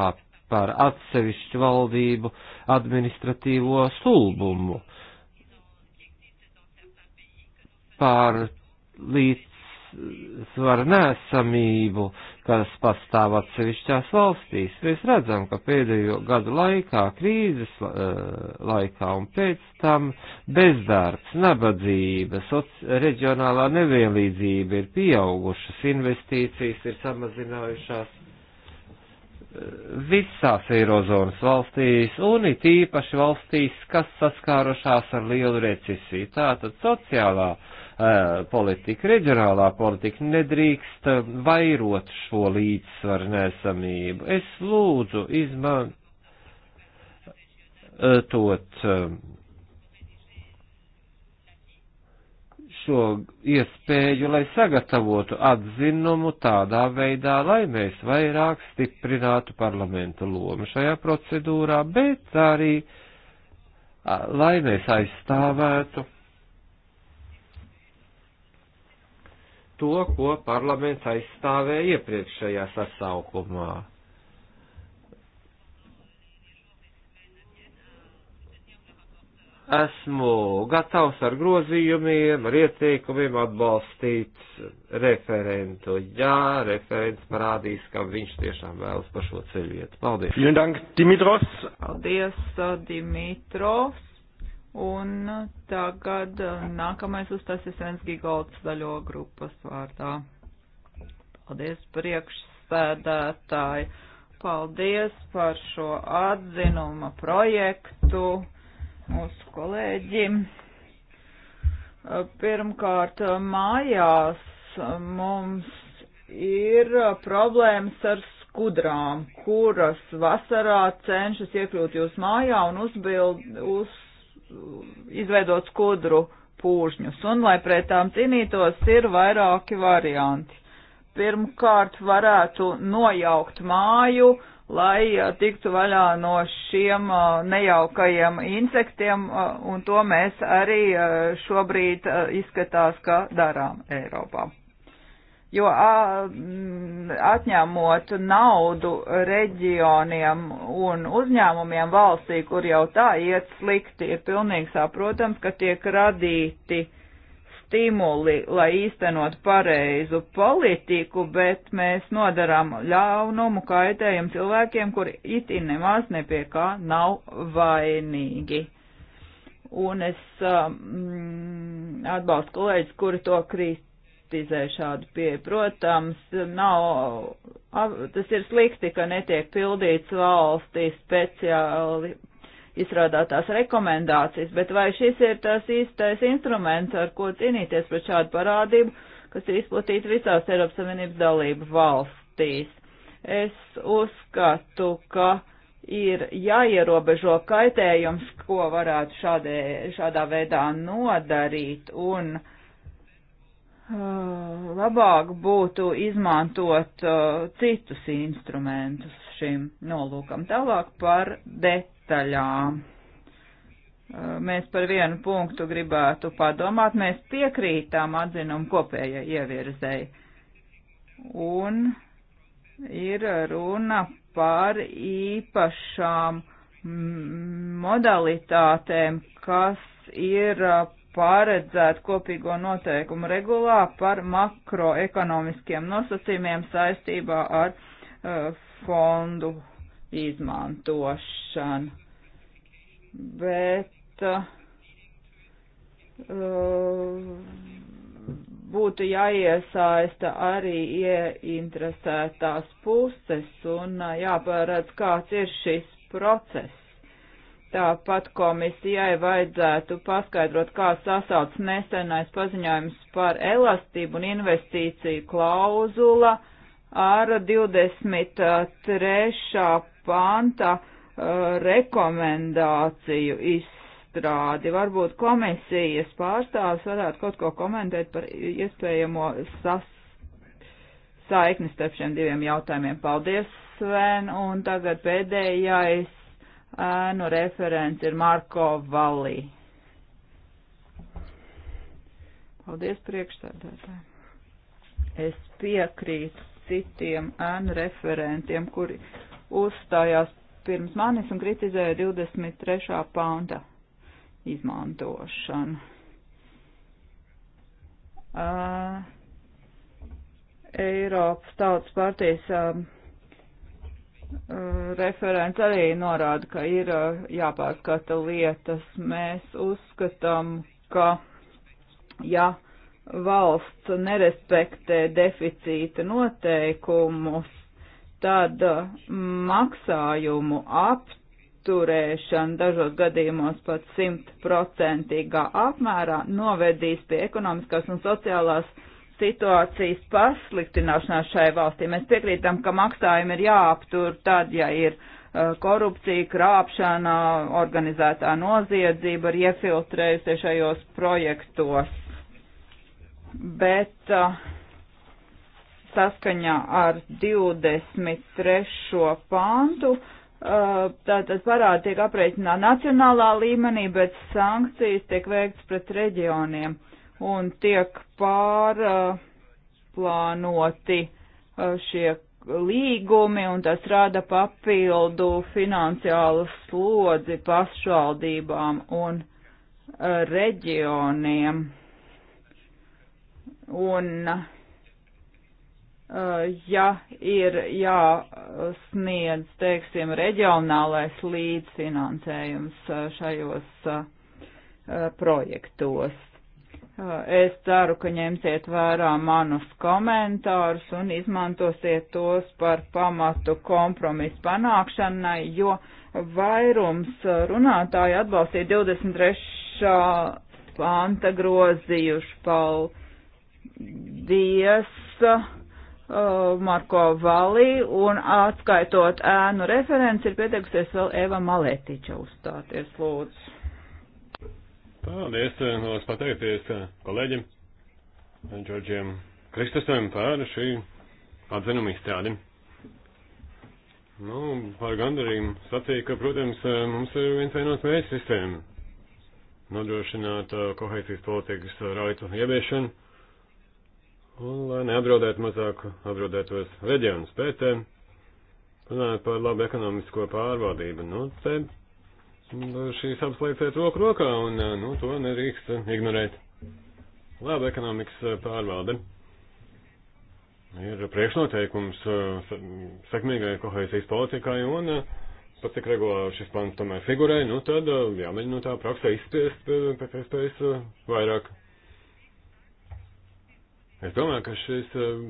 par atsevišķu valdību administratīvo stulbumu, par līdzsvaru nesamību, kas pastāv atsevišķās valstīs. Mēs redzam, ka pēdējo gadu laikā, krīzes eh, laikā un pēc tam bezdarbs, nabadzība, soci, reģionālā nevienlīdzība ir pieaugušas, investīcijas ir samazinājušās eh, visās Eirozonas valstīs un it īpaši valstīs, kas saskārušās ar lielu recesiju. Tātad sociālā uh, Eh, politika, reģionālā politika nedrīkst eh, vairot šo līdzsvaru nesamību. Es lūdzu izmantot eh, šo iespēju, lai sagatavotu atzinumu tādā veidā, lai mēs vairāk stiprinātu parlamentu lomu šajā procedūrā, bet arī, lai mēs aizstāvētu to, ko parlaments aizstāvēja iepriekšējā sasaukumā. Esmu gatavs ar grozījumiem, ar ieteikumiem atbalstīt referentu, ja referents parādīs, ka viņš tiešām vēlas pa šo ceļu iet. Paldies! Vielen Dank, Dimitros! Paldies, Dimitros! Un tagad uh, nākamais uzstāsies Vens Gigolds zaļo grupas vārdā. Paldies priekšsēdētāji. Paldies par šo atzinuma projektu mūsu kolēģim. Uh, pirmkārt, mājās mums ir problēmas ar skudrām, kuras vasarā cenšas iekļūt jūs mājā un uzbild, uz, izveidot skudru pūžņus, un lai pret tām cīnītos, ir vairāki varianti. Pirmkārt, varētu nojaukt māju, lai tiktu vaļā no šiem nejaukajiem insektiem, un to mēs arī šobrīd izskatās, ka darām Eiropā jo atņemot naudu reģioniem un uzņēmumiem valstī, kur jau tā iet slikti, ir pilnīgi saprotams, ka tiek radīti stimuli, lai īstenot pareizu politiku, bet mēs nodaram ļaunumu kaitējumu cilvēkiem, kuri itin nemaz ne pie kā nav vainīgi un es um, atbalstu kolēģis, kuri to krīt, kritizē šādu pieeju. Protams, nav, tas ir slikti, ka netiek pildīts valstī speciāli izstrādātās rekomendācijas, bet vai šis ir tas īstais instruments, ar ko cīnīties pret šādu parādību, kas ir izplatīta visās Eiropas Savienības dalību valstīs? Es uzskatu, ka ir jāierobežo kaitējums, ko varētu šādē, šādā veidā nodarīt, un uh, Eh, labāk būtu izmantot uh, citus instrumentus šim nolūkam. Tālāk par detaļām. Uh, mēs par vienu punktu gribētu padomāt, mēs piekrītām atzinumu kopējai ievirzēji. Un ir runa par īpašām modalitātēm, kas ir uh, paredzēt kopīgo noteikumu regulā par makroekonomiskiem nosacījumiem saistībā ar uh, fondu izmantošanu. Bet uh, būtu jāiesaista arī ieinteresētās puses un eh, jāpārēdz, kāds ir šis process Tāpat komisijai vajadzētu paskaidrot, kā sasauc nesenais paziņojums par elastību un investīciju klauzula ar 23. panta uh, rekomendāciju izstrādi. Varbūt komisijas pārstāvis varētu kaut ko komentēt par iespējamo sas saikni starp šiem diviem jautājumiem. Paldies, Sven, un tagad pēdējais Ēnu referents ir Marko Valī. Paldies priekšsēdētāji. Es piekrītu citiem ēnu referentiem, kuri uzstājās pirms manis un kritizēja 23. panta izmantošanu. Uh, Eiropas tautas partijas uh, Eh, referents arī norāda, ka ir eh, jāpārskata lietas. Mēs uzskatām, ka ja valsts nerespektē deficīta noteikumus, tad eh, maksājumu apturēšana dažos gadījumos pat simtprocentīgā apmērā novedīs pie ekonomiskās un sociālās situācijas pasliktināšanās šai valstī. Mēs piekrītam, ka maksājumi ir jāaptur tad, ja ir uh, korupcija, krāpšana, organizētā noziedzība ir iefiltrējusies šajos projektos. Bet uh, saskaņā ar 23. pāntu uh, tātad parādi tiek aprēķināti nacionālā līmenī, bet sankcijas tiek veikts pret reģioniem. Uh, un tiek pārplānoti uh, šie līgumi, un tas rada papildu finansiālu slodzi pašvaldībām un uh, reģioniem. Un, uh, ja ir jāsniedz, teiksim, reģionālais līdzfinansējums šajos projektos, Es ceru, ka ņemsiet vērā manus komentārus un izmantosiet tos par pamatu kompromisu panākšanai, jo vairums runātāji atbalstīja 23. panta grozījuši paldies uh, Marko Valī un atskaitot ēnu referents ir pieteikusies vēl Eva Maletiča uzstāties lūdzu. Paldies, eh, vēlos pateikties eh, kolēģim eh, Džordžiem Kristosam par šī atzinuma izstrādi. Nu, par gandarījumu sacīja, ka, protams, mums ir viens vienots mērķis sistēma nodrošināt kohēzijas politikas raitu ieviešanu, un lai neapdraudētu mazāk apdraudētos reģionus. Pēc tam runājot par labu ekonomisko pārvaldību, nu, te šīs abas lietas iet roku rokā, un eh, nu, to nedrīkst ignorēt. Laba ekonomikas eh, pārvalde ir priekšnoteikums eh, sekmīgai kohēzijas politikai, un pat cik regulāri šis pants tomēr figurē, nu tad jāmēģina no tā praksē izspiest pēc iespējas vairāk. Es domāju, ka šis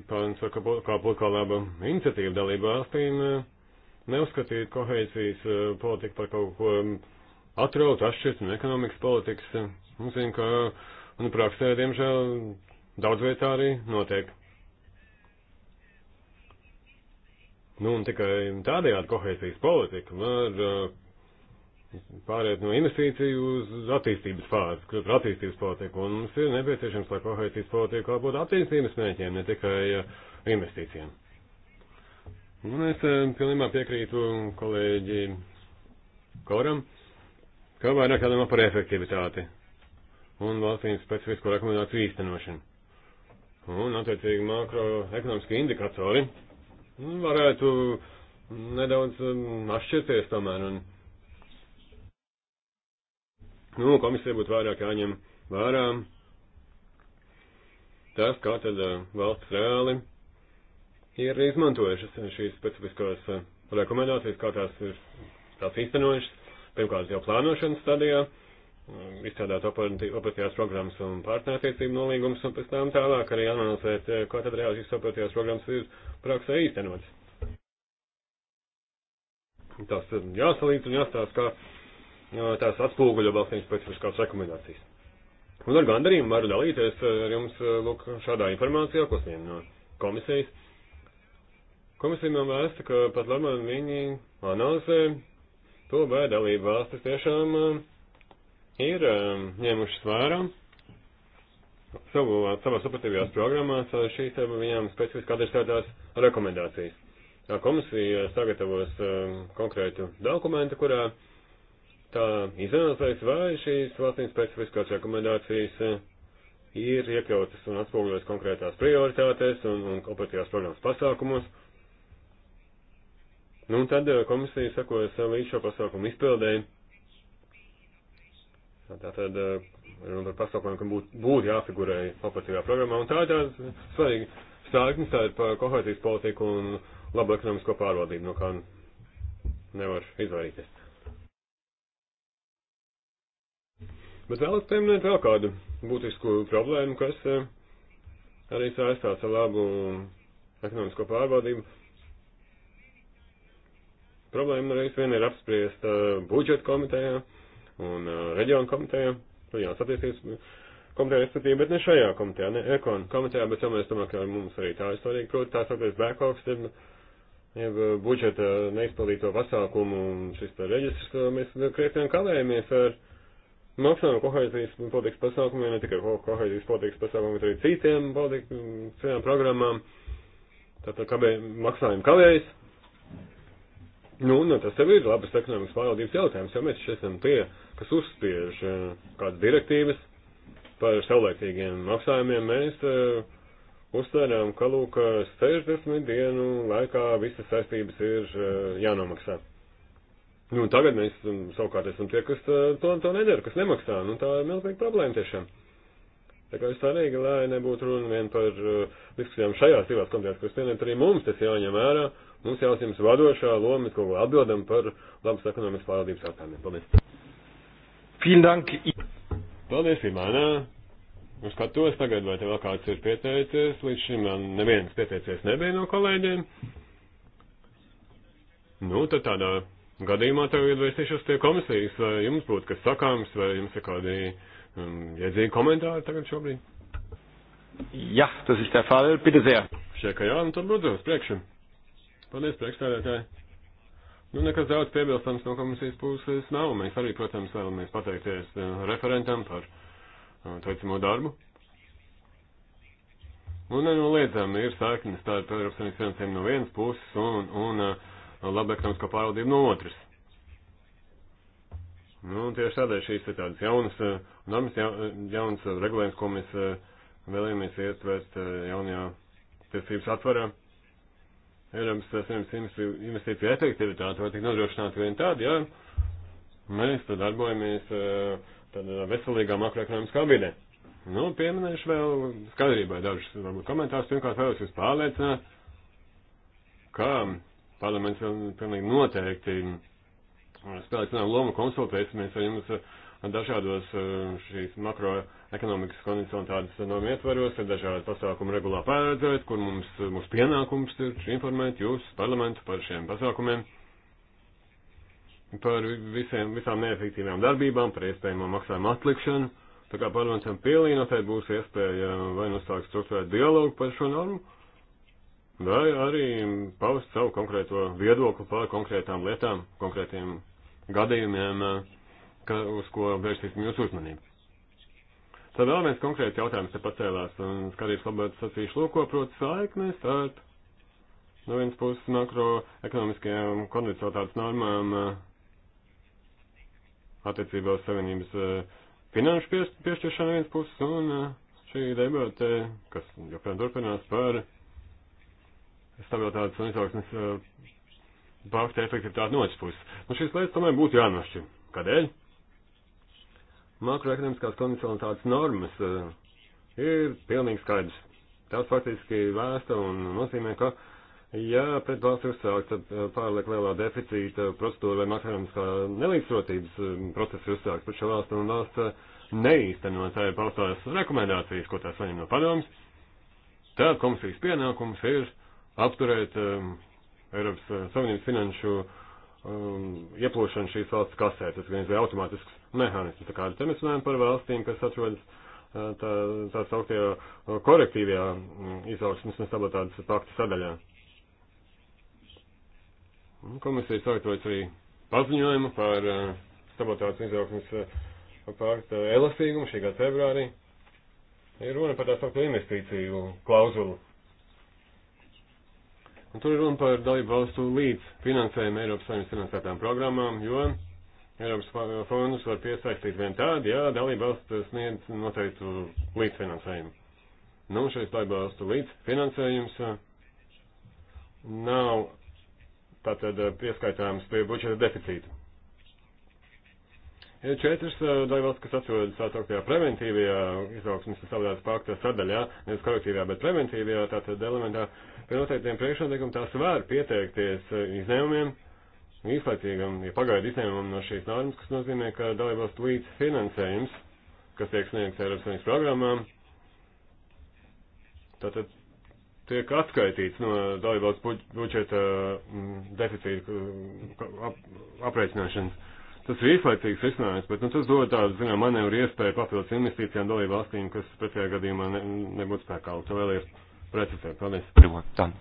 pants var kalpot kā laba iniciatīva dalību valstīm. Uh, neuzskatīt kohēzijas eh, politiku par kaut ko mm, atrautu, atšķirtu no ekonomikas politikas. Mums zina, ka, nu, praksē, diemžēl, daudz vietā arī notiek. Nu, un tikai tādējādi kohēzijas politika var eh, pāriet no investīciju uz attīstības fāzi, kļūt par attīstības politiku. Un mums ir nepieciešams, lai kohēzijas politika kalpotu attīstības mēķiem, ne tikai eh, investīcijiem. Un nu, es eh, pilnībā piekrītu kolēģi Koram, ka vairāk jādomā par efektivitāti un valstīm specifisko rekomendāciju īstenošanu. Un, attiecīgi, makroekonomiski indikatori varētu nedaudz um, atšķirties tomēr. Un, nu, komisija būtu vairāk jāņem vērā tas, kā tad uh, valsts reāli ir izmantojušas šīs specifiskās eh, rekomendācijas, kā tās ir tās īstenojušas. Pirmkārt, jau plānošanas stadijā mm, izstrādāt operatīvās programmas un partnerattiecību nolīgumus, un pēc tam tālāk arī analizēt, eh, kā tad reāli šīs operatīvās programmas ir praksē īstenotas. Tas eh, jāsalīdz un jāstāsta, kā tās atspūguļo valstīm specifiskās rekomendācijas. Un ar gandarījumu varu dalīties ar jums, lūk, šādā informācijā, ko sniedz no komisijas Komisija man vēsta, ka pat labāk viņi analizē to, vai dalība valstis tiešām eh, ir eh, ņēmušas vērā savu, savās operatīvajās programmās eh, šīs viņām specifiski adresētās rekomendācijas. Komisija sagatavos konkrētu dokumentu, kurā tā izanalizēs, vai šīs valstīm specifiskās rekomendācijas ir iekļautas un atspoguļotas konkrētās prioritātēs un, un operatīvās programmas pasākumos. Nu, un tad eh, komisija sakojas līdz šo pasaukumu izpildēji. Tātad eh, runa par pasaukumiem, ka būtu būt jāfigurē operatīvā programmā, un tā ir tāda svarīga sāknis, tā ir par eh, kohēzijas politiku un labu ekonomisko pārvaldību, no kā nevar izvairīties. Bet vēlas pieminēt vēl kādu būtisku problēmu, kas arī saistās ar labu ekonomisko pārvaldību Problēma nu, reiz vien ir apspriest uh, budžeta komitejā un uh, reģionu komitejā. Nu, jā, satiesties komitejā respektīvi, bet ne šajā komitejā, ne ekonu komitejā, bet tomēr es domāju, ka mums arī tā ir svarīga. Proti, tā saucās backoffs, ir ja uh, budžeta neizpildīto pasākumu un šis tā reģistrs, mēs krietni kavējamies ar maksājumu kohēzijas politikas pasākumiem, ne tikai kohēzijas politikas pasākumiem, bet arī citiem politikas, mm, citām programmām. Tātad kavē, maksājumi kavējas. Nu, nu, tas jau ir labas ekonomikas pārvaldības jautājums, jo mēs šeit esam tie, kas uzspiež eh, kādas direktīvas par saulēcīgiem maksājumiem. Mēs uh, uzsvērām, ka lūk, 60 dienu laikā visas saistības ir uh, jānomaksā. Nu, tagad mēs um, savukārt esam tie, kas uh, to, to nedara, kas nemaksā. Nu, tā ir milzīga problēma tiešām. Tā kā ir svarīgi, lai nebūtu runa vien par diskusijām šajās divās komitejās, kas pieņemt arī mums, tas jāņem vērā. Uh, Mums jāuzņemas vadošā loma, mēs kaut ko atbildam par labas ekonomikas pārvaldības jautājumiem. Paldies! Fildank! Paldies, Imānā! Uz skatos tagad, vai te vēl kāds ir pieteicies. Līdz šim man neviens pieteicies nebija no kolēģiem. Nu, tad tādā gadījumā tev iedvērsīšos pie komisijas, vai jums būtu kas sakāms, vai jums ir kādi um, iedzīgi komentāri tagad šobrīd? Jā, ja, tas ir tā fāle, pitezē. Šie, ka jā, nu tad lūdzu, uz priekšu. Paldies, priekšstādētāji. Nu, nekas daudz piebilstams no komisijas puses nav. Mēs arī, protams, vēlamies pateikties eh, referentam par eh, teicamo darbu. Un eh, nenoliedzami nu, ir saiknes starp Eiropas Savienības finansēm no vienas puses un, un labu ekonomisko pārvaldību no otras. Nu, tieši tādēļ šīs ir tādas jaunas normas, ja, jaunas regulējums, ko mēs vēlamies ietvert jaunajā tiesības atvarā. Eiropas Savienības investīcija efektivitāte var tikt nodrošināta vien tad, ja mēs tad darbojamies eh, tādā veselīgā makroekonomiskā vidē. Nu, pieminēšu vēl skaidrībai dažus varbūt komentārus. Pirmkārt, vēlos jūs pārliecināt, ka parlaments pilnīgi noteikti eh, spēlē lomu konsultēsimies ar jums eh, dažādos šīs makroekonomiskās ekonomikas kondicionātādas norma ietvaros, ir dažādi pasākumi regulā paredzēt, kur mums, mums pienākums ir informēt jūs, parlamentu, par šiem pasākumiem, par visiem, visām neefektīvām darbībām, par iespējamo maksājumu atlikšanu. Tā kā parlamentam pielīnotai būs iespēja vai nu sākt struktūrēt dialogu par šo normu, vai arī paust savu konkrēto viedokli par konkrētām lietām, konkrētiem gadījumiem, ka, uz ko vērsīsim jūsu uzmanību. Tad vēl viens konkrēts jautājums ir pacēlās, un skatījums labāk sacīšu lūko, proti, saiknes starp no vienas puses makroekonomiskajām kondicionalitātes normām eh, attiecībā uz savienības eh, finanšu piešķiršanu no vienas puses, un eh, šī debata, kas joprojām turpinās par stabilitātes un izaugsmes pakta efektivitāti no otras puses. Nu, šīs lietas tomēr būtu jānošķir. Kādēļ? makroekonomiskās kondicionalitātes normas eh, ir pilnīgi skaidrs. Tās faktiski vēsta un nozīmē, ka, ja pret valsts ir uzsākta eh, pārlieku lielā deficīta procedūra vai makroekonomiskā nelīdzsvarotības eh, process ir uzsākts pret šo valstu un valsts neīstenot tā ir paustās rekomendācijas, ko tā saņem no padomas, tad komisijas pienākums ir apturēt um, Eiropas Savienības finanšu um, ieplūšanu šīs valsts kasē. Tas gan ir automātisks mehānismus. Tā kā te mēs runājam par valstīm, kas atrodas eh, tā, tā sauktajā eh, korektīvajā mm, izaugsmas un stabilitātes pakta sadaļā. Komisija sagatavojas arī paziņojumu par eh, stabilitātes un izaugsmas pakta elastīgumu šī gada februārī. Ir runa par tā saukto investīciju klauzulu. Un tur ir runa par dalību valstu līdz finansējumu Eiropas saimnes finansētām programmām, jo Eiropas fondus var piesaistīt vien tādi, ja dalībvalsts sniedz noteiktu līdzfinansējumu. Nu, šis dalībvalstu līdzfinansējums nav tātad pieskaitāms pie budžeta deficīta. Ir četras dalībvalsts, kas atrodas tā sauktajā preventīvajā izaugsmes un savādās paktas sadaļā, nevis korektīvajā, bet preventīvajā, tātad elementā, pie noteiktiem priekšnotikumiem tās var pieteikties izņēmumiem īslaicīgam, ja pagaidu izņēmumam no šīs normas, kas nozīmē, ka dalībās līdz finansējums, kas tiek sniegts Eiropas Savienības programmām, tātad tiek atskaitīts no dalībās budžeta mm, deficīta ap, apreicināšanas. Tas ir īslaicīgs risinājums, bet nu, tas dod tādu, zinām, manevru iespēju papildus investīcijām dalībvalstīm, kas pretējā gadījumā ne, nebūtu spēkā. To vēl ir precizēt. Paldies. Privot, tam.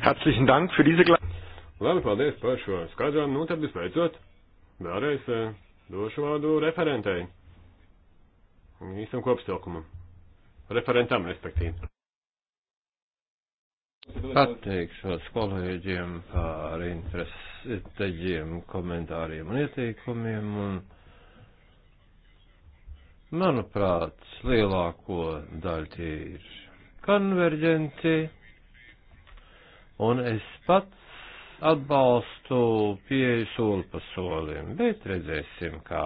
Herzlichen Dank für diese Labi, paldies par šo skaidrojumu. Nu, tad visbeidzot, vēlreiz eh, došu vārdu referentei. Īstam kopstilkumam. Referentam, respektīvi. Pateikšos kolēģiem par interesētajiem komentāriem un ieteikumiem. Un, manuprāt, lielāko daļu tie ir konverģenti Un es pats atbalstu pieeju soli pa solim, bet redzēsim, kā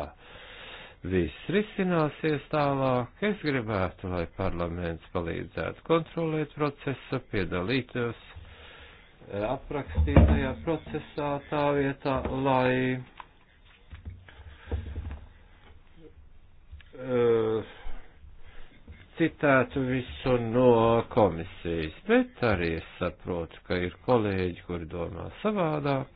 viss risināsies tālāk. Es gribētu, lai parlaments palīdzētu kontrolēt procesu, piedalītos e, aprakstītajā procesā tā vietā, lai. Uh, citētu visu no komisijas, bet arī es saprotu, ka ir kolēģi, kuri domā savādāk,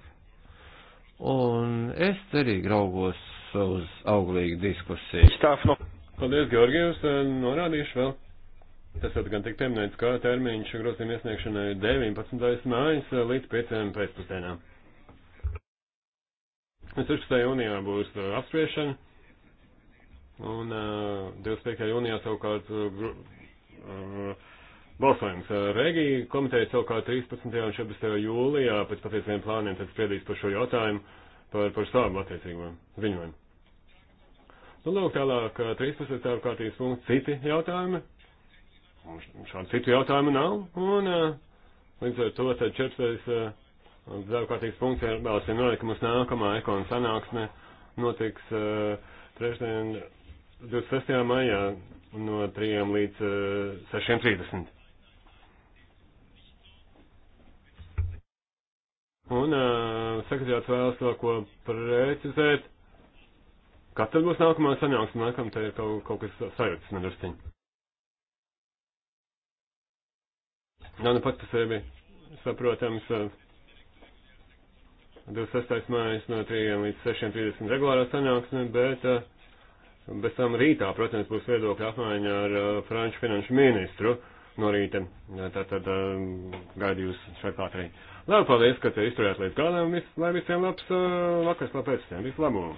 un es cerīgi raugos uz auglīgu diskusiju. Stāfno. Paldies, Georgijus, norādīšu vēl. Tas jau gan tik pieminēts, kā termiņš grozījuma iesniegšanai 19. mājas eh, līdz 5. pēcpusdienām. 16. jūnijā būs eh, apspriešana. Un uh, 25. jūnijā savukārt uh, uh, balsojums uh, Regija komiteja savukārt 13. un 14. jūlijā pēc patiesiem plāniem tad spriedīs par šo jautājumu par, par savu attiecīgo ziņojumu. Nu, lūk, tālāk, 13. kārtības punkts, citi jautājumi. Šādu citu jautājumu nav, un uh, līdz ar to tad 14. Uh, kārtības punkts ir balsojums, nu, ka mums nākamā ekona sanāksme notiks uh, trešdien 26. maijā no 3 līdz uh, eh, 6.30. Un uh, eh, sekretārs vēlas vēl ko precizēt. Kad tad būs nākamā sanāksme? Nākamā te ir kaut, kaut kas sajūtas nedrusciņi. Jā, nu pat par sevi saprotams. Uh, 26. mājas no 3 līdz 6.30 regulārā sanāksme, bet uh, Bez tam rītā, protams, būs viedokļa apmaiņa ar uh, franču finanšu ministru no rīta. Tātad uh, um, gaidu jūs šeit klāt arī. Labi, paldies, ka te izturējāt līdz galam. Vis, lai visiem labs uh, vakars, labs pēc tam. Visu labu!